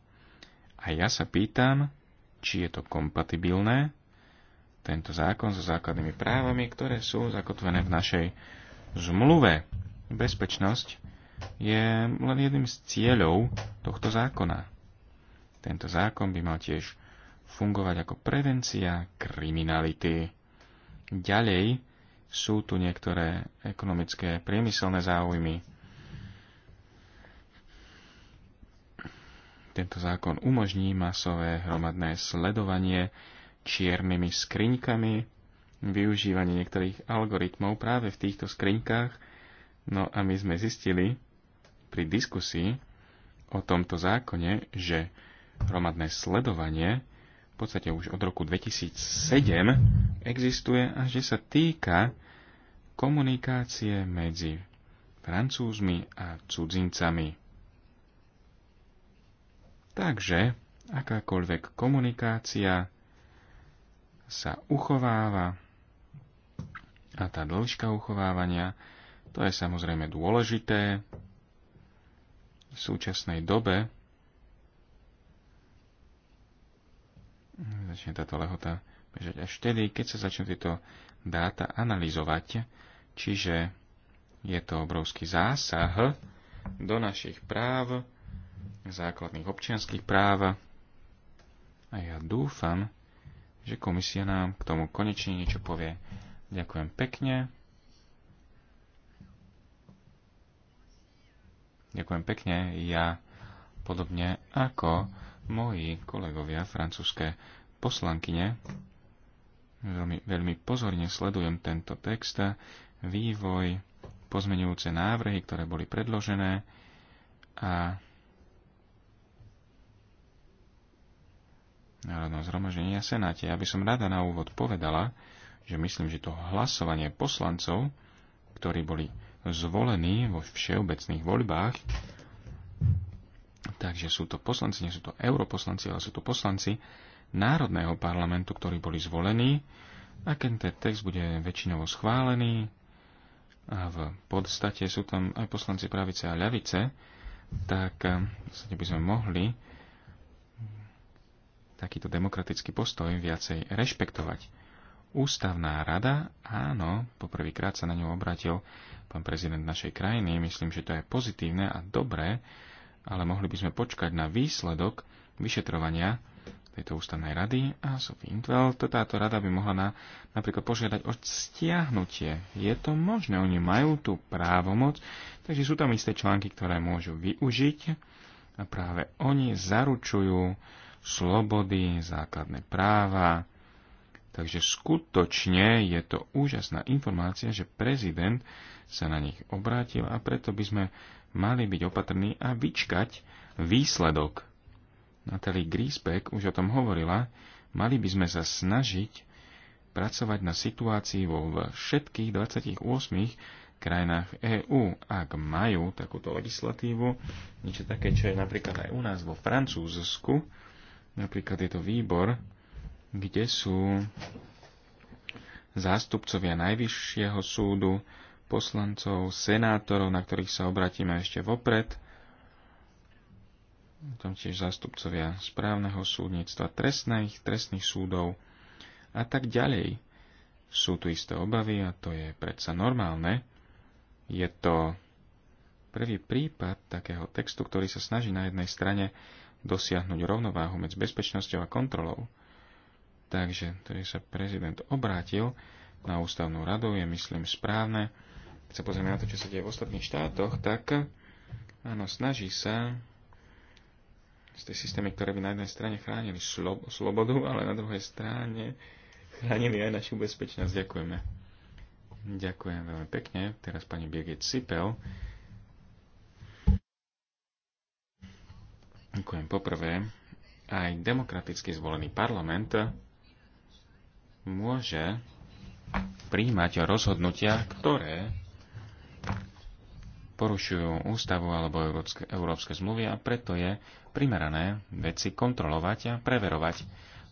S2: A ja sa pýtam, či je to kompatibilné, tento zákon so základnými právami, ktoré sú zakotvené v našej zmluve. Bezpečnosť je len jedným z cieľov tohto zákona. Tento zákon by mal tiež fungovať ako prevencia kriminality. Ďalej sú tu niektoré ekonomické priemyselné záujmy. Tento zákon umožní masové hromadné sledovanie čiernymi skriňkami využívanie niektorých algoritmov práve v týchto skrinkách. No a my sme zistili pri diskusii o tomto zákone, že hromadné sledovanie v podstate už od roku 2007 existuje a že sa týka komunikácie medzi Francúzmi a cudzincami. Takže akákoľvek komunikácia sa uchováva a tá dĺžka uchovávania, to je samozrejme dôležité. V súčasnej dobe začne táto lehota bežať až vtedy, keď sa začnú tieto dáta analyzovať, čiže je to obrovský zásah do našich práv, základných občianských práv a ja dúfam, že komisia nám k tomu konečne niečo povie. Ďakujem pekne. Ďakujem pekne. Ja podobne ako moji kolegovia francúzske poslankyne veľmi, veľmi pozorne sledujem tento text, vývoj, pozmenujúce návrhy, ktoré boli predložené a Národného zhromaždenia Senáte. Ja by som rada na úvod povedala, že myslím, že to hlasovanie poslancov, ktorí boli zvolení vo všeobecných voľbách, takže sú to poslanci, nie sú to europoslanci, ale sú to poslanci Národného parlamentu, ktorí boli zvolení, a keď ten text bude väčšinovo schválený, a v podstate sú tam aj poslanci pravice a ľavice, tak vlastne by sme mohli takýto demokratický postoj viacej rešpektovať. Ústavná rada, áno, poprvýkrát sa na ňu obratil pán prezident našej krajiny, myslím, že to je pozitívne a dobré, ale mohli by sme počkať na výsledok vyšetrovania tejto ústavnej rady a Sophie to táto rada by mohla na, napríklad požiadať o stiahnutie. Je to možné, oni majú tú právomoc, takže sú tam isté články, ktoré môžu využiť a práve oni zaručujú slobody, základné práva, Takže skutočne je to úžasná informácia, že prezident sa na nich obrátil a preto by sme mali byť opatrní a vyčkať výsledok. Natalie Griesbeck už o tom hovorila, mali by sme sa snažiť pracovať na situácii vo všetkých 28 krajinách EÚ, ak majú takúto legislatívu, niečo také, čo je napríklad aj u nás vo Francúzsku, napríklad je to výbor kde sú zástupcovia Najvyššieho súdu, poslancov, senátorov, na ktorých sa obratíme ešte vopred, tam tiež zástupcovia správneho súdnictva, trestných, trestných súdov a tak ďalej. Sú tu isté obavy a to je predsa normálne. Je to prvý prípad takého textu, ktorý sa snaží na jednej strane dosiahnuť rovnováhu medzi bezpečnosťou a kontrolou. Takže to, že sa prezident obrátil na ústavnú radu, je myslím správne. Keď sa pozrieme na to, čo sa deje v ostatných štátoch, tak áno, snaží sa z tej systémy, ktoré by na jednej strane chránili slob- slobodu, ale na druhej strane chránili aj našu bezpečnosť. Ďakujeme. Ďakujem veľmi pekne. Teraz pani Birgit Sipel. Ďakujem poprvé. Aj demokraticky zvolený parlament môže príjmať rozhodnutia, ktoré porušujú ústavu alebo európske, európske zmluvy a preto je primerané veci kontrolovať a preverovať.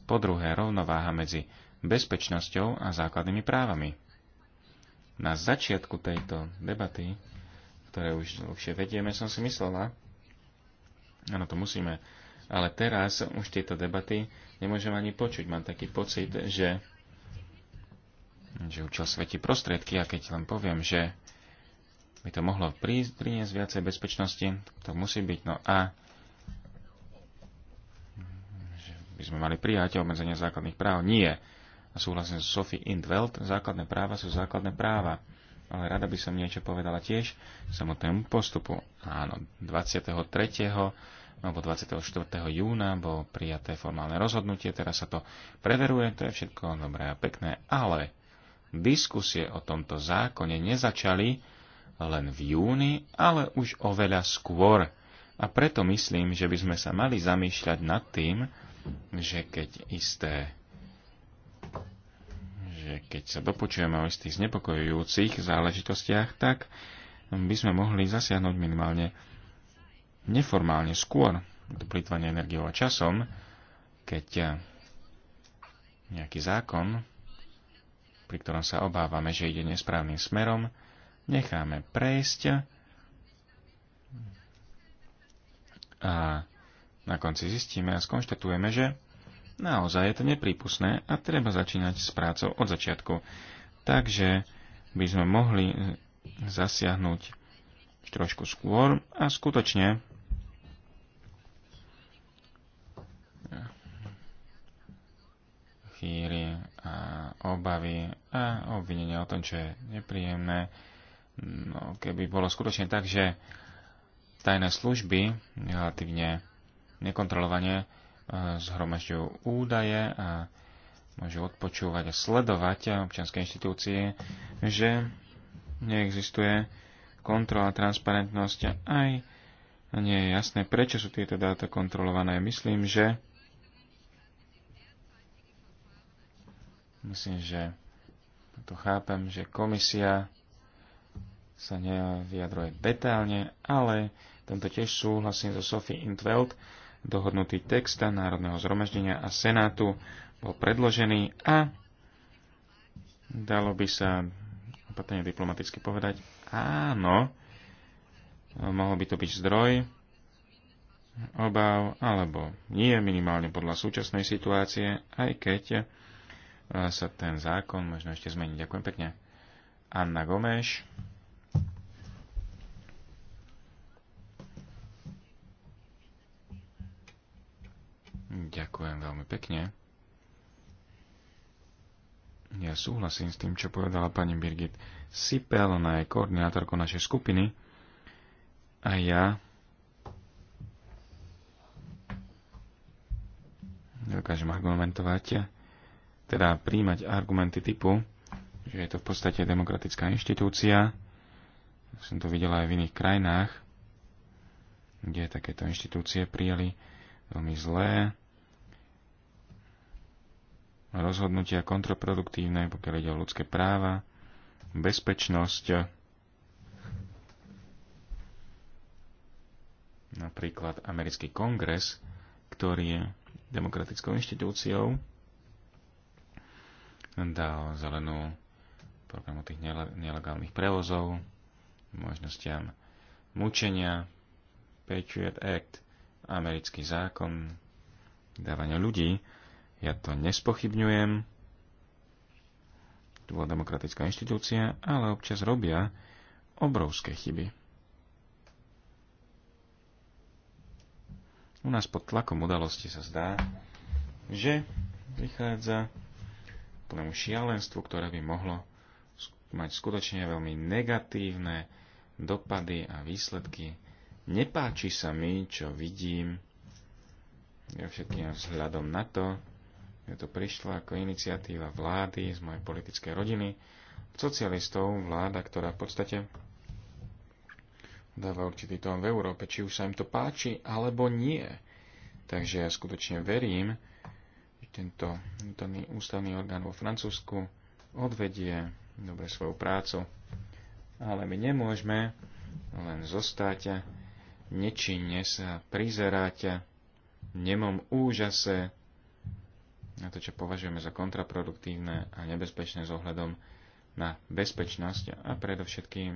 S2: Po druhé, rovnováha medzi bezpečnosťou a základnými právami. Na začiatku tejto debaty, ktoré už dlhšie vedieme, som si myslela, áno, to musíme, ale teraz už tieto debaty nemôžem ani počuť. Mám taký pocit, že že čo svetí prostriedky a keď len poviem, že by to mohlo prísť, priniesť viacej bezpečnosti, to musí byť. No a že by sme mali prijať obmedzenie základných práv. Nie. A súhlasím s Sophie Indveld, základné práva sú základné práva. Ale rada by som niečo povedala tiež samotnému postupu. Áno, 23. alebo 24. júna bolo prijaté formálne rozhodnutie, teraz sa to preveruje, to je všetko dobré a pekné, ale Diskusie o tomto zákone nezačali len v júni, ale už oveľa skôr. A preto myslím, že by sme sa mali zamýšľať nad tým, že keď isté že keď sa dopočujeme o istých znepokojujúcich záležitostiach, tak by sme mohli zasiahnuť minimálne neformálne skôr do plýtvania energiou a časom, keď nejaký zákon pri ktorom sa obávame, že ide nesprávnym smerom, necháme prejsť a na konci zistíme a skonštatujeme, že naozaj je to neprípustné a treba začínať s prácou od začiatku. Takže by sme mohli zasiahnuť trošku skôr a skutočne chýry a obavy a obvinenia o tom, čo je nepríjemné. No, keby bolo skutočne tak, že tajné služby relatívne nekontrolovane e, zhromažďujú údaje a môžu odpočúvať a sledovať občianske inštitúcie, že neexistuje kontrola, transparentnosť aj nie je jasné, prečo sú tieto dáta kontrolované. Myslím, že Myslím, že to chápem, že komisia sa nevyjadruje detálne, ale tento tiež súhlasím so Sophie Intveld. Dohodnutý text Národného zhromaždenia a Senátu bol predložený a dalo by sa opatrne diplomaticky povedať, áno, mohol by to byť zdroj obav, alebo nie minimálne podľa súčasnej situácie, aj keď sa ten zákon možno ešte zmení. Ďakujem pekne. Anna Gomeš. Ďakujem veľmi pekne. Ja súhlasím s tým, čo povedala pani Birgit Sipel, ona je koordinátorkou našej skupiny. A ja dokážem argumentovať teda príjmať argumenty typu, že je to v podstate demokratická inštitúcia. Som to videl aj v iných krajinách, kde takéto inštitúcie prijali veľmi zlé rozhodnutia kontraproduktívne, pokiaľ ide o ľudské práva, bezpečnosť, napríklad americký kongres, ktorý je demokratickou inštitúciou, dal zelenú programu tých nelegálnych prevozov, možnostiam mučenia, Patriot Act, americký zákon, dávania ľudí. Ja to nespochybňujem. Tu bola demokratická inštitúcia, ale občas robia obrovské chyby. U nás pod tlakom udalosti sa zdá, že vychádza úplnému šialenstvu, ktoré by mohlo mať skutočne veľmi negatívne dopady a výsledky. Nepáči sa mi, čo vidím, ja všetkým vzhľadom na to, že to prišla ako iniciatíva vlády z mojej politickej rodiny, socialistov, vláda, ktorá v podstate dáva určitý tón v Európe, či už sa im to páči, alebo nie. Takže ja skutočne verím, tento tento ústavný orgán vo Francúzsku odvedie dobre svoju prácu. Ale my nemôžeme len zostať nečinne sa prizerať nemom úžase na to, čo považujeme za kontraproduktívne a nebezpečné s ohľadom na bezpečnosť a predovšetkým,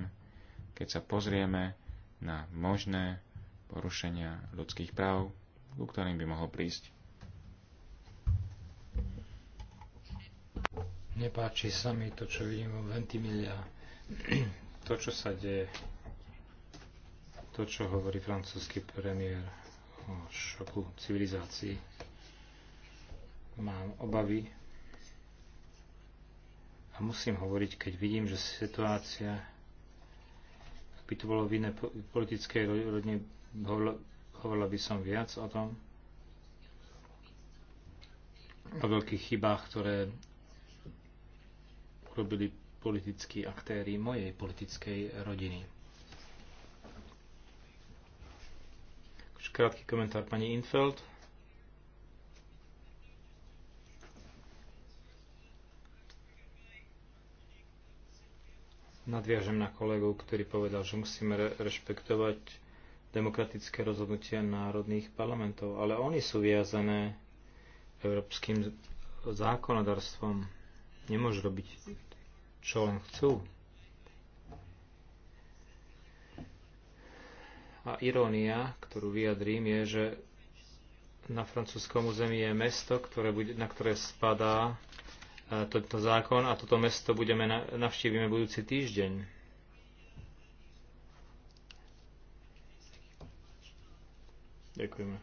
S2: keď sa pozrieme na možné porušenia ľudských práv, ku ktorým by mohol prísť.
S4: Nepáči sa mi to, čo vidím vo Ventimilia. To, čo sa deje, to, čo hovorí francúzsky premiér o šoku civilizácií, mám obavy a musím hovoriť, keď vidím, že situácia by to bolo v inej politickej rodine, hovorila by som viac o tom, o veľkých chybách, ktoré robili politickí aktéry mojej politickej rodiny. Akože krátky komentár pani Infeld. Nadviažem na kolegu, ktorý povedal, že musíme re- rešpektovať demokratické rozhodnutia národných parlamentov, ale oni sú viazané európskym zákonodarstvom. Nemôžu robiť čo len chcú. A irónia, ktorú vyjadrím, je, že na francúzskom území je mesto, ktoré bude, na ktoré spadá e, tento zákon a toto mesto budeme navštívime budúci týždeň. Ďakujeme.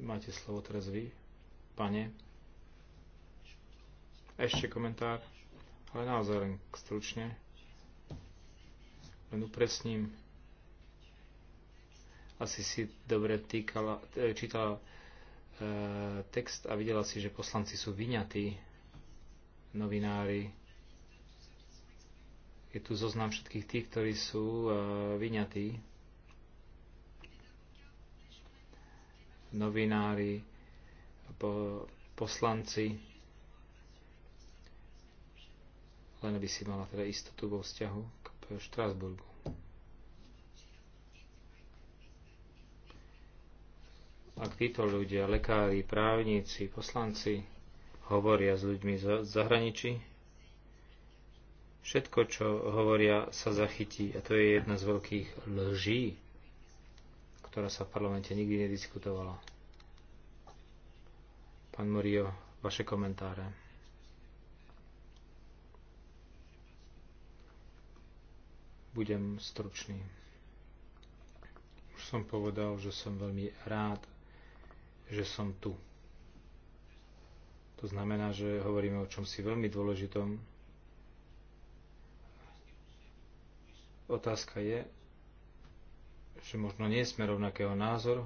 S4: Máte slovo teraz vy, pane. Ešte komentár, ale naozaj len stručne. Len upresním. Asi si dobre týkala, e, čítala e, text a videla si, že poslanci sú vyňatí, novinári. Je tu zoznam všetkých tých, ktorí sú e, vyňatí. Novinári, po, poslanci, len by si mala teda istotu vo vzťahu k Štrásburgu. Ak títo ľudia, lekári, právnici, poslanci hovoria s ľuďmi z zahraničí, všetko, čo hovoria, sa zachytí. A to je jedna z veľkých lží, ktorá sa v parlamente nikdy nediskutovala. Pán Murio, vaše komentáre. Budem stručný. Už som povedal, že som veľmi rád, že som tu. To znamená, že hovoríme o čomsi veľmi dôležitom. Otázka je, že možno nie sme rovnakého názoru,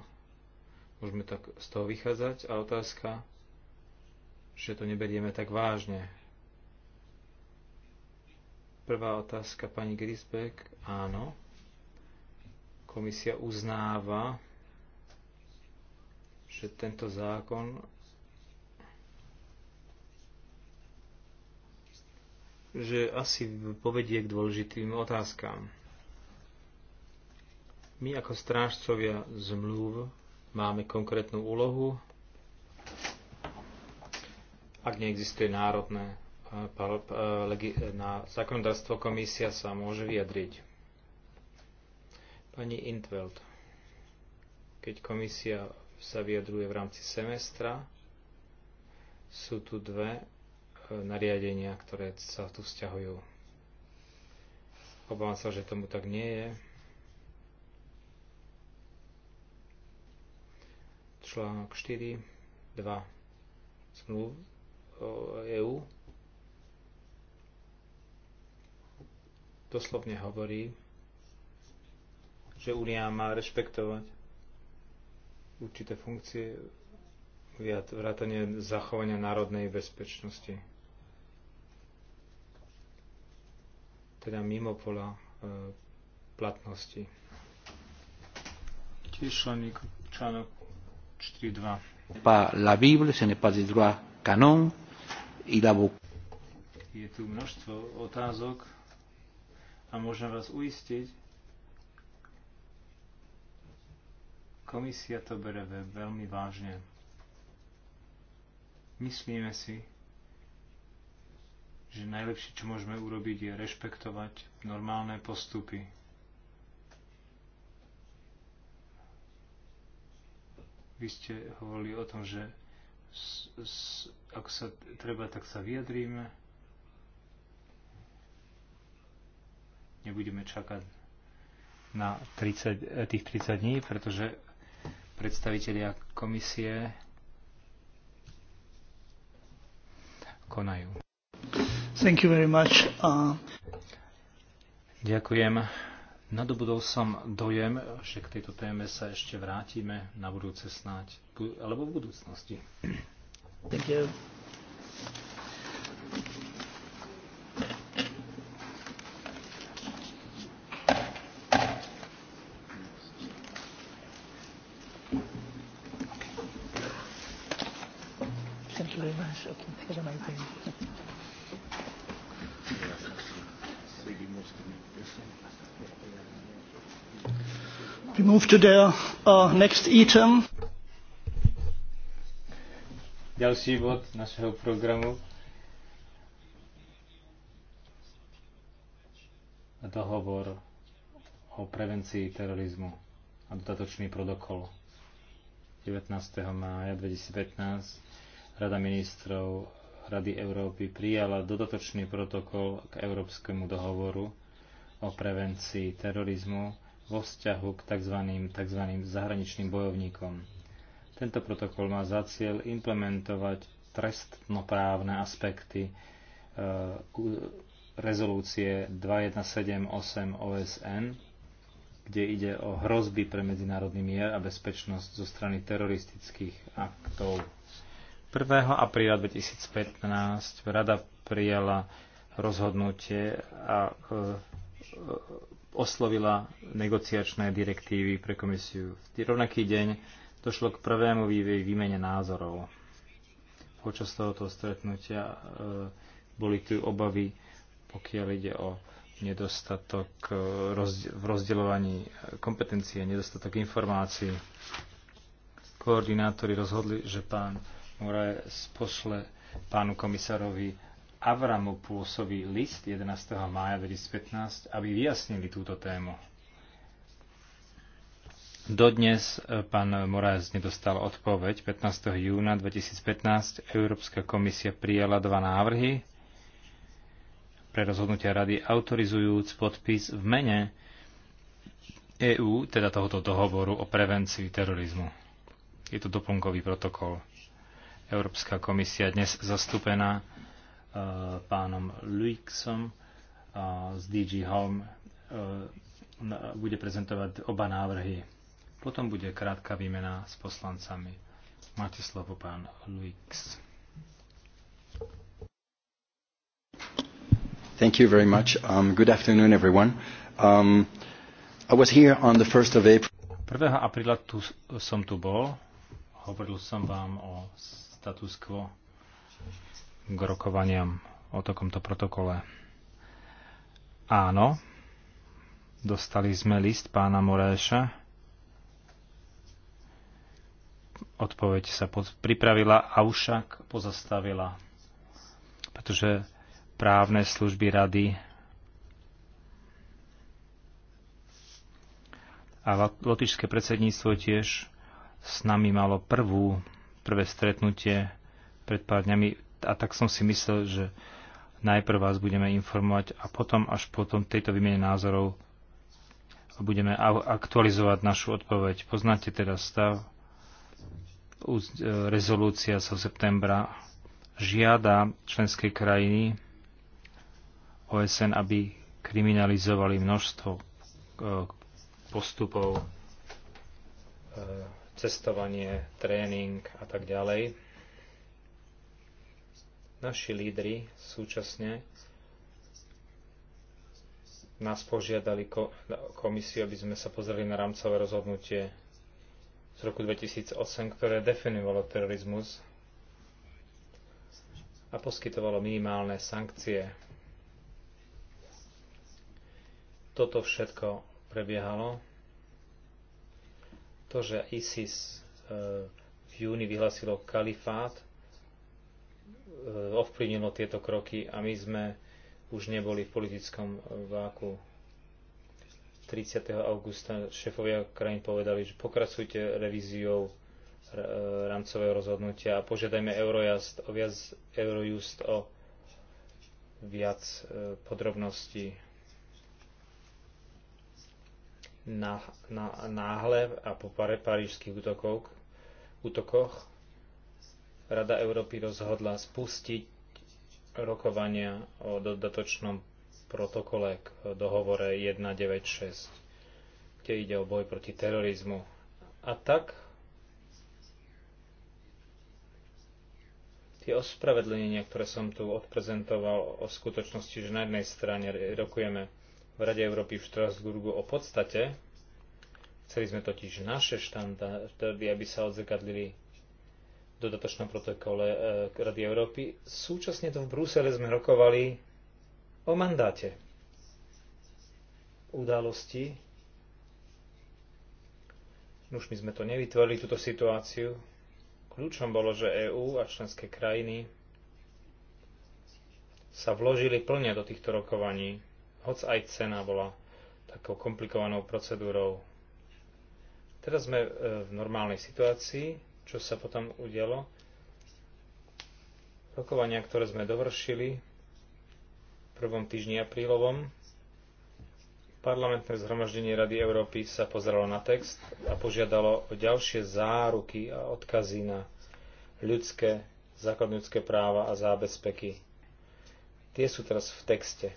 S4: môžeme tak z toho vychádzať, a otázka, že to neberieme tak vážne, Prvá otázka pani Grisbeck. Áno. Komisia uznáva, že tento zákon že asi povedie k dôležitým otázkam. My ako strážcovia zmluv máme konkrétnu úlohu, ak neexistuje národné E, na zákonodárstvo komisia sa môže vyjadriť. Pani Intveld, keď komisia sa vyjadruje v rámci semestra, sú tu dve e, nariadenia, ktoré sa tu vzťahujú. Obávam sa, že tomu tak nie je. Článok 4, 2 EU doslovne hovorí, že Únia má rešpektovať určité funkcie vrátanie zachovania národnej bezpečnosti. Teda mimo pola e, platnosti. Tiež článok, článok 4.2. Pa la Bible, se ne pas des droits canon, il a Je tu množstvo otázok, a môžem vás uistiť, komisia to bere veľmi vážne. Myslíme si, že najlepšie, čo môžeme urobiť, je rešpektovať normálne postupy. Vy ste hovorili o tom, že s, s, ak sa treba, tak sa vyjadríme. Nebudeme čakať na 30, eh, tých 30 dní, pretože predstavitelia komisie konajú.
S1: Thank you very much.
S4: Uh... Ďakujem. Nadobudol som dojem, že k tejto téme sa ešte vrátime na budúce snáď, alebo v budúcnosti.
S1: Thank you. Uh,
S4: Ďalší bod našeho programu. Dohovor o prevencii terorizmu a dodatočný protokol 19. mája 2015 Rada ministrov Rady Európy prijala dodatočný protokol k Európskemu dohovoru o prevencii terorizmu vo vzťahu k tzv. tzv. zahraničným bojovníkom. Tento protokol má za cieľ implementovať trestnoprávne aspekty eh, rezolúcie 2178 OSN, kde ide o hrozby pre medzinárodný mier a bezpečnosť zo strany teroristických aktov. 1. apríla 2015 Rada prijala rozhodnutie a eh, oslovila negociačné direktívy pre komisiu. V rovnaký deň došlo k prvému výmene názorov. Počas tohoto stretnutia e, boli tu obavy, pokiaľ ide o nedostatok e, v rozdeľovaní kompetencie, nedostatok informácií. Koordinátori rozhodli, že pán Moraes pošle pánu komisárovi Avramu pôsobí list 11. mája 2015, aby vyjasnili túto tému. Dodnes e, pán Moraes nedostal odpoveď. 15. júna 2015 Európska komisia prijala dva návrhy pre rozhodnutia rady autorizujúc podpis v mene EÚ, teda tohoto dohovoru o prevencii terorizmu. Je to doplnkový protokol. Európska komisia dnes zastúpená Eh, pánom Luixom z DG Home eh, bude prezentovať oba návrhy. Potom bude krátka výmena s poslancami. Máte slovo, pán Luix.
S2: Thank you very much. Um, good afternoon, everyone. Um, I was here on the 1st of
S4: April. 1. apríla tu, som tu bol. Hovoril som vám o status quo k rokovaniam o takomto protokole. Áno, dostali sme list pána Moréša. Odpoveď sa pod, pripravila a však pozastavila, pretože právne služby rady a lotičské predsedníctvo tiež s nami malo prvú, prvé stretnutie pred pár dňami a tak som si myslel, že najprv vás budeme informovať a potom až potom tejto výmene názorov budeme aktualizovať našu odpoveď. Poznáte teda stav. E, rezolúcia zo septembra žiada členské krajiny OSN, aby kriminalizovali množstvo e, postupov, e, cestovanie, tréning a tak ďalej Naši lídry súčasne nás požiadali komisiu, aby sme sa pozreli na rámcové rozhodnutie z roku 2008, ktoré definovalo terorizmus a poskytovalo minimálne sankcie. Toto všetko prebiehalo. To, že ISIS e, v júni vyhlasilo kalifát, E, ovplyvnilo tieto kroky a my sme už neboli v politickom e, váku. 30. augusta šéfovia krajín povedali, že pokracujte revíziou e, rámcového rozhodnutia a požiadajme Eurojust o viac, Eurojust o viac podrobností náhle a po pare parížských útokoch Rada Európy rozhodla spustiť rokovania o dodatočnom protokole k dohovore 196, kde ide o boj proti terorizmu. A tak tie ospravedlenia, ktoré som tu odprezentoval o skutočnosti, že na jednej strane rokujeme v Rade Európy v Štrasburgu o podstate, chceli sme totiž naše štandardy, aby sa odzrkadlili dodatočnom protokole e, Rady Európy. Súčasne tu v Brusele sme rokovali o mandáte udalosti. Už my sme to nevytvorili, túto situáciu. Kľúčom bolo, že EÚ a členské krajiny sa vložili plne do týchto rokovaní, hoc aj cena bola takou komplikovanou procedúrou. Teraz sme e, v normálnej situácii, čo sa potom udialo. Rokovania, ktoré sme dovršili v prvom týždni aprílovom, parlamentné zhromaždenie Rady Európy sa pozeralo na text a požiadalo o ďalšie záruky a odkazy na ľudské, základné ľudské práva a zábezpeky. Tie sú teraz v texte.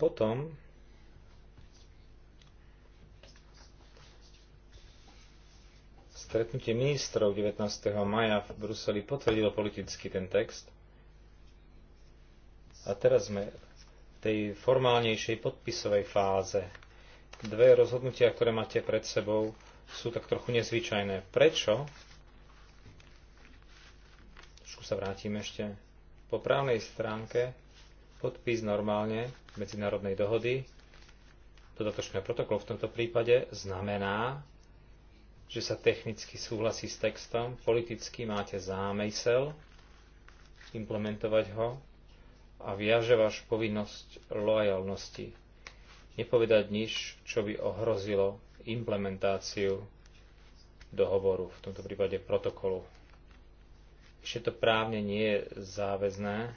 S4: Potom Stretnutie ministrov 19. maja v Bruseli potvrdilo politicky ten text. A teraz sme v tej formálnejšej podpisovej fáze. Dve rozhodnutia, ktoré máte pred sebou, sú tak trochu nezvyčajné. Prečo? Trošku sa vrátim ešte. Po právnej stránke podpis normálne medzinárodnej dohody, dodatočného protokolu v tomto prípade, znamená že sa technicky súhlasí s textom, politicky máte zámysel implementovať ho a viaže váš povinnosť lojalnosti. Nepovedať nič, čo by ohrozilo implementáciu dohovoru, v tomto prípade protokolu. Ešte to právne nie je záväzné.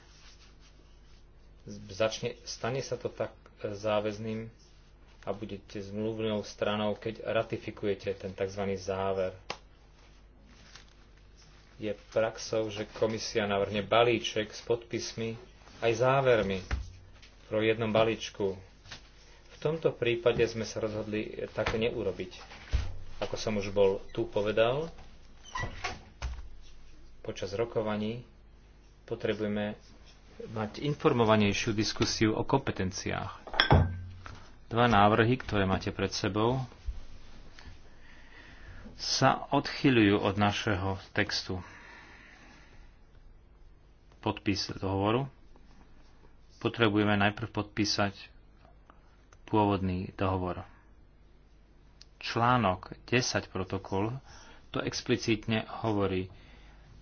S4: Začne, stane sa to tak e, záväzným a budete zmluvnou stranou, keď ratifikujete ten tzv. záver. Je praxou, že komisia navrhne balíček s podpismi aj závermi pro jednom balíčku. V tomto prípade sme sa rozhodli tak neurobiť. Ako som už bol tu povedal, počas rokovaní potrebujeme mať informovanejšiu diskusiu o kompetenciách Dva návrhy, ktoré máte pred sebou, sa odchyľujú od našeho textu. Podpis dohovoru. Potrebujeme najprv podpísať pôvodný dohovor. Článok 10 protokol to explicitne hovorí.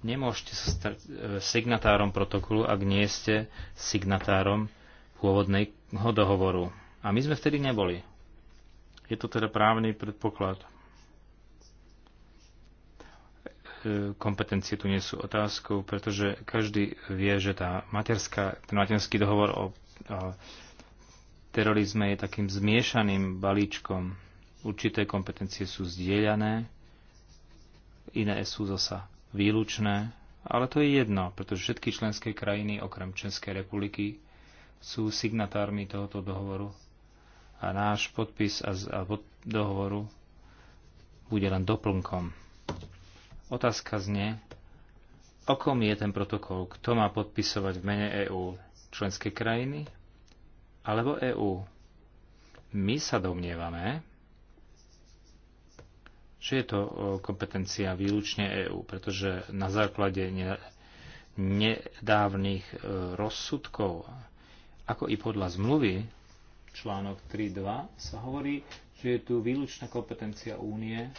S4: Nemôžete sa stať signatárom protokolu, ak nie ste signatárom pôvodného dohovoru. A my sme vtedy neboli. Je to teda právny predpoklad. E, kompetencie tu nie sú otázkou, pretože každý vie, že tá materská, ten materský dohovor o, o terorizme je takým zmiešaným balíčkom. Určité kompetencie sú zdieľané, iné sú zasa výlučné, ale to je jedno, pretože všetky členské krajiny okrem Českej republiky sú signatármi tohoto dohovoru a náš podpis a, a pod dohovoru bude len doplnkom. Otázka znie, o kom je ten protokol, kto má podpisovať v mene EÚ, členské krajiny alebo EÚ. My sa domnievame, že je to kompetencia výlučne EÚ, pretože na základe nedávnych e, rozsudkov, ako i podľa zmluvy článok 3.2 sa hovorí, že je tu výlučná kompetencia únie,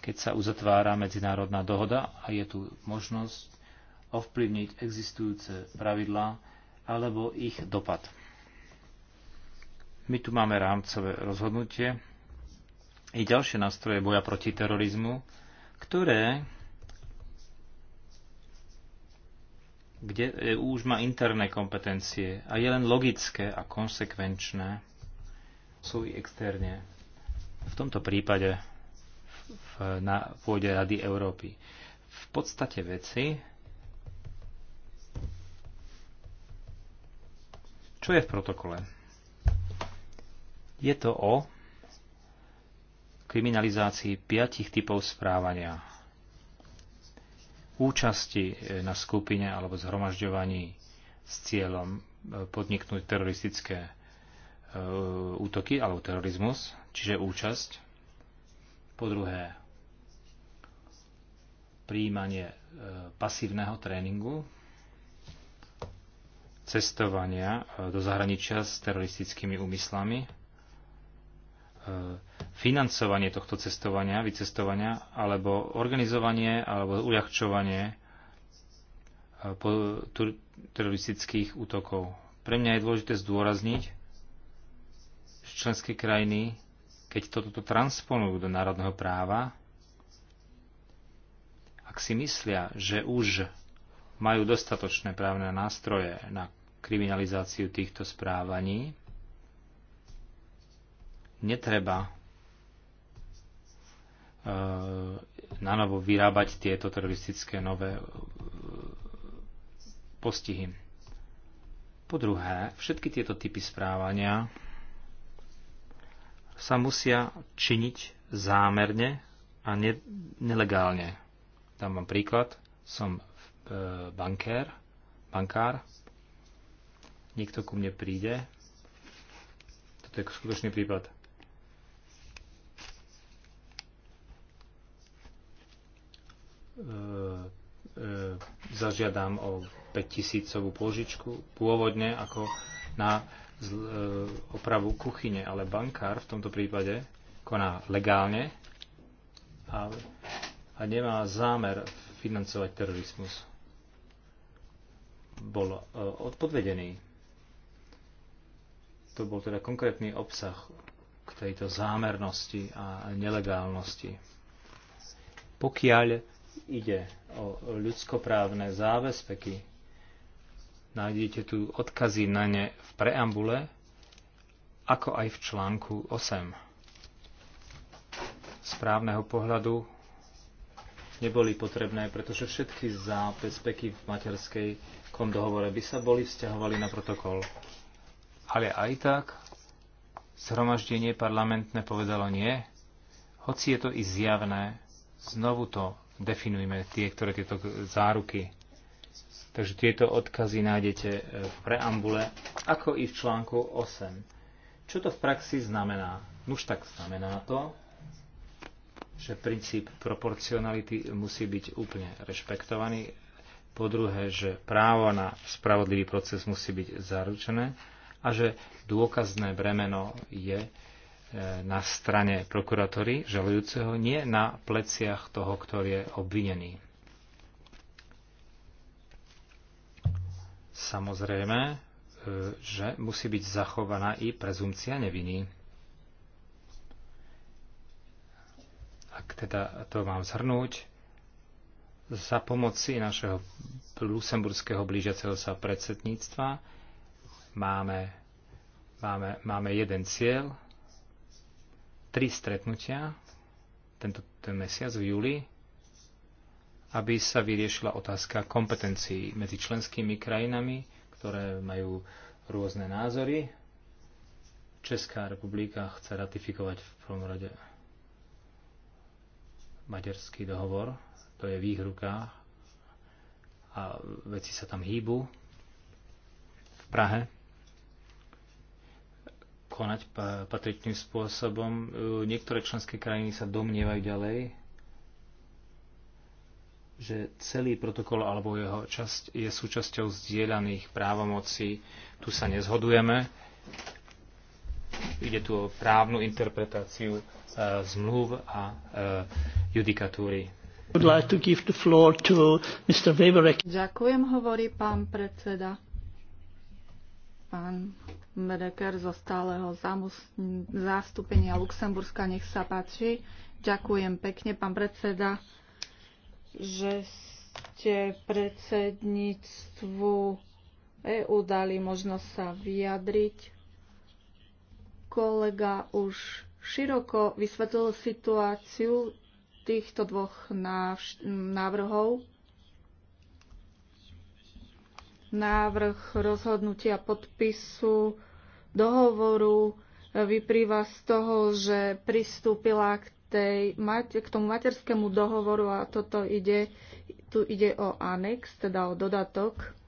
S4: keď sa uzatvára medzinárodná dohoda a je tu možnosť ovplyvniť existujúce pravidlá alebo ich dopad. My tu máme rámcové rozhodnutie i ďalšie nástroje boja proti terorizmu, ktoré kde EU už má interné kompetencie a je len logické a konsekvenčné sú i externe. V tomto prípade v, na pôde Rady Európy. V podstate veci, čo je v protokole? Je to o kriminalizácii piatich typov správania účasti e, na skupine alebo zhromažďovaní s cieľom e, podniknúť teroristické e, útoky alebo terorizmus, čiže účasť. Po druhé, príjmanie pasívneho tréningu, cestovania do zahraničia s teroristickými úmyslami, E, financovanie tohto cestovania, vycestovania, alebo organizovanie, alebo uľahčovanie e, teroristických útokov. Pre mňa je dôležité zdôrazniť, že členské krajiny, keď toto transponujú do národného práva, ak si myslia, že už majú dostatočné právne nástroje na kriminalizáciu týchto správaní, netreba e, na novo vyrábať tieto teroristické nové e, postihy. Po druhé, všetky tieto typy správania sa musia činiť zámerne a ne- nelegálne. Dám mám príklad. Som e, bankér, bankár. Niekto ku mne príde. Toto je skutočný prípad E, e, zažiadam o 5000 pôžičku pôvodne ako na e, opravu kuchyne, ale bankár v tomto prípade koná legálne a, a nemá zámer financovať terorizmus. Bol odpovedený. To bol teda konkrétny obsah k tejto zámernosti a nelegálnosti. Pokiaľ ide o ľudskoprávne závespeky. Nájdete tu odkazy na ne v preambule, ako aj v článku 8. Správneho pohľadu neboli potrebné, pretože všetky závespeky v materskej kom dohovore by sa boli vzťahovali na protokol. Ale aj tak zhromaždenie parlamentné povedalo nie, hoci je to i zjavné, znovu to definujme tie, ktoré tieto záruky. Takže tieto odkazy nájdete v preambule, ako i v článku 8. Čo to v praxi znamená? Nuž no tak znamená to, že princíp proporcionality musí byť úplne rešpektovaný. Po druhé, že právo na spravodlivý proces musí byť zaručené a že dôkazné bremeno je E, na strane prokuratóry žalujúceho, nie na pleciach toho, ktorý je obvinený. Samozrejme, e, že musí byť zachovaná i prezumcia neviny. Ak teda to mám zhrnúť, za pomoci našeho lusemburského blížiaceho sa predsedníctva máme, máme, máme jeden cieľ, tri stretnutia tento ten mesiac v júli, aby sa vyriešila otázka kompetencií medzi členskými krajinami, ktoré majú rôzne názory. Česká republika chce ratifikovať v prvom rade maďarský dohovor, to je v ich rukách a veci sa tam hýbu v Prahe konať patričným spôsobom. E, niektoré členské krajiny sa domnievajú ďalej, že celý protokol alebo jeho časť je súčasťou zdieľaných právomocí. Tu sa nezhodujeme. Ide tu o právnu interpretáciu e, zmluv a e, judikatúry.
S1: Like
S5: Ďakujem, hovorí pán predseda. Pán Medeker zo stáleho zástupenia Luxemburska. Nech sa páči. Ďakujem pekne, pán predseda, že ste predsedníctvu EU dali možnosť sa vyjadriť. Kolega už široko vysvetlil situáciu týchto dvoch návrhov návrh rozhodnutia podpisu dohovoru vyprýva z toho, že pristúpila k, tej, k tomu materskému dohovoru a toto ide, tu ide o anex, teda o dodatok.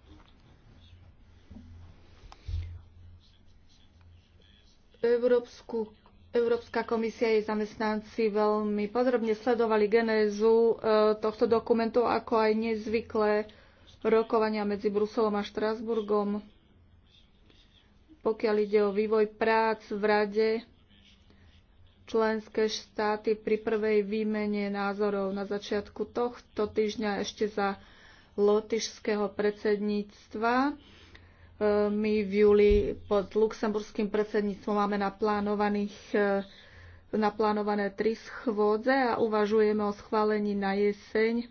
S5: Európsku, Európska komisia jej zamestnanci veľmi podrobne sledovali genézu e, tohto dokumentu, ako aj nezvyklé rokovania medzi Bruselom a Štrásburgom, pokiaľ ide o vývoj prác v Rade, členské štáty pri prvej výmene názorov na začiatku tohto týždňa ešte za lotišského predsedníctva. E, my v júli pod luxemburským predsedníctvom máme naplánovaných e, naplánované tri schôdze a uvažujeme o schválení na jeseň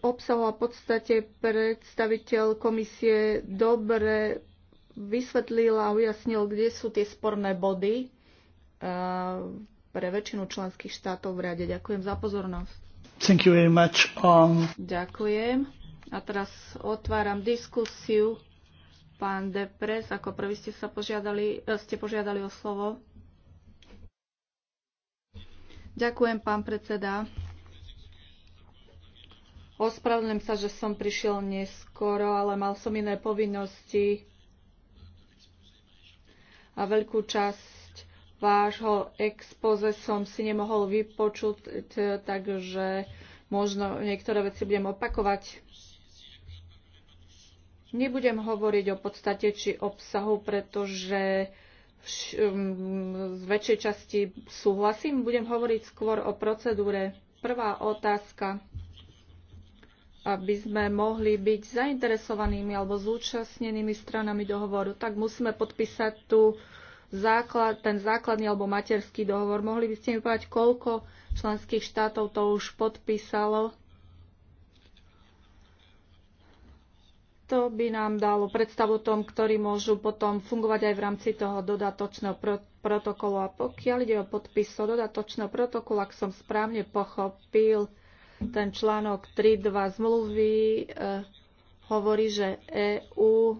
S5: Obsahu v podstate predstaviteľ komisie dobre vysvetlil a ujasnil, kde sú tie sporné body eh, pre väčšinu členských štátov v rade. Ďakujem za pozornosť.
S1: Thank you very much. Um...
S5: Ďakujem. A teraz otváram diskusiu. Pán Depres, ako prvý ste sa požiadali, eh, ste požiadali o slovo. Ďakujem, pán predseda. Ospravedlňujem sa, že som prišiel neskoro, ale mal som iné povinnosti a veľkú časť vášho expoze som si nemohol vypočuť, takže možno niektoré veci budem opakovať. Nebudem hovoriť o podstate či obsahu, pretože mm, z väčšej časti súhlasím. Budem hovoriť skôr o procedúre. Prvá otázka aby sme mohli byť zainteresovanými alebo zúčastnenými stranami dohovoru, tak musíme podpísať tu základ, ten základný alebo materský dohovor. Mohli by ste mi povedať, koľko členských štátov to už podpísalo? To by nám dalo predstavu tom, ktorí môžu potom fungovať aj v rámci toho dodatočného protokolu. A pokiaľ ide o podpis dodatočného protokolu, ak som správne pochopil, ten článok 3.2 zmluvy e, hovorí, že EÚ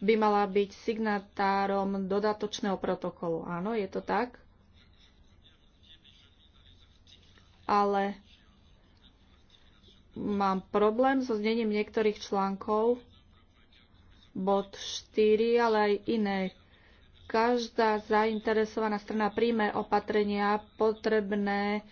S5: by mala byť signatárom dodatočného protokolu. Áno, je to tak? Ale mám problém so znením niektorých článkov, bod 4, ale aj iné každá zainteresovaná strana príjme opatrenia potrebné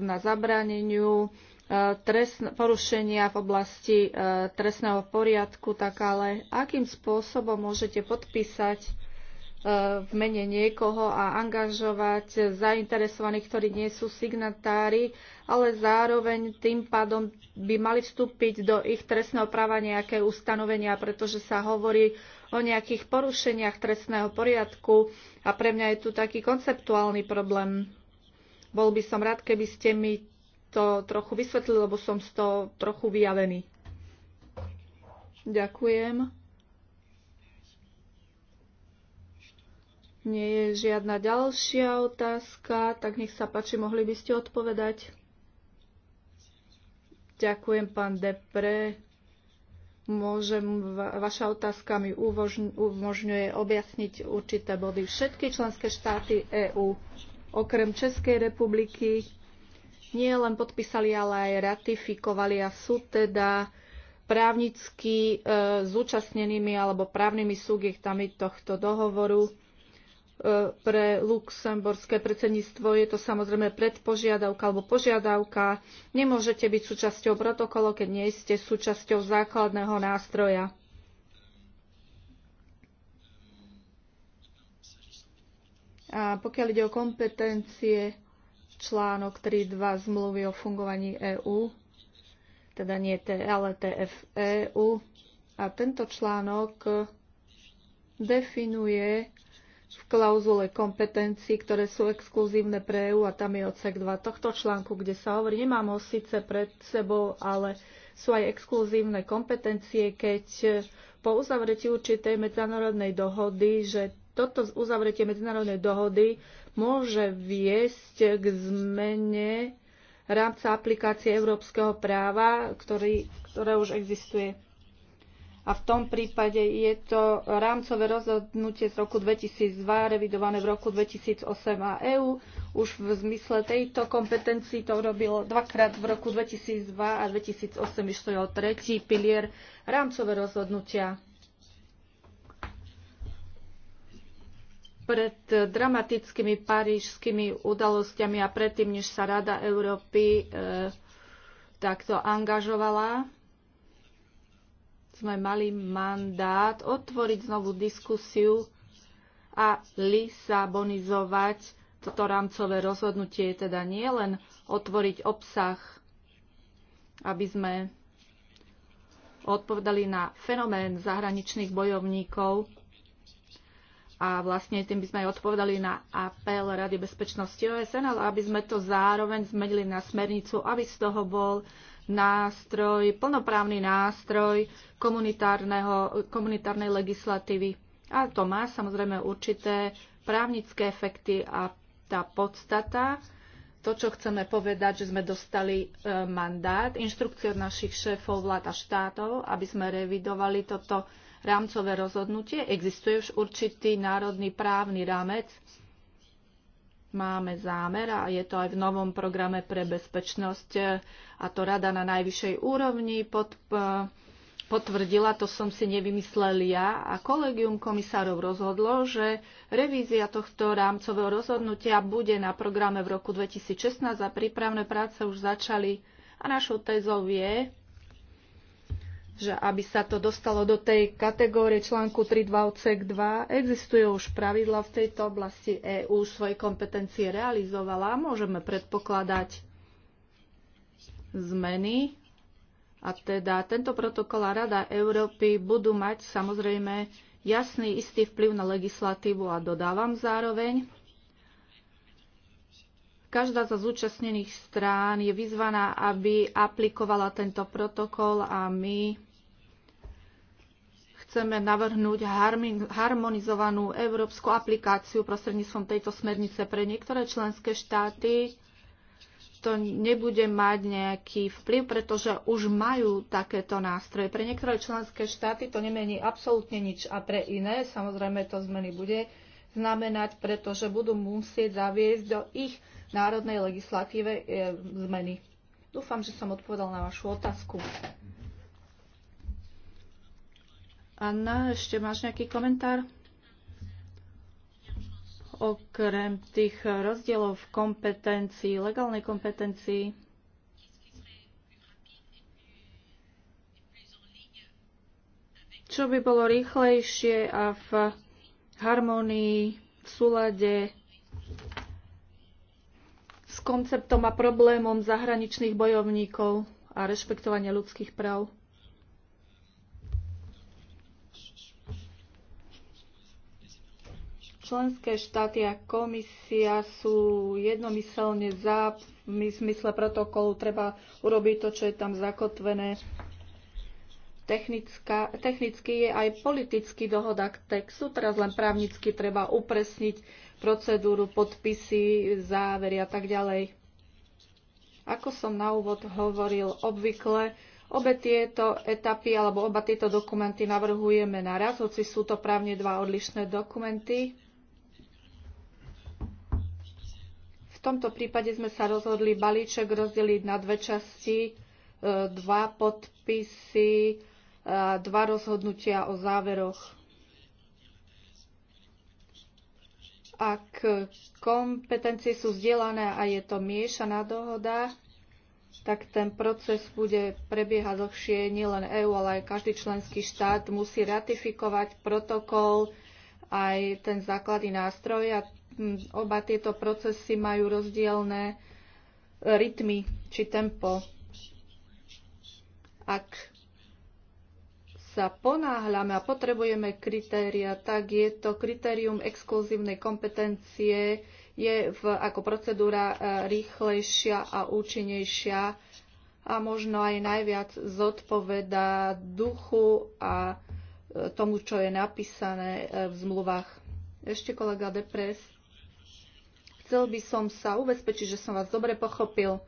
S5: na zabraneniu e, porušenia v oblasti e, trestného poriadku, tak ale akým spôsobom môžete podpísať e, v mene niekoho a angažovať zainteresovaných, ktorí nie sú signatári, ale zároveň tým pádom by mali vstúpiť do ich trestného práva nejaké ustanovenia, pretože sa hovorí o nejakých porušeniach trestného poriadku a pre mňa je tu taký konceptuálny problém. Bol by som rád, keby ste mi to trochu vysvetlili, lebo som z toho trochu vyjavený. Ďakujem. Nie je žiadna ďalšia otázka, tak nech sa páči, mohli by ste odpovedať. Ďakujem, pán Depre. Môžem, vaša otázka mi umožňuje objasniť určité body. Všetky členské štáty EÚ okrem Českej republiky nie len podpísali, ale aj ratifikovali a sú teda právnicky e, zúčastnenými alebo právnymi subjektami tohto dohovoru. E, pre luxemburské predsedníctvo je to samozrejme predpožiadavka alebo požiadavka. Nemôžete byť súčasťou protokolu, keď nie ste súčasťou základného nástroja. A pokiaľ ide o kompetencie, článok 3.2 zmluvy o fungovaní EÚ, teda nie T, ale EÚ. A tento článok definuje v klauzule kompetencií, ktoré sú exkluzívne pre EÚ a tam je odsek 2 tohto článku, kde sa hovorí, nemám ho síce pred sebou, ale sú aj exkluzívne kompetencie, keď po uzavretí určitej medzinárodnej dohody, že toto uzavretie medzinárodnej dohody môže viesť k zmene rámca aplikácie európskeho práva, ktorý, ktoré už existuje. A v tom prípade je to rámcové rozhodnutie z roku 2002, revidované v roku 2008 a EÚ. Už v zmysle tejto kompetencii to urobilo dvakrát v roku 2002 a 2008 išlo o tretí pilier rámcové rozhodnutia pred dramatickými parížskými udalosťami a predtým, než sa Rada Európy e, takto angažovala, sme mali mandát otvoriť znovu diskusiu a lisabonizovať toto rámcové rozhodnutie, teda nie len otvoriť obsah, aby sme odpovedali na fenomén zahraničných bojovníkov, a vlastne tým by sme aj odpovedali na apel Rady bezpečnosti OSN, ale aby sme to zároveň zmenili na smernicu, aby z toho bol nástroj, plnoprávny nástroj komunitárnej legislatívy. A to má samozrejme určité právnické efekty a tá podstata, to, čo chceme povedať, že sme dostali e, mandát, inštrukcie od našich šéfov vlád a štátov, aby sme revidovali toto rámcové rozhodnutie? Existuje už určitý národný právny rámec? Máme zámer a je to aj v novom programe pre bezpečnosť e, a to rada na najvyššej úrovni pod, e, potvrdila, to som si nevymyslel ja, a kolegium komisárov rozhodlo, že revízia tohto rámcového rozhodnutia bude na programe v roku 2016 a prípravné práce už začali. A našou tézou je, že aby sa to dostalo do tej kategórie článku 3.2 2, existujú už pravidla v tejto oblasti. EÚ svoje kompetencie realizovala a môžeme predpokladať zmeny. A teda tento protokol a Rada Európy budú mať samozrejme jasný istý vplyv na legislatívu a dodávam zároveň, Každá zo zúčastnených strán je vyzvaná, aby aplikovala tento protokol a my chceme navrhnúť harmonizovanú európsku aplikáciu prostredníctvom tejto smernice pre niektoré členské štáty to nebude mať nejaký vplyv, pretože už majú takéto nástroje. Pre niektoré členské štáty to nemení absolútne nič a pre iné samozrejme to zmeny bude znamenať, pretože budú musieť zaviesť do ich národnej legislatíve e, zmeny. Dúfam, že som odpovedal na vašu otázku. Anna, ešte máš nejaký komentár? Okrem tých rozdielov v kompetencii, legálnej kompetencii, čo by bolo rýchlejšie a v harmonii, v súlade s konceptom a problémom zahraničných bojovníkov a rešpektovania ľudských práv? Členské štáty a komisia sú jednomyselne za, v zmysle protokolu treba urobiť to, čo je tam zakotvené. Technická, technicky je aj politický dohoda k textu, teraz len právnicky treba upresniť procedúru, podpisy, závery a tak ďalej. Ako som na úvod hovoril, obvykle obe tieto etapy alebo oba tieto dokumenty navrhujeme naraz, hoci sú to právne dva odlišné dokumenty. tomto prípade sme sa rozhodli balíček rozdeliť na dve časti, e, dva podpisy, dva rozhodnutia o záveroch. Ak kompetencie sú vzdielané a je to miešaná dohoda, tak ten proces bude prebiehať dlhšie. Nielen EÚ, ale aj každý členský štát musí ratifikovať protokol, aj ten základný nástroj a Oba tieto procesy majú rozdielne rytmy či tempo. Ak sa ponáhľame a potrebujeme kritéria, tak je to kritérium exkluzívnej kompetencie, je v, ako procedúra e, rýchlejšia a účinnejšia a možno aj najviac zodpoveda duchu a e, tomu, čo je napísané e, v zmluvách. Ešte kolega Depres chcel by som sa ubezpečiť, že som vás dobre pochopil.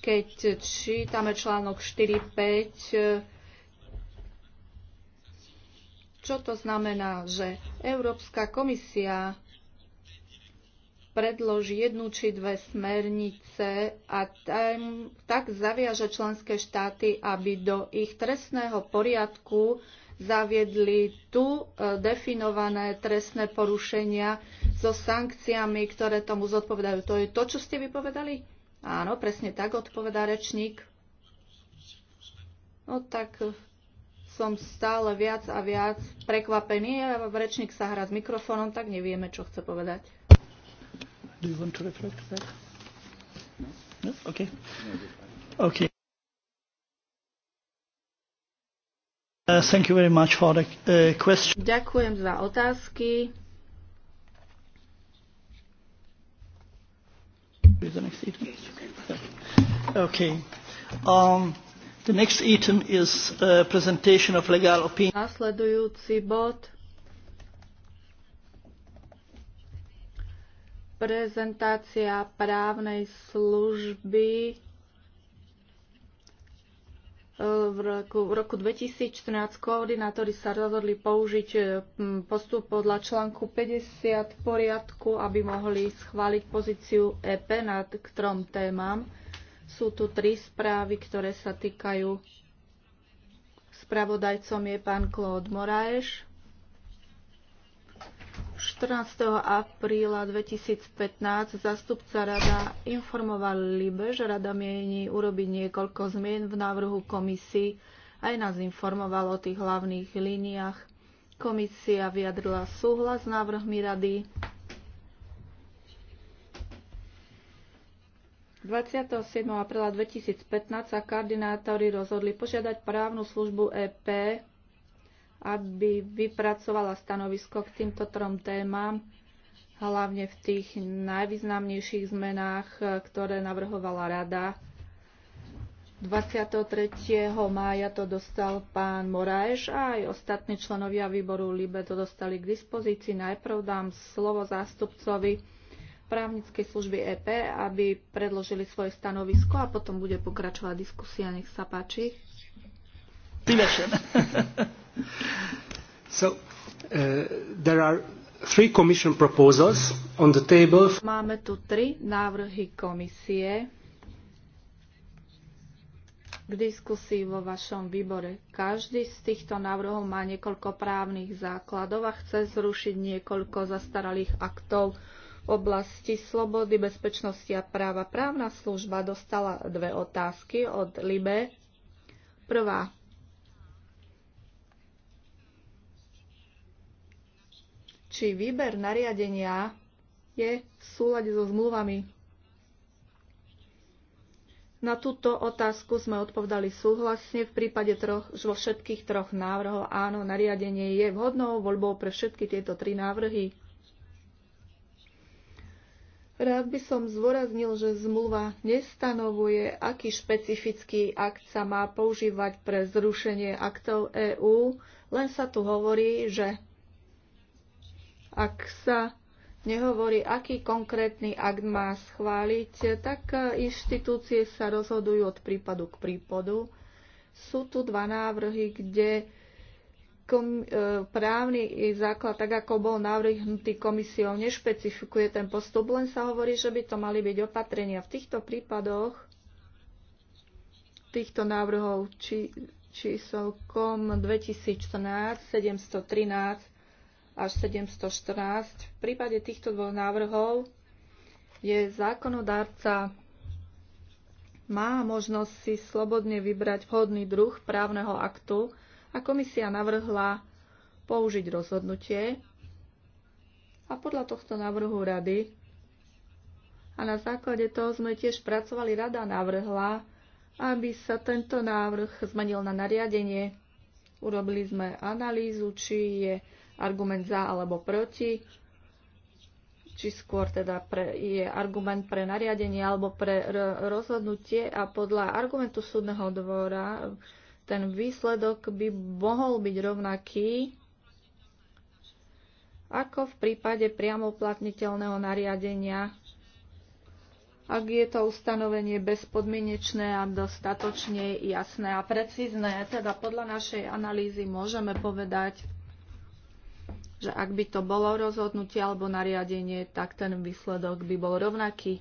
S5: Keď čítame článok 4.5, čo to znamená, že Európska komisia predloží jednu či dve smernice a tam, tak zaviaže členské štáty, aby do ich trestného poriadku zaviedli tu e, definované trestné porušenia so sankciami, ktoré tomu zodpovedajú. To je to, čo ste vypovedali? Áno, presne tak odpovedá rečník. No tak e, som stále viac a viac prekvapený a rečník sa hrá s mikrofónom, tak nevieme, čo chce povedať. Do you want to reflect that?
S1: No? No? Okay. Okay. Uh, thank you very much for the uh, question.
S5: Ďakujem za otázky.
S1: Okay. Um, the next item is uh, presentation of legal opinion. Nasledujúci
S5: bod prezentácia právnej služby v roku, v roku 2014 koordinátori sa rozhodli použiť e, postup podľa článku 50 poriadku, aby mohli schváliť pozíciu EP nad ktorom témam. Sú tu tri správy, ktoré sa týkajú. Spravodajcom je pán Claude Moraes. 14. apríla 2015 zastupca rada informoval Libe, že rada mieni urobiť niekoľko zmien v návrhu komisii. Aj nás informoval o tých hlavných líniách. Komisia vyjadrila súhlas s návrhmi rady. 27. apríla 2015 sa koordinátori rozhodli požiadať právnu službu EP aby vypracovala stanovisko k týmto trom témam, hlavne v tých najvýznamnejších zmenách, ktoré navrhovala rada. 23. mája to dostal pán Moraeš a aj ostatní členovia výboru LIBE to dostali k dispozícii. Najprv dám slovo zástupcovi právnickej služby EP, aby predložili svoje stanovisko a potom bude pokračovať diskusia. Nech sa páči.
S4: So, uh, there are three commission proposals on the table.
S5: Máme tu tri návrhy komisie k diskusii vo vašom výbore. Každý z týchto návrhov má niekoľko právnych základov a chce zrušiť niekoľko zastaralých aktov v oblasti slobody, bezpečnosti a práva. Právna služba dostala dve otázky od Libe. Prvá, či výber nariadenia je v súlade so zmluvami. Na túto otázku sme odpovedali súhlasne v prípade troch, vo všetkých troch návrhov. Áno, nariadenie je vhodnou voľbou pre všetky tieto tri návrhy. Rád by som zvoraznil, že zmluva nestanovuje, aký špecifický akt sa má používať pre zrušenie aktov EÚ, len sa tu hovorí, že ak sa nehovorí, aký konkrétny akt má schváliť, tak e, inštitúcie sa rozhodujú od prípadu k prípadu. Sú tu dva návrhy, kde e, právny základ, tak ako bol navrhnutý komisiou, nešpecifikuje ten postup, len sa hovorí, že by to mali byť opatrenia. V týchto prípadoch týchto návrhov či, číselkom 2014 713 až 714. V prípade týchto dvoch návrhov je zákonodárca má možnosť si slobodne vybrať vhodný druh právneho aktu a komisia navrhla použiť rozhodnutie a podľa tohto návrhu rady a na základe toho sme tiež pracovali, rada navrhla, aby sa tento návrh zmenil na nariadenie. Urobili sme analýzu, či je argument za alebo proti, či skôr teda pre, je argument pre nariadenie alebo pre rozhodnutie a podľa argumentu súdneho dvora ten výsledok by mohol byť rovnaký ako v prípade priamo uplatniteľného nariadenia, ak je to ustanovenie bezpodmienečné a dostatočne jasné a precízne. Teda podľa našej analýzy môžeme povedať, že ak by to bolo rozhodnutie alebo nariadenie, tak ten výsledok by bol rovnaký.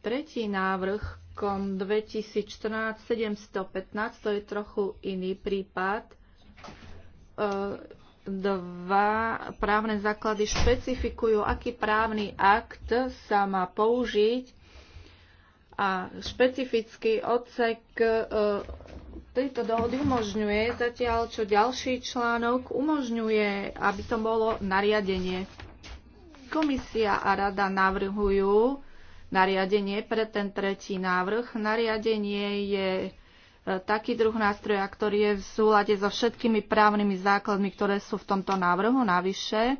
S5: Tretí návrh, kom 2014-715, to je trochu iný prípad. E, dva právne základy špecifikujú, aký právny akt sa má použiť a špecificky odsek e, tejto dohody umožňuje, zatiaľ čo ďalší článok umožňuje, aby to bolo nariadenie. Komisia a rada navrhujú nariadenie pre ten tretí návrh. Nariadenie je e, taký druh nástroja, ktorý je v súlade so všetkými právnymi základmi, ktoré sú v tomto návrhu. Navyše,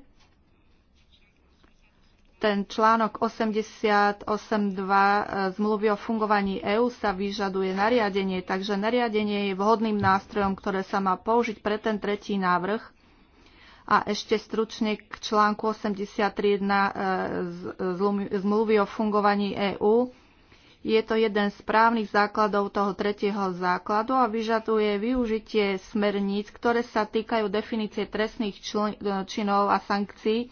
S5: ten článok 88.2 e, zmluvy o fungovaní EÚ sa vyžaduje nariadenie, takže nariadenie je vhodným nástrojom, ktoré sa má použiť pre ten tretí návrh. A ešte stručne k článku 83.1 e, e, zmluvy o fungovaní EÚ. Je to jeden z právnych základov toho tretieho základu a vyžaduje využitie smerníc, ktoré sa týkajú definície trestných činov a sankcií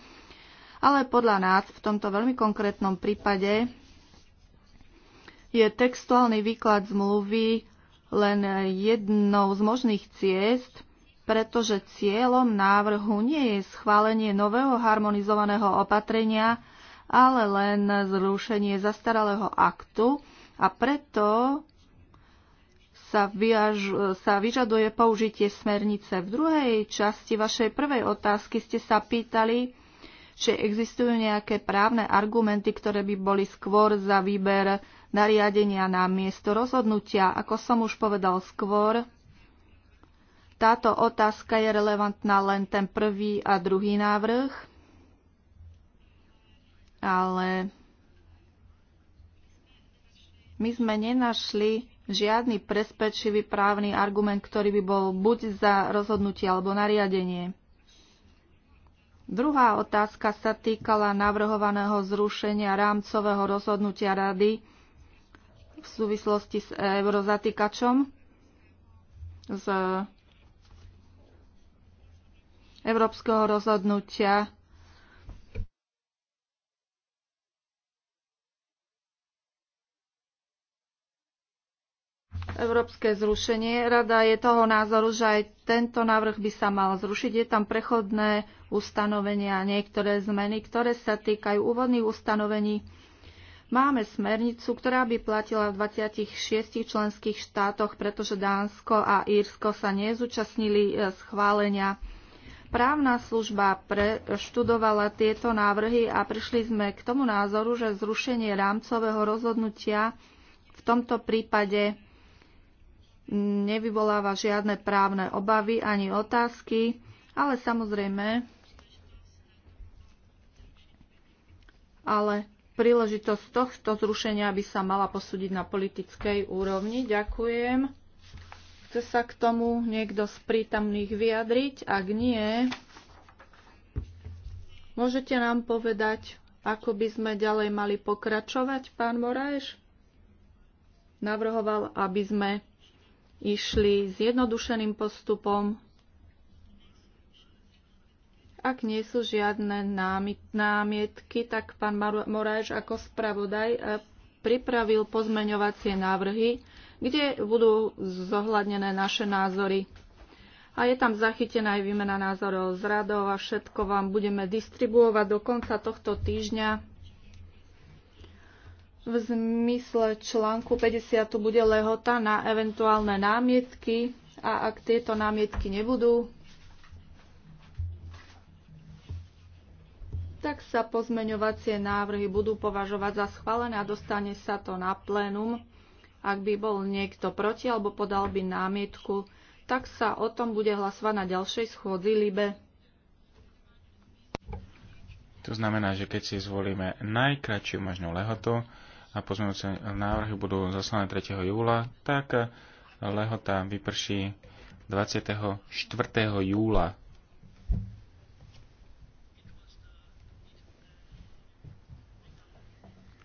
S5: ale podľa nás v tomto veľmi konkrétnom prípade je textuálny výklad zmluvy len jednou z možných ciest, pretože cieľom návrhu nie je schválenie nového harmonizovaného opatrenia, ale len zrušenie zastaralého aktu a preto sa, vyjaž, sa vyžaduje použitie smernice. V druhej časti vašej prvej otázky ste sa pýtali, či existujú nejaké právne argumenty, ktoré by boli skôr za výber nariadenia na miesto rozhodnutia. Ako som už povedal skôr, táto otázka je relevantná len ten prvý a druhý návrh, ale my sme nenašli žiadny presvedčivý právny argument, ktorý by bol buď za rozhodnutie alebo nariadenie. Druhá otázka sa týkala navrhovaného zrušenia rámcového rozhodnutia rady v súvislosti s eurozatýkačom, z európskeho rozhodnutia európske zrušenie. Rada je toho názoru, že aj tento návrh by sa mal zrušiť. Je tam prechodné ustanovenia a niektoré zmeny, ktoré sa týkajú úvodných ustanovení. Máme smernicu, ktorá by platila v 26 členských štátoch, pretože Dánsko a Írsko sa nezúčastnili e, schválenia. Právna služba preštudovala tieto návrhy a prišli sme k tomu názoru, že zrušenie rámcového rozhodnutia v tomto prípade nevyvoláva žiadne právne obavy ani otázky, ale samozrejme, ale príležitosť tohto zrušenia by sa mala posúdiť na politickej úrovni. Ďakujem. Chce sa k tomu niekto z prítomných vyjadriť? Ak nie, môžete nám povedať, ako by sme ďalej mali pokračovať, pán Moraeš? Navrhoval, aby sme išli zjednodušeným postupom. Ak nie sú žiadne námietky, tak pán Moráš ako spravodaj eh, pripravil pozmeňovacie návrhy, kde budú zohľadnené naše názory. A je tam zachytená aj výmena názorov z radov a všetko vám budeme distribuovať do konca tohto týždňa v zmysle článku 50 tu bude lehota na eventuálne námietky a ak tieto námietky nebudú, tak sa pozmeňovacie návrhy budú považovať za schválené a dostane sa to na plénum. Ak by bol niekto proti alebo podal by námietku, tak sa o tom bude hlasovať na ďalšej schôdzi LIBE.
S2: To znamená, že keď si zvolíme najkračšiu možnú lehotu, a pozmeňujúce návrhy budú zaslané 3. júla, tak lehota vyprší 24. júla.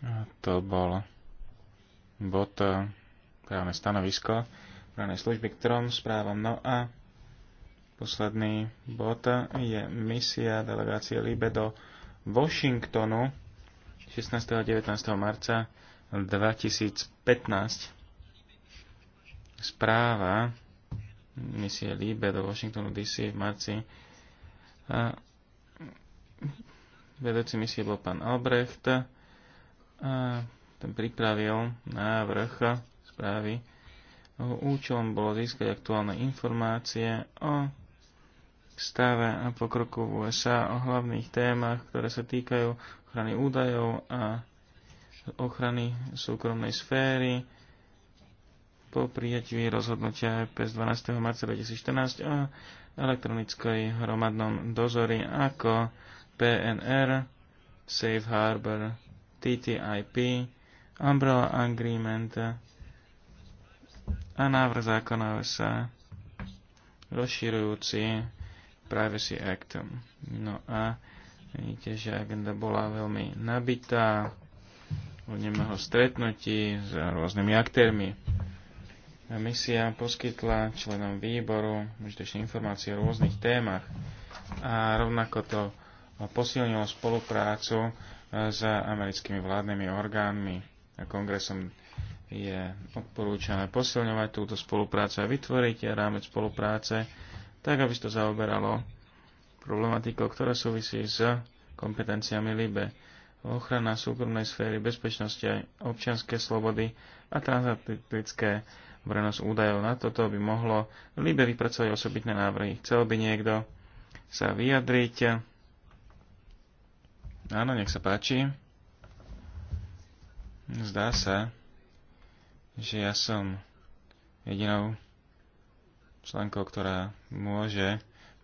S2: A to bol bod právne eh, stanovisko právnej služby, ktorom správam. No a posledný bod je misia delegácie Libe do Washingtonu 16. a 19. marca 2015 správa misie Líbe do Washingtonu DC v marci a vedúci misie bol pán Albrecht a ten pripravil návrh správy. Účelom bolo získať aktuálne informácie o stave a pokroku v USA, o hlavných témach, ktoré sa týkajú ochrany údajov a ochrany súkromnej sféry po prijatí rozhodnutia e PS 12. marca 2014 o elektronickej hromadnom dozori ako PNR, Safe Harbor, TTIP, Umbrella Agreement a návrh zákona sa rozširujúci Privacy Act. No a Vidíte, že agenda bola veľmi nabitá, hodne mnoho stretnutí s rôznymi aktérmi. Misia poskytla členom výboru užitočné informácie o rôznych témach a rovnako to posilnilo spoluprácu s americkými vládnymi orgánmi a kongresom je odporúčané posilňovať túto spoluprácu a vytvoriť rámec spolupráce tak, aby to zaoberalo problematikou, ktorá súvisí s kompetenciami LIBE. Ochrana súkromnej sféry, bezpečnosti aj občianské slobody a transatlantické brenosť údajov. Na toto by mohlo LIBE vypracovať osobitné návrhy. Chcel by niekto sa vyjadriť? Áno, nech sa páči. Zdá sa, že ja som jedinou členkou, ktorá môže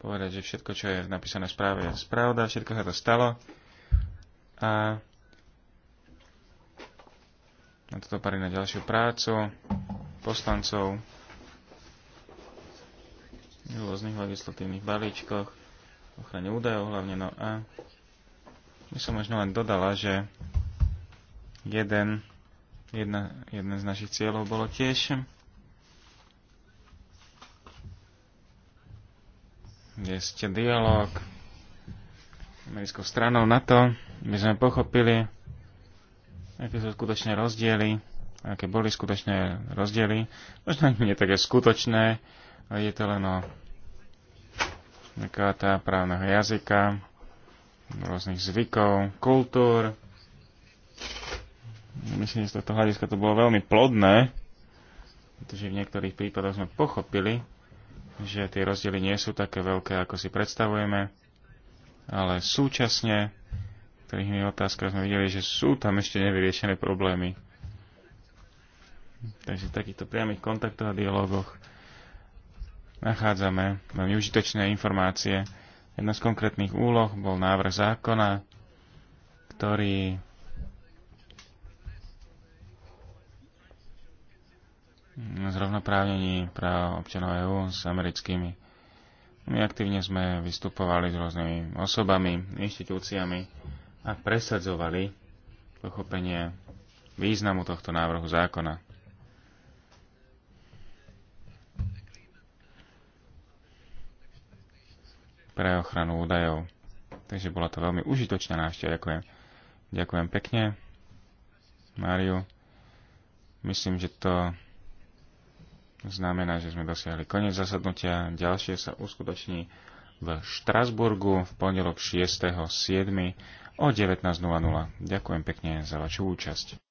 S2: povedať, že všetko, čo je napísané v správe, je správda, všetko sa to stalo. A na toto parí na ďalšiu prácu poslancov v rôznych legislatívnych balíčkoch, ochrane údajov hlavne, no a my som možno len dodala, že jeden, jedna, jeden z našich cieľov bolo tiež ste dialog americkou stranou na to, aby sme pochopili, aké sú skutočné rozdiely, aké boli skutočné rozdiely. Možno nie také skutočné, ale je to len o taká tá právneho jazyka, rôznych zvykov, kultúr. Myslím, že z tohto hľadiska to bolo veľmi plodné, pretože v niektorých prípadoch sme pochopili, že tie rozdiely nie sú také veľké, ako si predstavujeme, ale súčasne v ktorých otázkach sme videli, že sú tam ešte nevyriešené problémy. Takže v takýchto priamých kontaktoch a dialogoch nachádzame veľmi užitočné informácie. Jedna z konkrétnych úloh bol návrh zákona, ktorý zrovnoprávnení práv občanov EÚ s americkými. My aktívne sme vystupovali s rôznymi osobami, inštitúciami a presadzovali pochopenie významu tohto návrhu zákona. pre ochranu údajov. Takže bola to veľmi užitočná návšteva. Ďakujem. Ďakujem pekne, Máriu. Myslím, že to znamená, že sme dosiahli koniec zasadnutia. Ďalšie sa uskutoční v Štrasburgu v pondelok 6.7. o 19.00. Ďakujem pekne za vašu účasť.